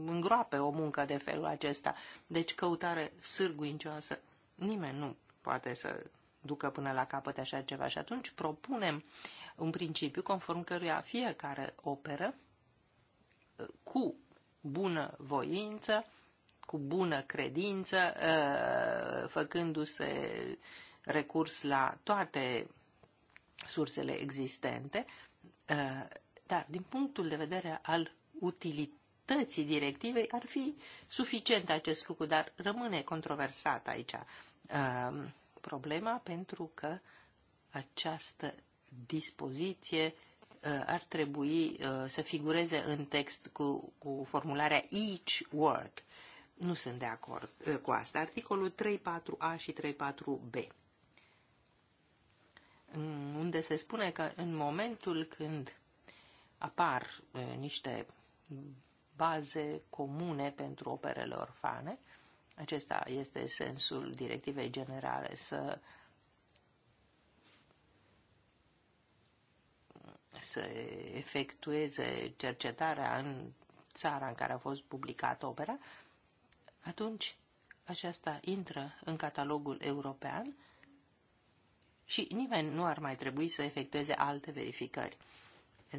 îngroape o muncă de felul acesta. Deci căutare sârguincioasă. Nimeni nu poate să ducă până la capăt așa ceva. Și atunci propunem un principiu conform căruia fiecare operă ă, cu bună voință, cu bună credință, uh, făcându-se recurs la toate sursele existente, uh, dar din punctul de vedere al utilității directivei ar fi suficient acest lucru, dar rămâne controversat aici uh, problema pentru că această dispoziție Uh, ar trebui uh, să figureze în text cu, cu formularea each word. Nu sunt de acord uh, cu asta. Articolul 34a și 34b mm, unde se spune că în momentul când apar niște baze comune pentru operele orfane, acesta este sensul directivei generale, să să efectueze cercetarea în țara în care a fost publicată opera, atunci aceasta intră în catalogul european și nimeni nu ar mai trebui să efectueze alte verificări.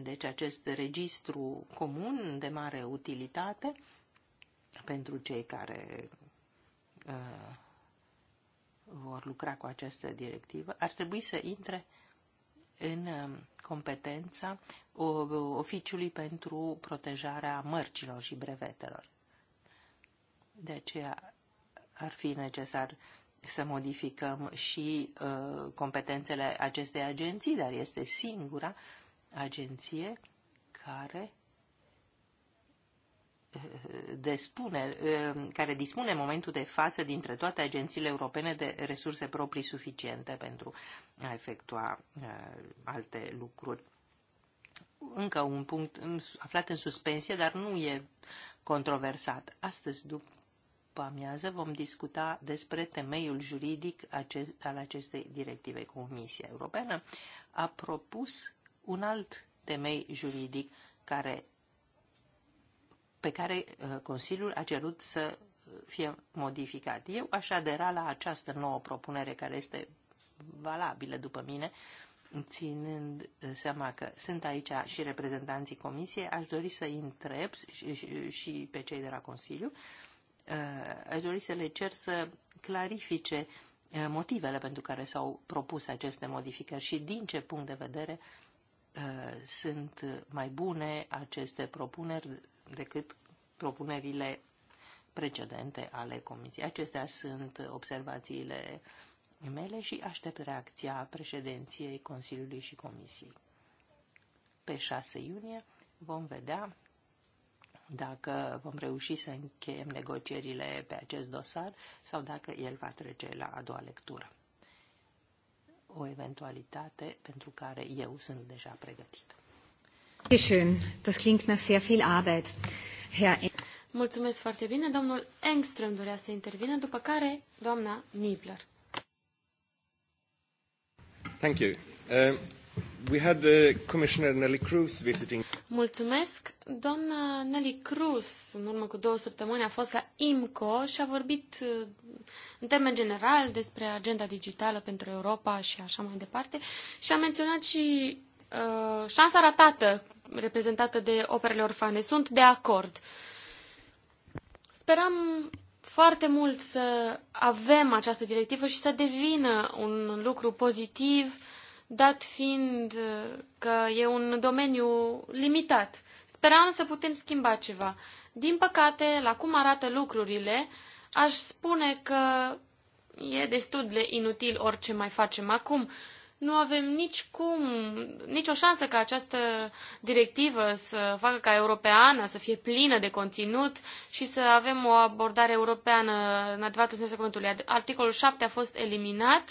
Deci acest registru comun de mare utilitate pentru cei care uh, vor lucra cu această directivă ar trebui să intre în um, competența Oficiului pentru protejarea mărcilor și brevetelor. De aceea ar fi necesar să modificăm și uh, competențele acestei agenții, dar este singura agenție care de spune, eh, care dispune în momentul de față dintre toate agențiile europene de resurse proprii suficiente pentru a efectua eh, alte lucruri. Încă un punct aflat în suspensie, dar nu e controversat. Astăzi, după amiază, vom discuta despre temeiul juridic al acestei directive. Comisia Europeană a propus un alt temei juridic care pe care uh, Consiliul a cerut să fie modificat. Eu aș adera la această nouă propunere care este valabilă după mine, ținând uh, seama că sunt aici și reprezentanții Comisiei, aș dori să întreb și pe cei de la Consiliu, uh, aș dori să le cer să clarifice motivele pentru care s-au propus aceste modificări și din ce punct de vedere sunt mai bune aceste propuneri decât propunerile precedente ale comisiei. Acestea sunt observațiile mele și aștept reacția președinției Consiliului și Comisiei. Pe 6 iunie vom vedea dacă vom reuși să încheiem negocierile pe acest dosar sau dacă el va trece la a doua lectură. O eventualitate pentru care eu sunt deja pregătită. Mulțumesc foarte bine. Domnul Engström dorea să intervină, după care doamna Nibler. Thank you. Uh, we had uh, Commissioner Nelly Cruz visiting. Mulțumesc. Doamna Nelly Cruz, în urmă cu două săptămâni, a fost la IMCO și a vorbit uh, în termen general despre agenda digitală pentru Europa și așa mai departe și a menționat și uh, șansa ratată reprezentată de operele orfane. Sunt de acord. Sperăm foarte mult să avem această directivă și să devină un lucru pozitiv, dat fiind că e un domeniu limitat. Speram să putem schimba ceva. Din păcate, la cum arată lucrurile, aș spune că e destul de inutil orice mai facem acum nu avem nici cum, nicio șansă ca această directivă să facă ca europeană, să fie plină de conținut și să avem o abordare europeană în adevăratul sensul cuvântului. Articolul 7 a fost eliminat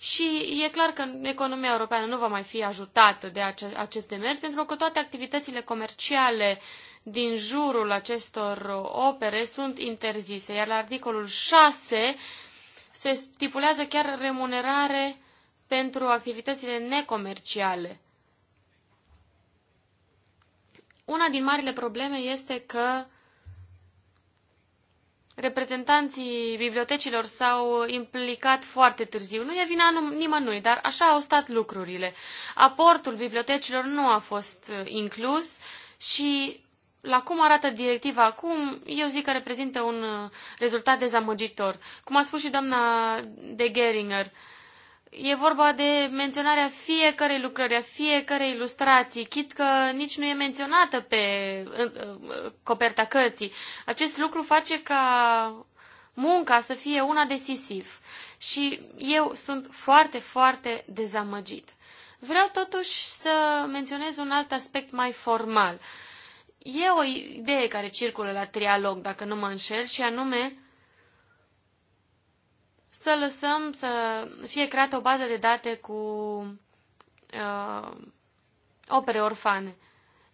și e clar că economia europeană nu va mai fi ajutată de acest demers, pentru că toate activitățile comerciale din jurul acestor opere sunt interzise, iar la articolul 6 se stipulează chiar remunerare pentru activitățile necomerciale. Una din marile probleme este că reprezentanții bibliotecilor s-au implicat foarte târziu. Nu e vina nimănui, dar așa au stat lucrurile. Aportul bibliotecilor nu a fost uh, inclus și la cum arată directiva acum, eu zic că reprezintă un uh, rezultat dezamăgitor. Cum a spus și doamna de Geringer, uh, E vorba de menționarea fiecarei lucrări, a fiecarei ilustrații, chit că nici nu e menționată pe coperta cărții. Acest lucru face ca munca să fie una decisiv. Și eu sunt foarte, foarte dezamăgit. Vreau totuși să menționez un alt aspect mai formal. E o idee care circulă la trialog, dacă nu mă înșel, și anume să lăsăm să fie creată o bază de date cu uh, opere orfane.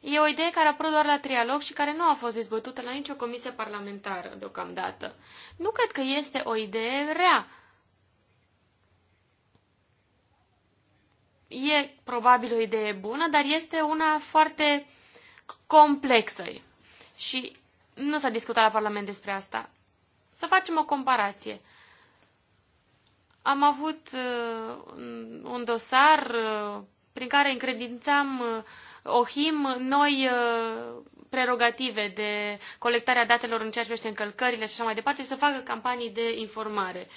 E o idee care a apărut doar la trialog și care nu a fost dezbătută la nicio comisie parlamentară deocamdată. Nu cred că este o idee rea. E probabil o idee bună, dar este una foarte complexă. Și nu s-a discutat la Parlament despre asta. Să facem o comparație. Am avut uh, un dosar uh, prin care încredințam uh, OHIM noi prerogative de colectarea datelor în ceea ce privește încălcările și așa mai departe și să facă campanii de informare.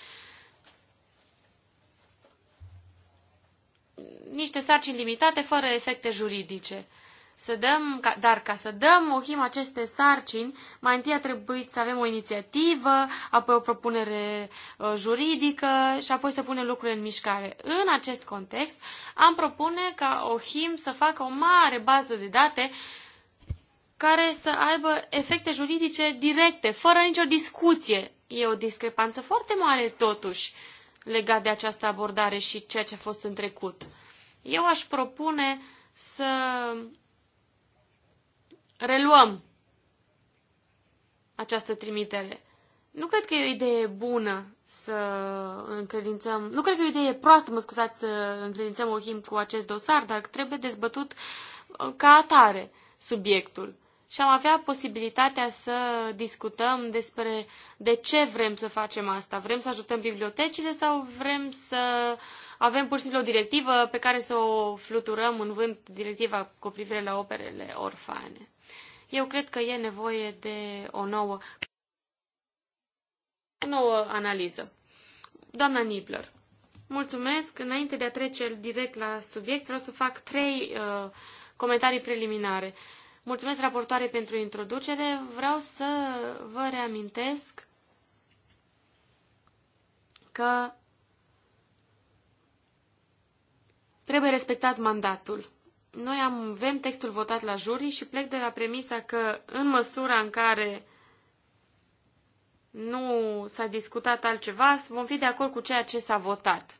Niște sarcini limitate, fără efecte juridice să dăm, dar ca să dăm OHIM aceste sarcini, mai întâi a trebuit să avem o inițiativă, apoi o propunere uh, juridică și apoi să punem lucrurile în mișcare. În acest context, am propune ca OHIM să facă o mare bază de date care să aibă efecte juridice directe, fără nicio discuție. E o discrepanță foarte mare, totuși, legat de această abordare și ceea ce a fost în trecut. Eu aș propune să reluăm această trimitere. Nu cred că e o idee bună să încredințăm, nu cred că e o idee proastă, mă scuzați, să încredințăm Ohim cu acest dosar, dar trebuie dezbătut uh, ca atare subiectul. Și am avea posibilitatea să discutăm despre de ce vrem să facem asta. Vrem să ajutăm bibliotecile sau vrem să uh, avem pur și simplu o directivă pe care să o fluturăm în vânt, directiva cu privire la operele orfane. Eu cred că e nevoie de o nouă, o nouă analiză. Doamna Nibler, mulțumesc. Înainte de a trece direct la subiect, vreau să fac trei uh, comentarii preliminare. Mulțumesc raportoare pentru introducere. Vreau să vă reamintesc că Trebuie respectat mandatul. Noi am, avem textul votat la jurii și plec de la premisa că în măsura în care nu s-a discutat altceva, vom fi de acord cu ceea ce s-a votat.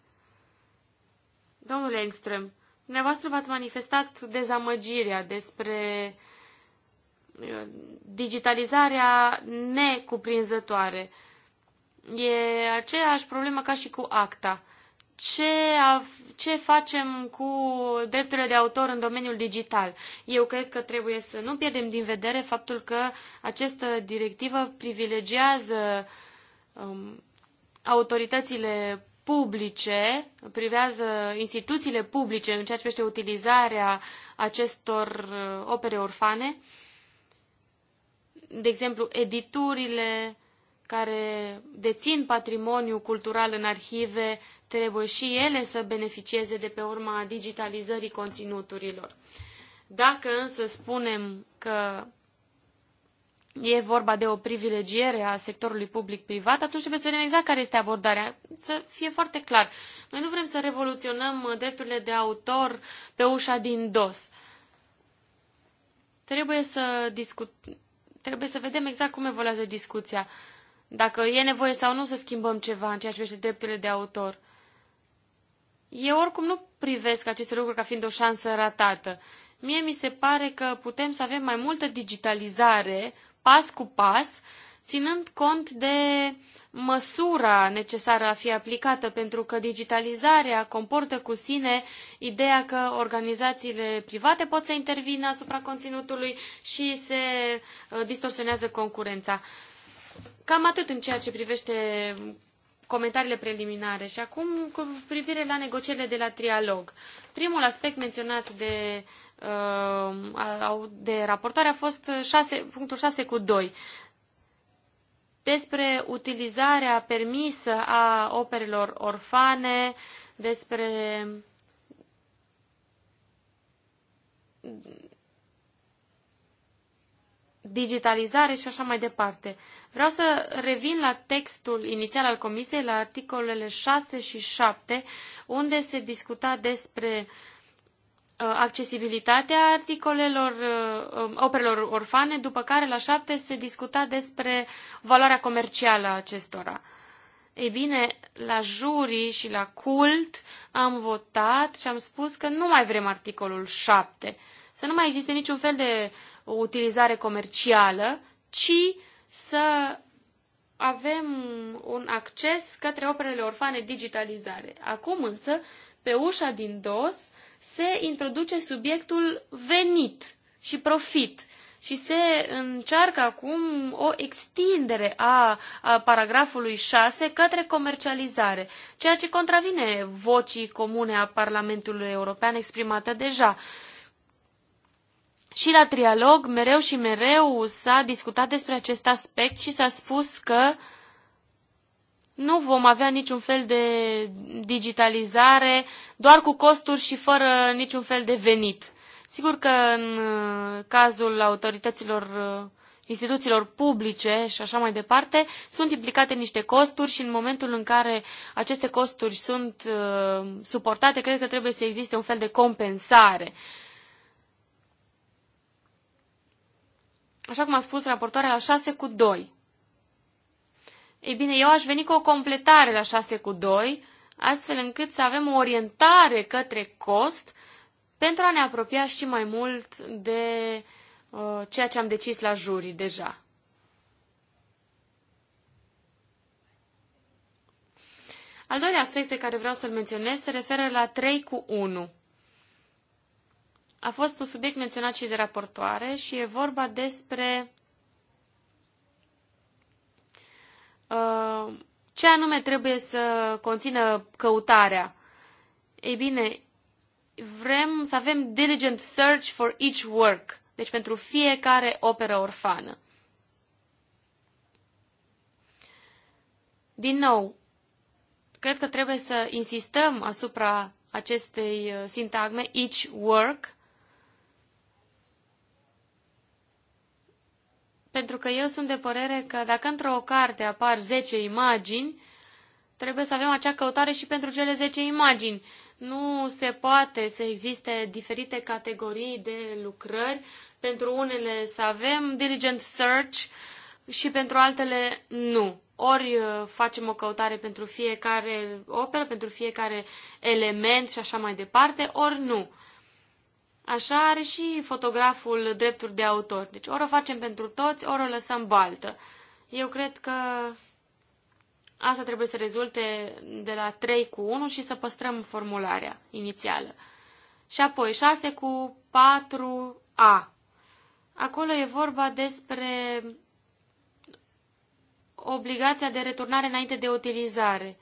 Domnule Engström, dumneavoastră v-ați manifestat dezamăgirea despre uh, digitalizarea necuprinzătoare. E aceeași problemă ca și cu acta ce, av- ce facem cu drepturile de autor în domeniul digital. Eu cred că trebuie să nu pierdem din vedere faptul că această directivă privilegiază um, autoritățile publice, privează instituțiile publice în ceea ce privește utilizarea acestor uh, opere orfane, de exemplu, editurile care dețin patrimoniu cultural în arhive, trebuie și ele să beneficieze de pe urma digitalizării conținuturilor. Dacă însă spunem că e vorba de o privilegiere a sectorului public-privat, atunci trebuie să vedem exact care este abordarea. Să fie foarte clar. Noi nu vrem să revoluționăm uh, drepturile de autor pe ușa din dos. Trebuie să, discut... trebuie să vedem exact cum evoluează discuția. Dacă e nevoie sau nu să schimbăm ceva în ceea ce privește drepturile de autor. Eu oricum nu privesc aceste lucruri ca fiind o șansă ratată. Mie mi se pare că putem să avem mai multă digitalizare, pas cu pas, ținând cont de măsura necesară a fi aplicată, pentru că digitalizarea comportă cu sine ideea că organizațiile private pot să intervină asupra conținutului și se uh, distorsionează concurența. Cam atât în ceea ce privește comentariile preliminare și acum cu privire la negocierile de la trialog. Primul aspect menționat de, uh, de raportare a fost 6, punctul 6 cu 2 despre utilizarea permisă a operelor orfane, despre digitalizare și așa mai departe. Vreau să revin la textul inițial al Comisiei, la articolele 6 și 7, unde se discuta despre uh, accesibilitatea articolelor, uh, operelor orfane, după care la 7 se discuta despre valoarea comercială a acestora. Ei bine, la juri și la cult am votat și am spus că nu mai vrem articolul 7. Să nu mai existe niciun fel de o utilizare comercială, ci să avem un acces către operele orfane digitalizare. Acum însă, pe ușa din dos se introduce subiectul venit și profit și se încearcă acum o extindere a, a paragrafului 6 către comercializare, ceea ce contravine vocii comune a Parlamentului European exprimată deja. Uh, și la trialog, mereu și mereu s-a discutat despre acest aspect și s-a spus că nu vom avea niciun fel de digitalizare, doar cu costuri și fără niciun fel de venit. Sigur că în uh, cazul autorităților, uh, instituțiilor publice și așa mai departe, sunt implicate niște costuri și în momentul în care aceste costuri sunt uh, suportate, cred că trebuie să existe un fel de compensare. Uh, așa cum a spus raportoarea, la 6 cu 2. Ei bine, eu aș veni cu o completare la 6 cu 2, astfel încât să avem o orientare către cost pentru a ne apropia și mai mult de uh, ceea ce am decis la jurii deja. Al doilea aspect pe care vreau să-l menționez se referă la 3 cu 1 a fost un subiect menționat și de raportoare și e vorba despre uh, ce anume trebuie să conțină căutarea. Ei bine, vrem să avem diligent search for each work, deci pentru fiecare operă orfană. Din nou, cred că trebuie să insistăm asupra acestei uh, sintagme, each work, pentru că eu sunt de părere că dacă într-o carte apar 10 imagini, trebuie să avem acea căutare și pentru cele 10 imagini. Nu se poate să existe diferite categorii de lucrări. Pentru unele să avem diligent search și pentru altele nu. Ori uh, facem o căutare pentru fiecare operă, pentru fiecare element și așa mai departe, ori nu. Așa are și fotograful drepturi de autor. Deci ori o facem pentru toți, ori o lăsăm baltă. Eu cred că asta trebuie să rezulte de la 3 cu 1 și să păstrăm formularea inițială. Și apoi 6 cu 4a. Acolo e vorba despre obligația de returnare înainte de utilizare.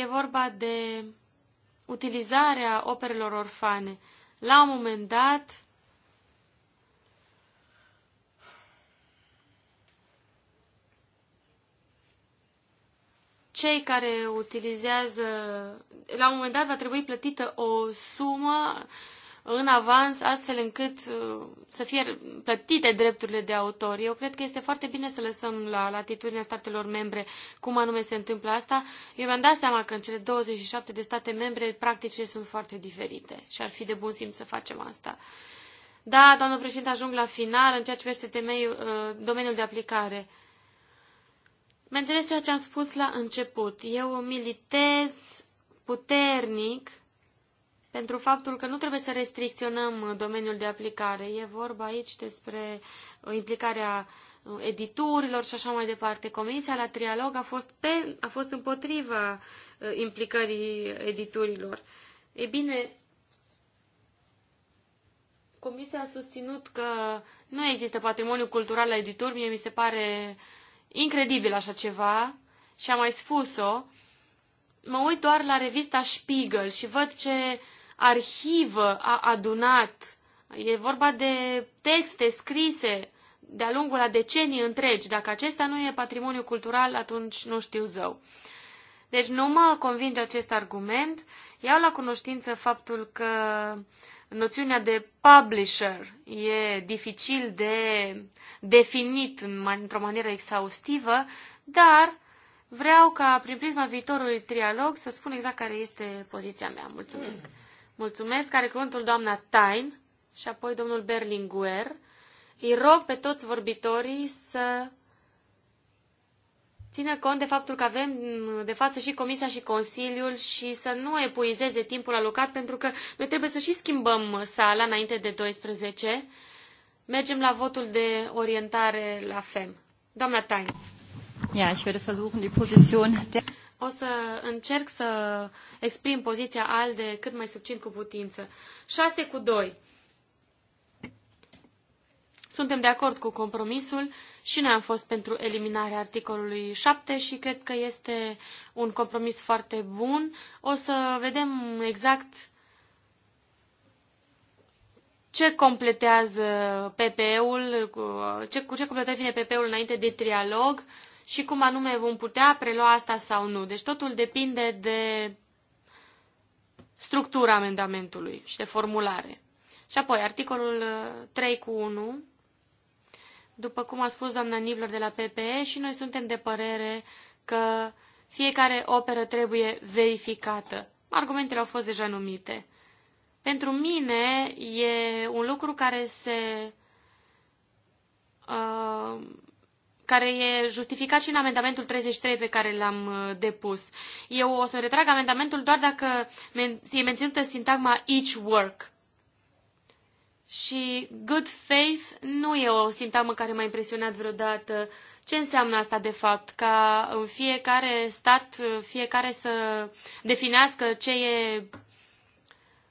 E vorba de utilizarea operelor orfane. La un moment dat, cei care utilizează, la un moment dat va trebui plătită o sumă uh, în avans, astfel încât uh, să fie plătite drepturile de autor. Eu cred că este foarte bine să lăsăm la latitudinea statelor membre cum anume se întâmplă asta. Eu mi-am dat seama că în cele 27 de state membre practicile sunt foarte diferite și ar fi de bun simț să facem asta. Da, doamnă președinte, ajung la final în ceea ce privește temeiul, uh, domeniul de aplicare. Menționez ceea ce am spus la început. Eu militez puternic pentru faptul că nu trebuie să restricționăm uh, domeniul de aplicare. E vorba aici despre uh, implicarea uh, editurilor și așa mai departe. Comisia la trialog a fost, pe, a fost împotriva implicării editurilor. E bine, Comisia a susținut că nu există patrimoniu cultural la edituri. Mie mi se pare incredibil așa ceva și am mai spus-o. Mă uit doar la revista Spiegel și văd ce arhivă a adunat. E vorba de texte scrise de-a lungul a decenii întregi. Dacă acesta nu e patrimoniu cultural, atunci nu știu zău. Deci nu mă convinge acest argument. Iau la cunoștință faptul că noțiunea de publisher e dificil de definit într-o manieră exhaustivă, dar vreau ca prin prisma viitorului trialog să spun exact care este poziția mea. Mulțumesc! Mm. Mulțumesc. Are cuvântul doamna Tain și apoi domnul Berlinguer. Îi rog pe toți vorbitorii să țină cont de faptul că avem de față și Comisia și Consiliul și să nu epuizeze timpul alocat, pentru că noi trebuie să și schimbăm sala înainte de 12. Mergem la votul de orientare la FEM. Doamna Tain. Ja, ich werde versuchen, die Position der o să încerc să exprim poziția ALDE cât mai subțin cu putință. 6 cu 2. Suntem de acord cu compromisul și noi am fost pentru eliminarea articolului 7 și cred că este un compromis foarte bun. O să vedem exact ce completează PPE-ul, cu ce, cu ce completări vine PPE-ul înainte de trialog și cum anume vom putea prelua asta sau nu. Deci totul depinde de structura amendamentului și de formulare. Și apoi, articolul 3 uh, cu 1, după cum a spus doamna Nivlor de la PPE, și noi suntem de părere că fiecare operă trebuie verificată. Argumentele au fost deja numite. Pentru mine e un lucru care se uh, care e justificat și în amendamentul 33 pe care l-am uh, depus. Eu o să retrag amendamentul doar dacă e menținută sintagma each work. Și good faith nu e o sintagmă care m-a impresionat vreodată. Ce înseamnă asta de fapt? Ca în fiecare stat, uh, fiecare să definească ce e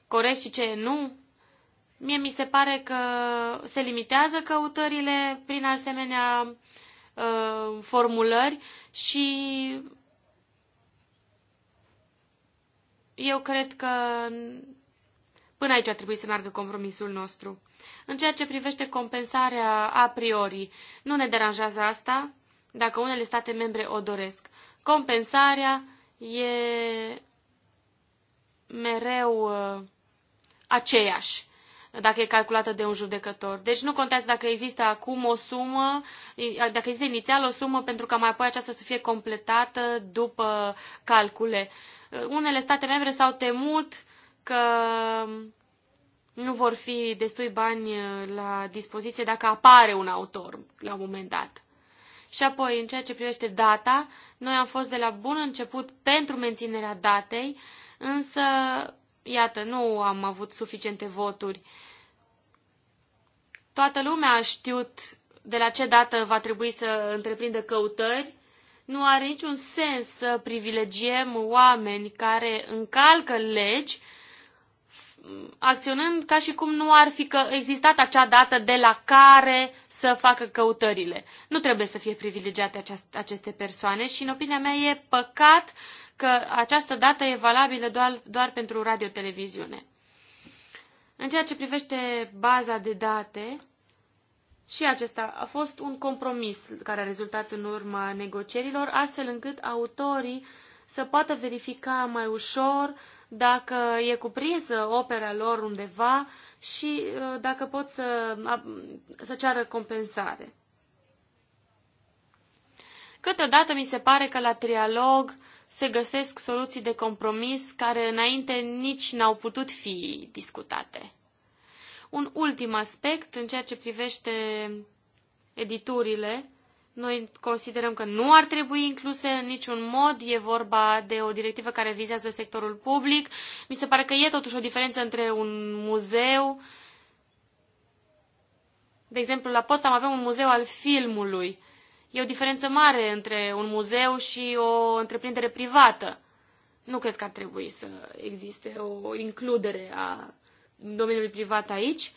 corect și ce e nu? Mie mi se pare că se limitează căutările prin asemenea uh, Uh, formulări și eu cred că până aici a trebuit să meargă compromisul nostru. În ceea ce privește compensarea a priori, nu ne deranjează asta dacă unele state membre o doresc. Compensarea e mereu uh, aceeași dacă e calculată de un judecător. Deci nu contează dacă există acum o sumă, dacă există inițial o sumă pentru ca mai apoi aceasta să fie completată după calcule. Unele state membre s-au temut că nu vor fi destui bani la dispoziție dacă apare un autor la un moment dat. Și apoi, în ceea ce privește data, noi am fost de la bun început pentru menținerea datei, însă iată, nu am avut suficiente voturi. Toată lumea a știut de la ce dată va trebui să întreprindă căutări. Nu are niciun sens să privilegiem oameni care încalcă legi acționând ca și cum nu ar fi că existat acea dată de la care să facă căutările. Nu trebuie să fie privilegiate aceste persoane și, în opinia mea, e păcat că această dată e valabilă doar, doar pentru radio-televiziune. În ceea ce privește baza de date, și acesta a fost un compromis care a rezultat în urma negocierilor, astfel încât autorii să poată verifica mai ușor dacă e cuprinsă opera lor undeva și uh, dacă pot să, uh, să ceară compensare. Câteodată mi se pare că la trialog se găsesc soluții de compromis care înainte nici n-au putut fi discutate. Un ultim aspect în ceea ce privește editurile, noi considerăm că nu ar trebui incluse în niciun mod. E vorba de o directivă care vizează sectorul public. Mi se pare că e totuși o diferență între un muzeu. De exemplu, la Potsdam avem un muzeu al filmului. E o diferență mare între un muzeu și o întreprindere privată. Nu cred că ar trebui să existe o includere a domeniului privat aici.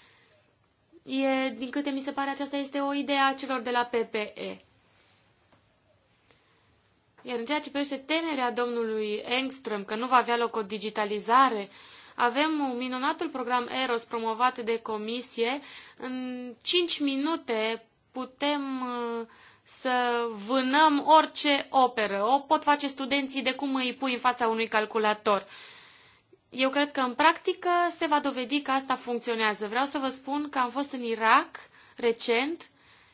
E, din câte mi se pare, aceasta este o idee a celor de la PPE. Iar în ceea ce privește temerea domnului Engström că nu va avea loc o digitalizare, avem un minunatul program Eros promovat de comisie. În 5 minute putem uh, să vânăm orice operă. O pot face studenții de cum îi pui în fața unui calculator. Eu cred că în practică se va dovedi că asta funcționează. Vreau să vă spun că am fost în Irak recent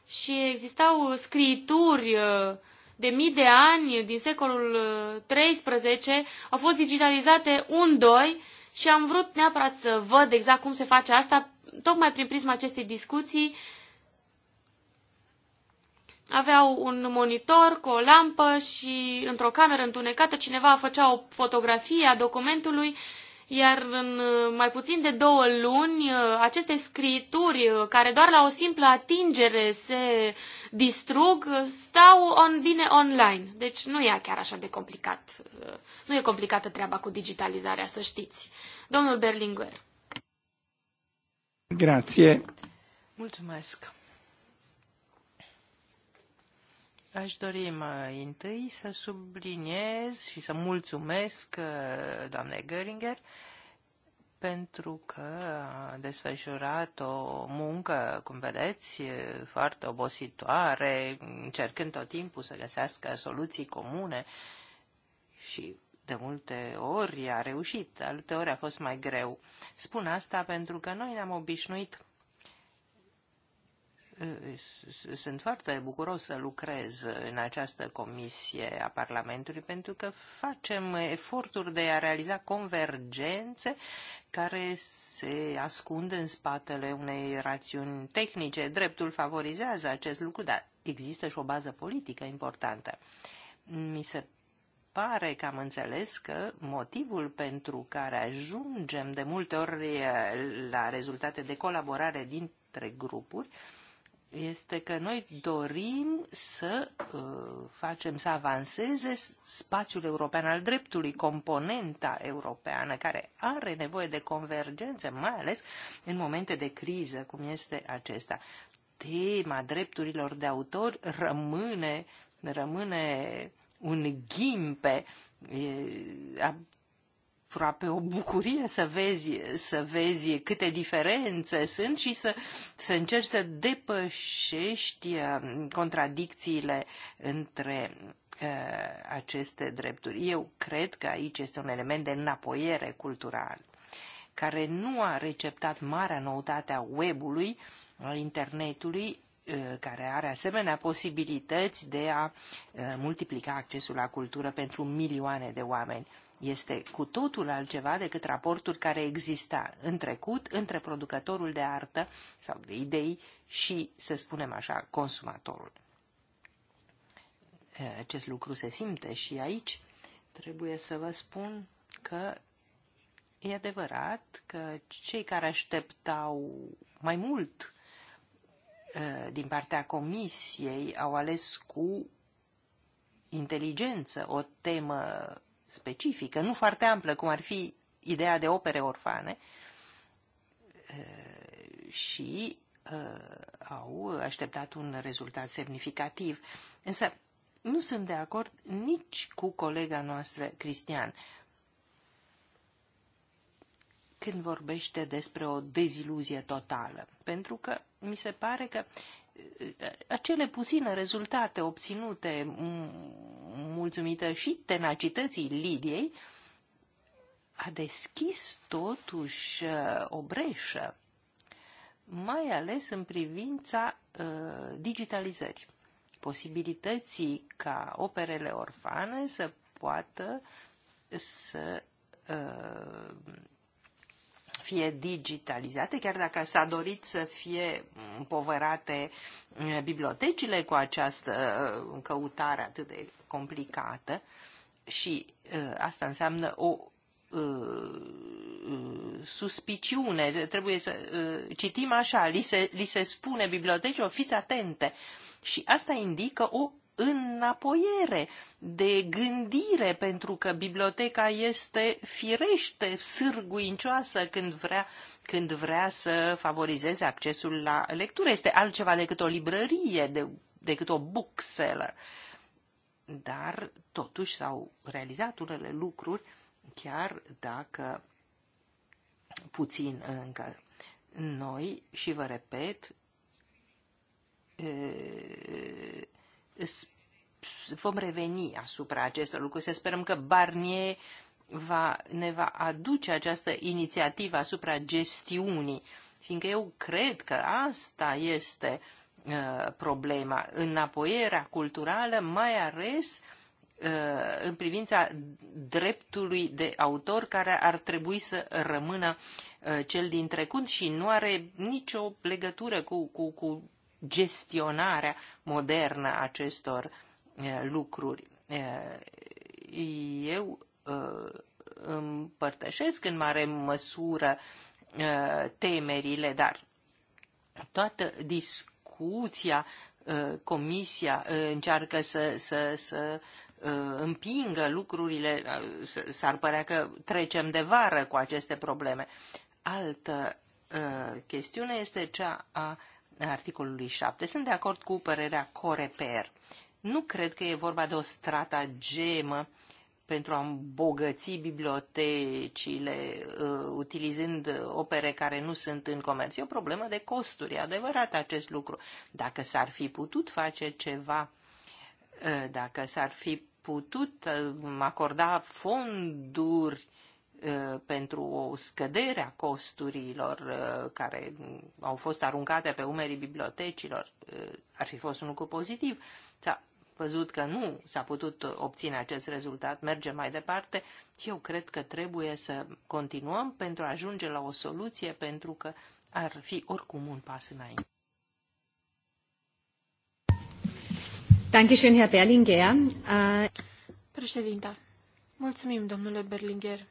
și existau scriituri uh, de mii de ani din secolul XIII, uh, au fost digitalizate un, doi și am vrut neapărat să văd exact cum se face asta, tocmai prin prisma acestei discuții aveau un monitor cu o lampă și într-o cameră întunecată cineva făcea o fotografie a documentului, iar în uh, mai puțin de două luni uh, aceste scrituri, uh, care doar la o simplă atingere se distrug, stau on, bine online. Deci nu e chiar așa de complicat. Nu e complicată treaba cu digitalizarea, să știți. Domnul Berlinguer. Grație. Mulțumesc. Aș dori mai întâi să subliniez și să mulțumesc uh, doamnei Göringer pentru că a desfășurat o muncă, cum vedeți, foarte obositoare, încercând tot timpul să găsească soluții comune și de multe ori a reușit, alte ori a fost mai greu. Spun asta pentru că noi ne-am obișnuit Eh, sunt foarte bucuros să lucrez în această comisie a Parlamentului pentru că facem eforturi de a realiza convergențe care se ascund în spatele unei rațiuni tehnice. Dreptul favorizează acest lucru, dar există și o bază politică importantă. Mi se pare că am înțeles că motivul pentru care ajungem de multe ori la rezultate de colaborare dintre grupuri este că noi dorim să uh, facem să avanseze spațiul european al dreptului, componenta europeană, care are nevoie de convergență, mai ales în momente de criză, cum este acesta. Tema drepturilor de autor rămâne, rămâne un ghimpe. E, a, aproape o bucurie să vezi, să vezi câte diferențe sunt și să, să încerci să depășești uh, contradicțiile între uh, aceste drepturi. Eu cred că aici este un element de înapoiere cultural care nu a receptat marea noutate a webului, a internetului, uh, care are asemenea posibilități de a uh, multiplica accesul la cultură pentru milioane de oameni este cu totul altceva decât raportul care exista în trecut între producătorul de artă sau de idei și, să spunem așa, consumatorul. Acest lucru se simte și aici. Trebuie să vă spun că e adevărat că cei care așteptau mai mult din partea comisiei au ales cu inteligență o temă specifică, nu foarte amplă, cum ar fi ideea de opere orfane, eh, și eh, au așteptat un rezultat semnificativ. Însă nu sunt de acord nici cu colega noastră, Cristian, când vorbește despre o deziluzie totală, pentru că mi se pare că eh, acele puține rezultate obținute mulțumită și tenacității Lidiei, a deschis totuși uh, o breșă, mai ales în privința uh, digitalizării, posibilității ca operele orfane să poată să uh, fie digitalizate, chiar dacă s-a dorit să fie împovărate uh, bibliotecile cu această uh, căutare atât de complicată și uh, asta înseamnă o uh, uh, suspiciune, trebuie să citim așa, li se, li se spune bibliotecii, fiți atente. Și asta indică o înapoiere de gândire, pentru că biblioteca este firește, sârguincioasă când vrea, când vrea să favorizeze accesul la lectură. Este altceva decât o librărie, de, decât o bookseller. Uh, dar totuși s-au realizat unele lucruri, chiar dacă puțin încă. Noi, și vă repet, vom reveni asupra acestor lucruri. Să sperăm că Barnier va, ne va aduce această inițiativă asupra gestiunii, fiindcă eu cred că asta este uh, Uh, problema. Înapoierea culturală, mai ales uh, în privința dreptului de autor care ar trebui să rămână uh, cel din trecut și nu are nicio legătură cu, cu, cu gestionarea modernă a acestor lucruri. Eu împărtășesc în mare măsură temerile, dar toată discuția execuția, uh, comisia uh, încearcă să, să, să uh, împingă lucrurile, s-ar părea că trecem de vară cu aceste probleme. Altă chestiune este cea a articolului 7. Sunt de acord cu părerea Coreper. Nu cred că e vorba de o stratagemă uh, pentru a îmbogăți bibliotecile uh, utilizând opere care nu sunt în comerț. E o problemă de costuri, e adevărat acest lucru. Dacă s-ar fi putut face ceva, uh, dacă s-ar fi putut uh, acorda fonduri pentru o scădere a costurilor care au fost aruncate pe umerii bibliotecilor, ar fi fost un lucru pozitiv văzut că nu s-a putut obține acest rezultat, merge mai departe și eu cred că trebuie să continuăm pentru a ajunge la o soluție, pentru că ar fi oricum un pas înainte. Dankeschön, Herr Berlinger. Uh... Președinta, mulțumim, domnule Berlinger.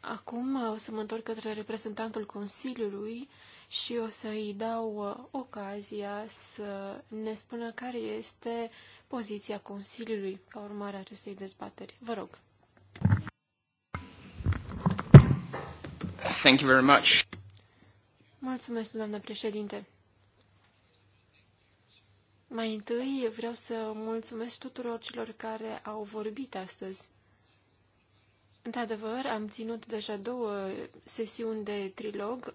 Acum uh, o să mă întorc către reprezentantul Consiliului și o să-i dau uh, ocazia să ne spună care este poziția Consiliului ca urmare a acestei dezbateri. Vă rog. Thank you very much. Mulțumesc, doamnă președinte. Mai întâi vreau să mulțumesc tuturor celor care au vorbit astăzi. Într-adevăr, am ținut deja două sesiuni de trilog,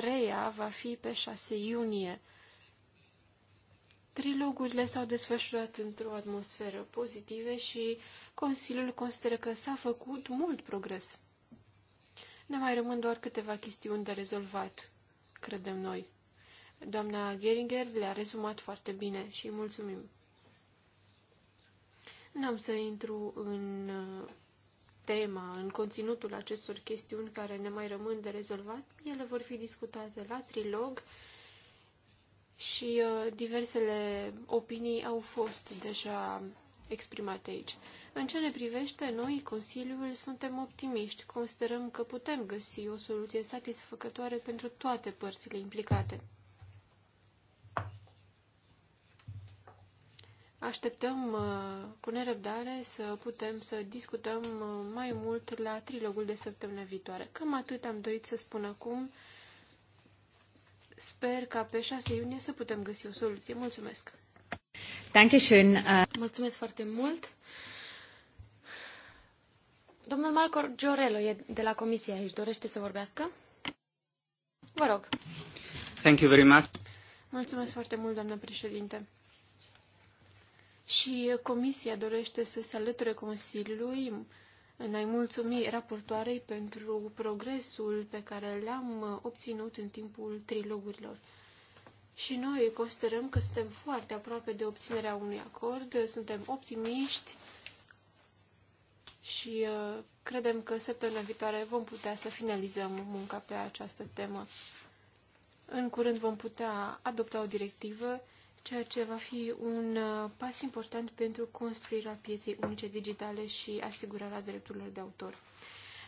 treia va fi pe 6 iunie. Trilogurile s-au desfășurat într-o atmosferă pozitivă și Consiliul consideră că s-a făcut mult progres. Ne mai rămân doar câteva chestiuni de rezolvat, credem noi. Doamna Geringer le-a rezumat foarte bine și mulțumim. N-am să intru în uh, tema, în conținutul acestor chestiuni care ne mai rămân de rezolvat, ele vor fi discutate la trilog și uh, diversele opinii au fost deja exprimate aici. În ce ne privește, noi, Consiliul, suntem optimiști. Considerăm că putem găsi o soluție satisfăcătoare pentru toate părțile implicate. Așteptăm uh, cu nerăbdare să putem să discutăm uh, mai mult la trilogul de săptămâna viitoare. Cam atât am dorit să spun acum. Sper ca pe 6 iunie să putem găsi o soluție. Mulțumesc! Dankeschön. Uh, Mulțumesc foarte mult! Domnul Malcor Giorello e de la Comisie aici. Dorește să vorbească? Vă rog. Thank you very much. Mulțumesc foarte mult, doamnă președinte și Comisia dorește să se alăture Consiliului în a-i mulțumi raportoarei pentru progresul pe care l-am obținut în timpul trilogurilor. Și noi considerăm că suntem foarte aproape de obținerea unui acord, suntem optimiști și uh, credem că săptămâna viitoare vom putea să finalizăm munca pe această temă. În curând vom putea adopta o directivă ceea ce va fi un uh, pas important pentru construirea pieței unice digitale și asigurarea drepturilor de autor.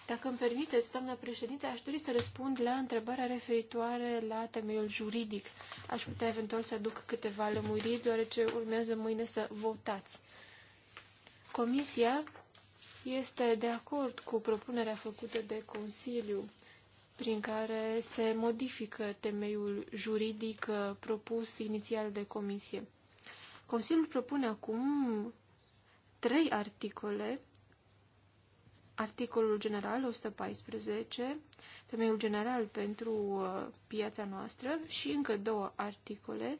Dacă îmi permiteți, doamna președinte, aș dori să răspund la întrebarea referitoare la temeiul juridic. Aș putea eventual să aduc câteva lămuriri, deoarece urmează mâine să votați. Comisia este de acord cu propunerea făcută de Consiliu prin care se modifică temeiul juridic uh, propus inițial de comisie. Consiliul propune acum trei articole, articolul general 114, temeiul general pentru uh, piața noastră și încă două articole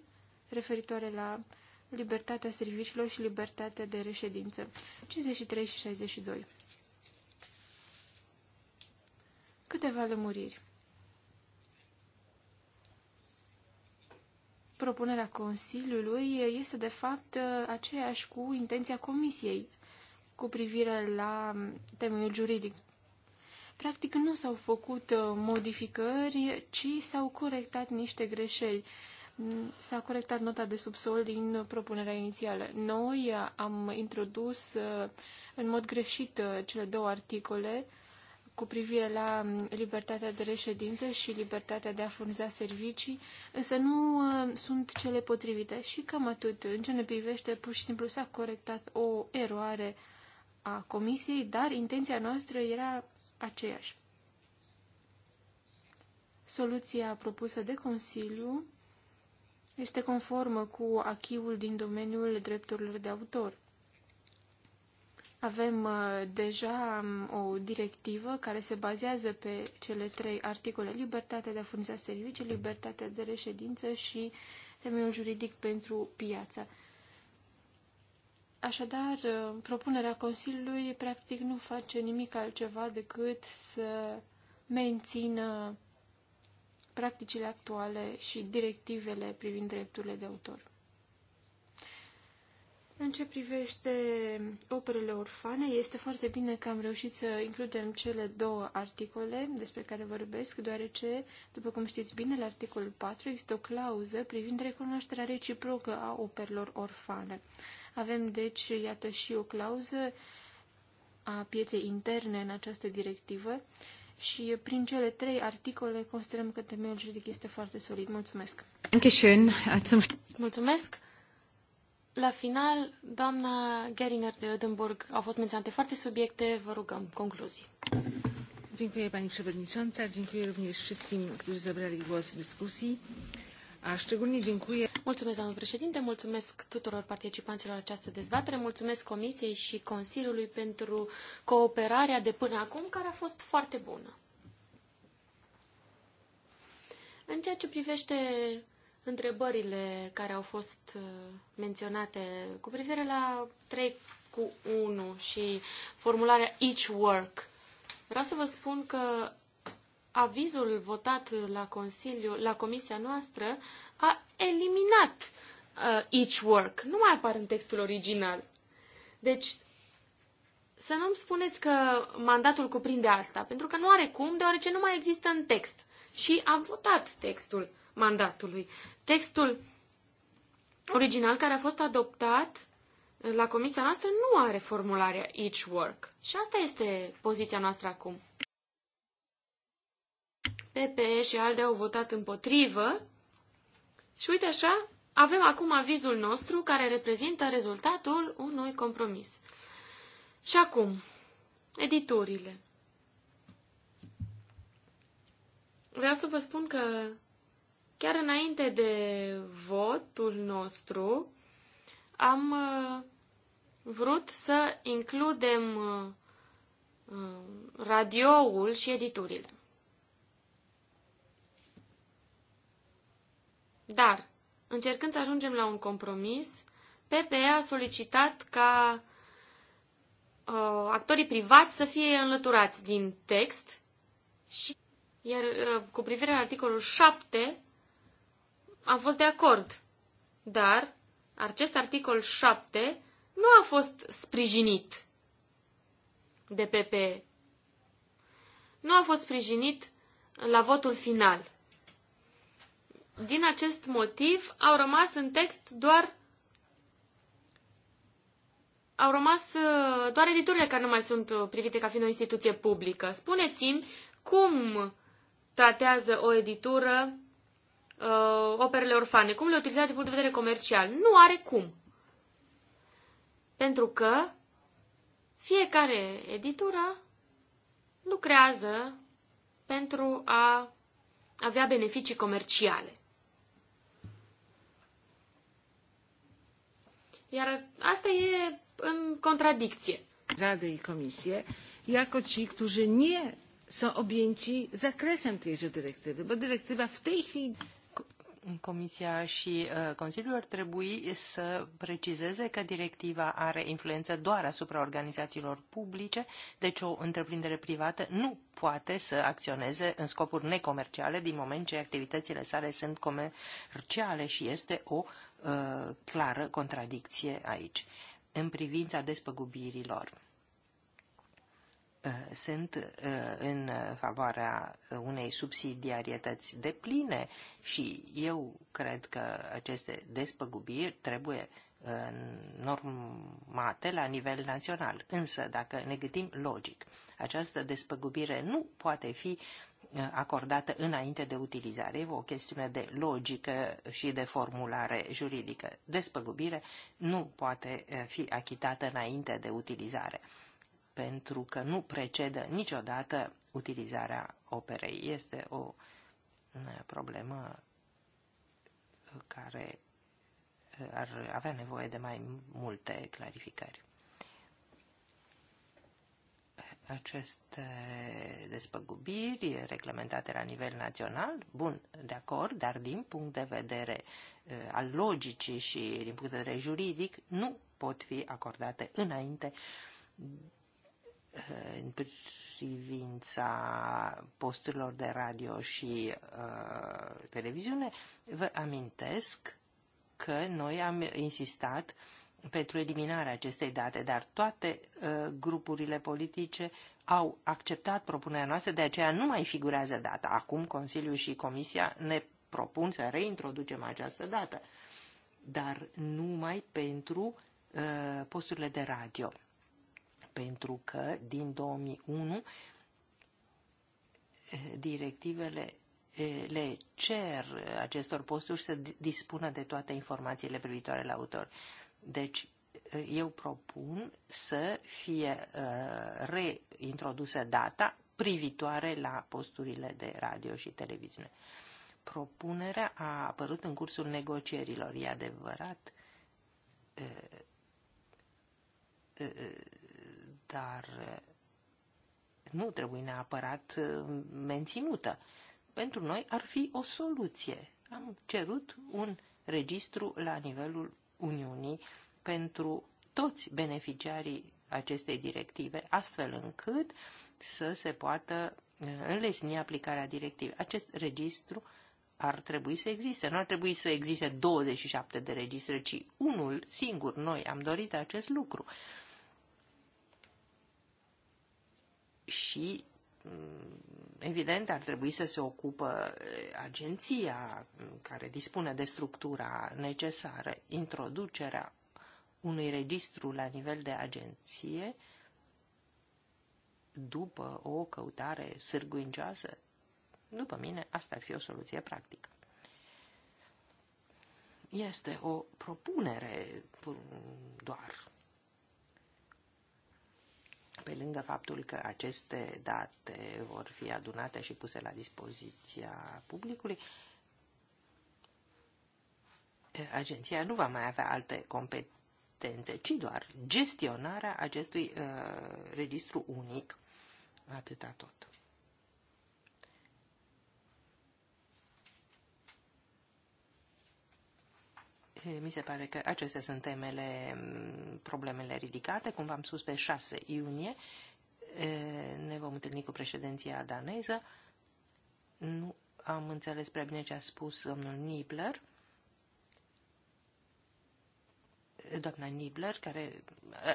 referitoare la libertatea serviciilor și libertatea de reședință, 53 și 62. Câteva lămuriri. Propunerea Consiliului este, de fapt, aceeași cu intenția Comisiei cu privire la temeiul juridic. Practic, nu s-au făcut uh, modificări, ci s-au corectat niște greșeli. Mm, s-a corectat nota de subsol din propunerea inițială. Noi am introdus uh, în mod greșit uh, cele două articole cu privire la mm, libertatea de reședință și libertatea de a furniza servicii, însă nu uh, sunt cele potrivite și cam atât. În ce ne privește, pur și simplu s-a corectat o eroare a comisiei, dar intenția noastră era aceeași. Soluția propusă de Consiliu este conformă cu achiul din domeniul drepturilor de autor. Avem uh, deja um, o directivă care se bazează pe cele trei articole, libertatea de a furniza servicii, libertatea de reședință și temeiul juridic pentru piață. Așadar, uh, propunerea Consiliului practic nu face nimic altceva decât să mențină practicile actuale și directivele privind drepturile de autor. În ce privește operele orfane, este foarte bine că am reușit să includem cele două articole despre care vorbesc, deoarece, după cum știți bine, la articolul 4 există o clauză privind recunoașterea reciprocă a operelor orfane. Avem, deci, iată și o clauză a pieței interne în această directivă și prin cele trei articole considerăm că temeiul juridic este foarte solid. Mulțumesc! Mulțumesc! La final, doamna Geriner de Odenburg, au fost menționate foarte subiecte, vă rugăm concluzii. Dziękuję Pani Przewodnicząca, dziękuję również wszystkim, którzy zabrali głos w dyskusji, a szczególnie dziękuję... Mulțumesc, doamnă președinte, mulțumesc tuturor participanților la această dezbatere, mulțumesc Comisiei și Consiliului pentru cooperarea de până acum, care a fost foarte bună. În ceea ce privește întrebările care au fost uh, menționate cu privire la 3 cu 1 și formularea each work. Vreau să vă spun că avizul votat la, Consiliu, la comisia noastră a eliminat uh, each work. Nu mai apar în textul original. Deci, să nu-mi spuneți că mandatul cuprinde asta, pentru că nu are cum, deoarece nu mai există în text. Și am votat textul mandatului. Textul original care a fost adoptat la comisia noastră nu are formularea each work. Și asta este poziția noastră acum. PPE și ALDE au votat împotrivă și uite așa, avem acum avizul nostru care reprezintă rezultatul unui compromis. Și acum, editurile. Vreau să vă spun că Chiar înainte de votul nostru, am uh, vrut să includem uh, uh, radioul și editurile. Dar, încercând să ajungem la un compromis, PPE a solicitat ca uh, actorii privați să fie înlăturați din text și iar uh, cu privire la articolul 7 am fost de acord. Dar acest articol 7 nu a fost sprijinit de PP. Nu a fost sprijinit la votul final. Din acest motiv au rămas în text doar au rămas uh, doar editurile care nu mai sunt uh, privite ca fiind o instituție publică. Spuneți-mi cum tratează o editură uh, operele orfane? Cum le utiliza din punct de vedere comercial? Nu are cum. Pentru că fiecare editură lucrează pentru a avea beneficii comerciale. Iar asta e în contradicție. Rady i comisie, jako ci, którzy nie są objęci zakresem tejże dyrektywy, bo dyrektywa w tej chwili... Comisia și uh, Consiliul ar trebui să precizeze că directiva are influență doar asupra organizațiilor publice, deci o întreprindere privată nu poate să acționeze în scopuri necomerciale din moment ce activitățile sale sunt comerciale și este o uh, clară contradicție aici în privința despăgubirilor. Eh, sunt eh, în favoarea unei subsidiarietăți de pline și eu cred că aceste despăgubiri trebuie eh, normate la nivel național. Însă, dacă ne gândim logic, această despăgubire nu poate fi acordată înainte de utilizare. E o chestiune de logică și de formulare juridică. Despăgubire nu poate fi achitată înainte de utilizare pentru că nu precedă niciodată utilizarea operei. Este o uh, problemă uh, care uh, ar avea nevoie de mai multe clarificări. Aceste despăgubiri reglementate la nivel național, bun, de acord, dar din punct de vedere al logicii și din punct de vedere juridic, nu pot fi acordate înainte în privința posturilor de radio și uh, televiziune, vă amintesc că noi am insistat pentru eliminarea acestei date, dar toate uh, grupurile politice au acceptat propunerea noastră, de aceea nu mai figurează data. Acum Consiliul și Comisia ne propun să reintroducem această dată, dar numai pentru uh, posturile de radio pentru că din 2001 eh, directivele eh, le cer acestor posturi să dispună de toate informațiile privitoare la autor. Deci, eh, eu propun să fie reintrodusă data privitoare la posturile de radio și televiziune. Propunerea a apărut în cursul negocierilor, e adevărat, dar eh, nu trebuie neapărat eh, menținută. Pentru noi ar fi o soluție. Am cerut un registru la nivelul Uniunii pentru toți beneficiarii acestei directive, astfel încât să se poată eh, înlesni aplicarea directivei. Acest registru ar trebui să existe. Nu ar trebui să existe 27 de registre, ci unul singur. Noi am dorit acest lucru. și mm, evident ar trebui să se ocupă eh, agenția mm, care dispune de structura necesară, introducerea unui registru la nivel de agenție după o căutare sârguincioasă, după mine, asta ar fi o soluție practică. Este o propunere doar pe lângă faptul că aceste date vor fi adunate și puse la dispoziția publicului, agenția nu va mai avea alte competențe, ci doar gestionarea acestui uh, registru unic, atâta tot. Mi se pare că acestea sunt temele, mm, problemele ridicate. Cum v-am spus, pe 6 iunie ne vom întâlni cu președinția daneză. Nu am înțeles prea bine ce a spus domnul Nibler. Doamna Nibler, care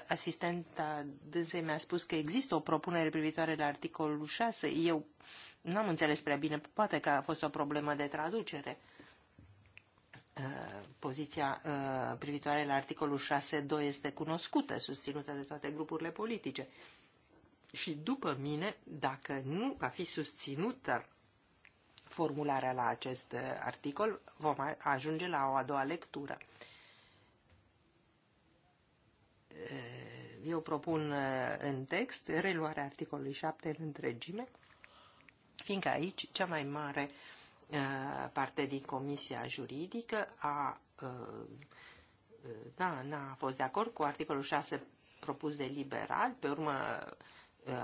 asistenta dânsei mi-a spus că există o propunere privitoare la articolul 6. Eu n-am înțeles prea bine, poate că a fost o problemă de traducere. Uh, poziția uh, privitoare la articolul 6.2 este cunoscută, susținută de toate grupurile politice. Și după mine, dacă nu va fi susținută formularea la acest uh, articol, vom ajunge la o a doua lectură. Eu propun în text reluarea articolului 7 în întregime, fiindcă aici cea mai mare uh, Uh, parte din Comisia Juridică a, uh, uh, da, n-a, a fost de acord cu articolul 6 propus de liberal, pe urmă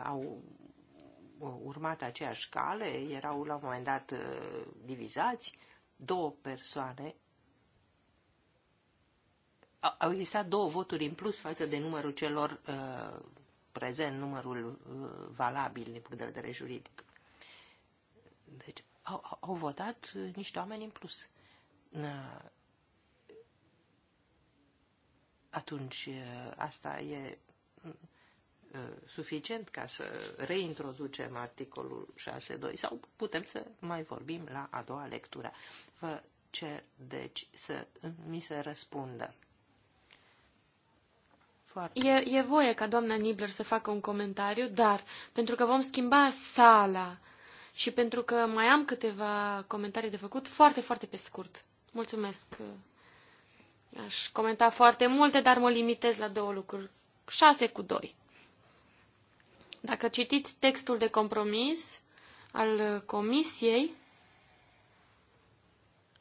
au urmat aceeași cale, erau la un moment dat divizați, două persoane au existat două voturi în plus față de numărul celor uh, prezent, numărul uh, valabil din punct de vedere juridic. Deci au, au votat uh, niște oameni în plus. Atunci, uh, asta e mm, uh, suficient ca să reintroducem articolul 6.2 sau putem să mai vorbim la a doua lectură. Vă cer, deci, să mi se răspundă. E, e voie ca doamna Nibler să facă un comentariu, dar pentru că vom schimba sala și pentru că mai am câteva comentarii de făcut, foarte, foarte pe scurt. Mulțumesc. Aș comenta foarte multe, dar mă limitez la două lucruri. 6 cu 2. Dacă citiți textul de compromis al comisiei,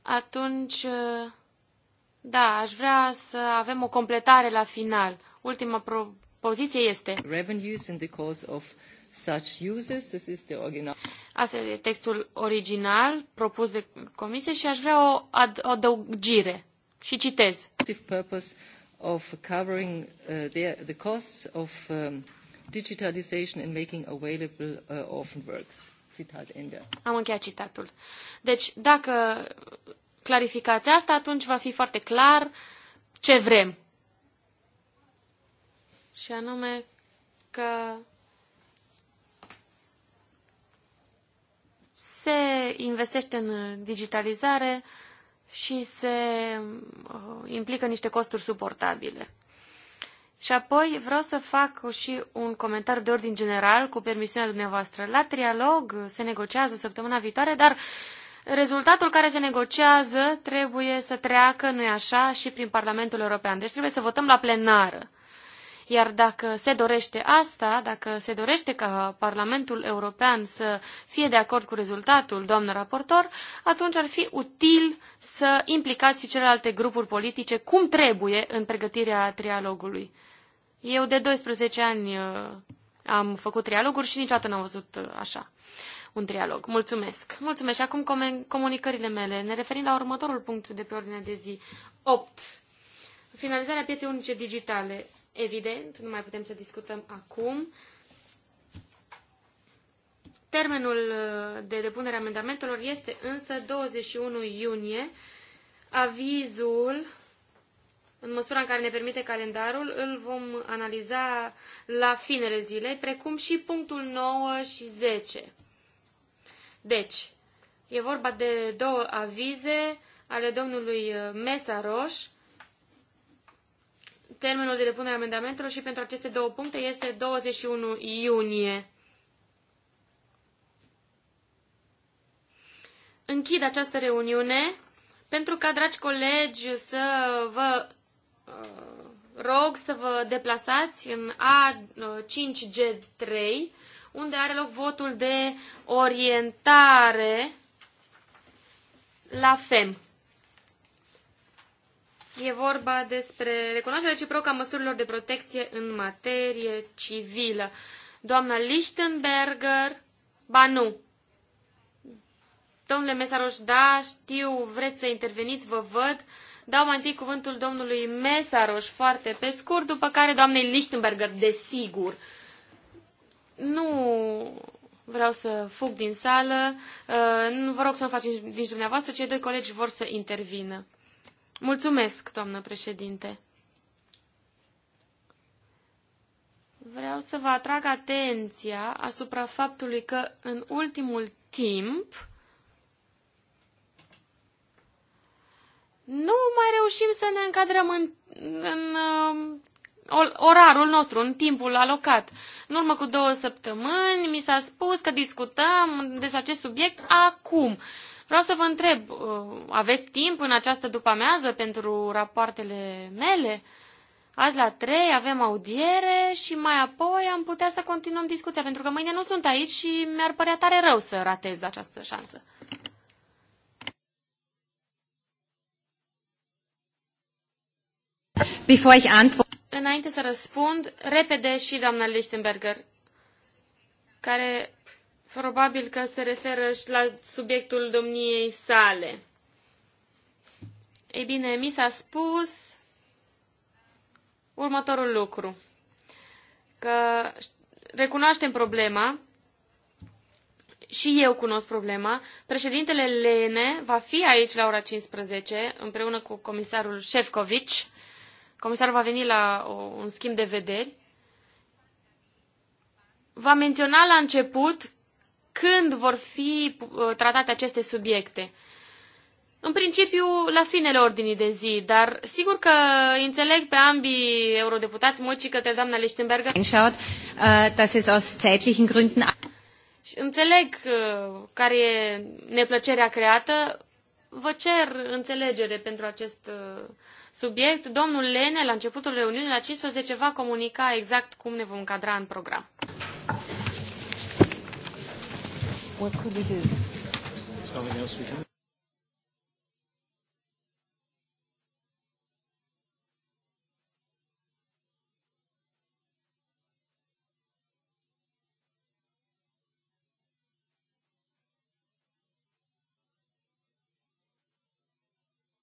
atunci, da, aș vrea să avem o completare la final. Ultima propoziție este... Revenues in the course of such uses. This is the original. Asta e textul original propus de comisie și aș vrea o adăugire. Și citez. purpose of covering uh, the, the costs of um, digitalization and making available uh, orphan works. Citat end. Am încheiat citatul. Deci, dacă clarificați asta, atunci va fi foarte clar ce vrem. Și anume că se investește în digitalizare și se uh, implică niște costuri suportabile. Și apoi vreau să fac și un comentariu de ordin general, cu permisiunea dumneavoastră. La trialog se negociază săptămâna viitoare, dar rezultatul care se negociază trebuie să treacă, nu-i așa, și prin Parlamentul European. Deci trebuie să votăm la plenară. Iar dacă se dorește asta, dacă se dorește ca Parlamentul European să fie de acord cu rezultatul, doamnă raportor, atunci ar fi util să implicați și celelalte grupuri politice cum trebuie în pregătirea trialogului. Eu de 12 ani uh, am făcut trialoguri și niciodată n-am văzut uh, așa un trialog. Mulțumesc. Mulțumesc. Și acum comunicările mele. Ne referim la următorul punct de pe ordinea de zi. 8. Finalizarea pieței unice digitale evident, nu mai putem să discutăm acum. Termenul uh, de depunere a amendamentelor este însă 21 iunie. Avizul, în măsura în care ne permite calendarul, îl vom analiza la finele zilei, precum și punctul 9 și 10. Deci, e vorba de două avize ale domnului uh, Mesa Roș, Termenul de depunere a amendamentelor și pentru aceste două puncte este 21 iunie. Închid această reuniune pentru ca, dragi colegi, să vă uh, rog să vă deplasați în A5G3, unde are loc votul de orientare la FEM. E vorba despre recunoașterea reciprocă a măsurilor de protecție în materie civilă. Doamna Lichtenberger, ba nu. Domnule Mesaroș, da, știu, vreți să interveniți, vă văd. Dau mai întâi cuvântul domnului Mesaroș foarte pe scurt, după care doamnei Lichtenberger, desigur. Nu vreau să fug din sală, uh, vă rog să nu faceți nici dumneavoastră, cei doi colegi vor să intervină. Mulțumesc, doamnă președinte. Vreau să vă atrag atenția asupra faptului că în ultimul timp nu mai reușim să ne încadrăm în, în um, orarul nostru, în timpul alocat. În urmă cu două săptămâni mi s-a spus că discutăm despre acest subiect acum. Vreau să vă întreb, uh, aveți timp în această după-amiază pentru rapoartele mele? Azi la trei avem audiere și mai apoi am putea să continuăm discuția, pentru că mâine nu sunt aici și mi-ar părea tare rău să ratez această șansă. Before Înainte să răspund, repede și doamna Lichtenberger, care Probabil că se referă și la subiectul domniei sale. Ei bine, mi s-a spus următorul lucru. Că recunoaștem problema, și eu cunosc problema. Președintele Lene va fi aici la ora 15 împreună cu comisarul Șefcovic. Comisarul va veni la o, un schimb de vederi. Va menționa la început când vor fi uh, tratate aceste subiecte. În principiu, la finele ordinii de zi, dar sigur că înțeleg pe ambii eurodeputați, mult și către doamna Lichtenberger. Schaut, äh, dass es aus zeitlichen Gründen... Înțeleg uh, care e neplăcerea creată. Vă cer înțelegere pentru acest uh, subiect. Domnul Lene, la începutul reuniunii, la 15, va comunica exact cum ne vom încadra în program. What could we do? There's nothing else we can. do.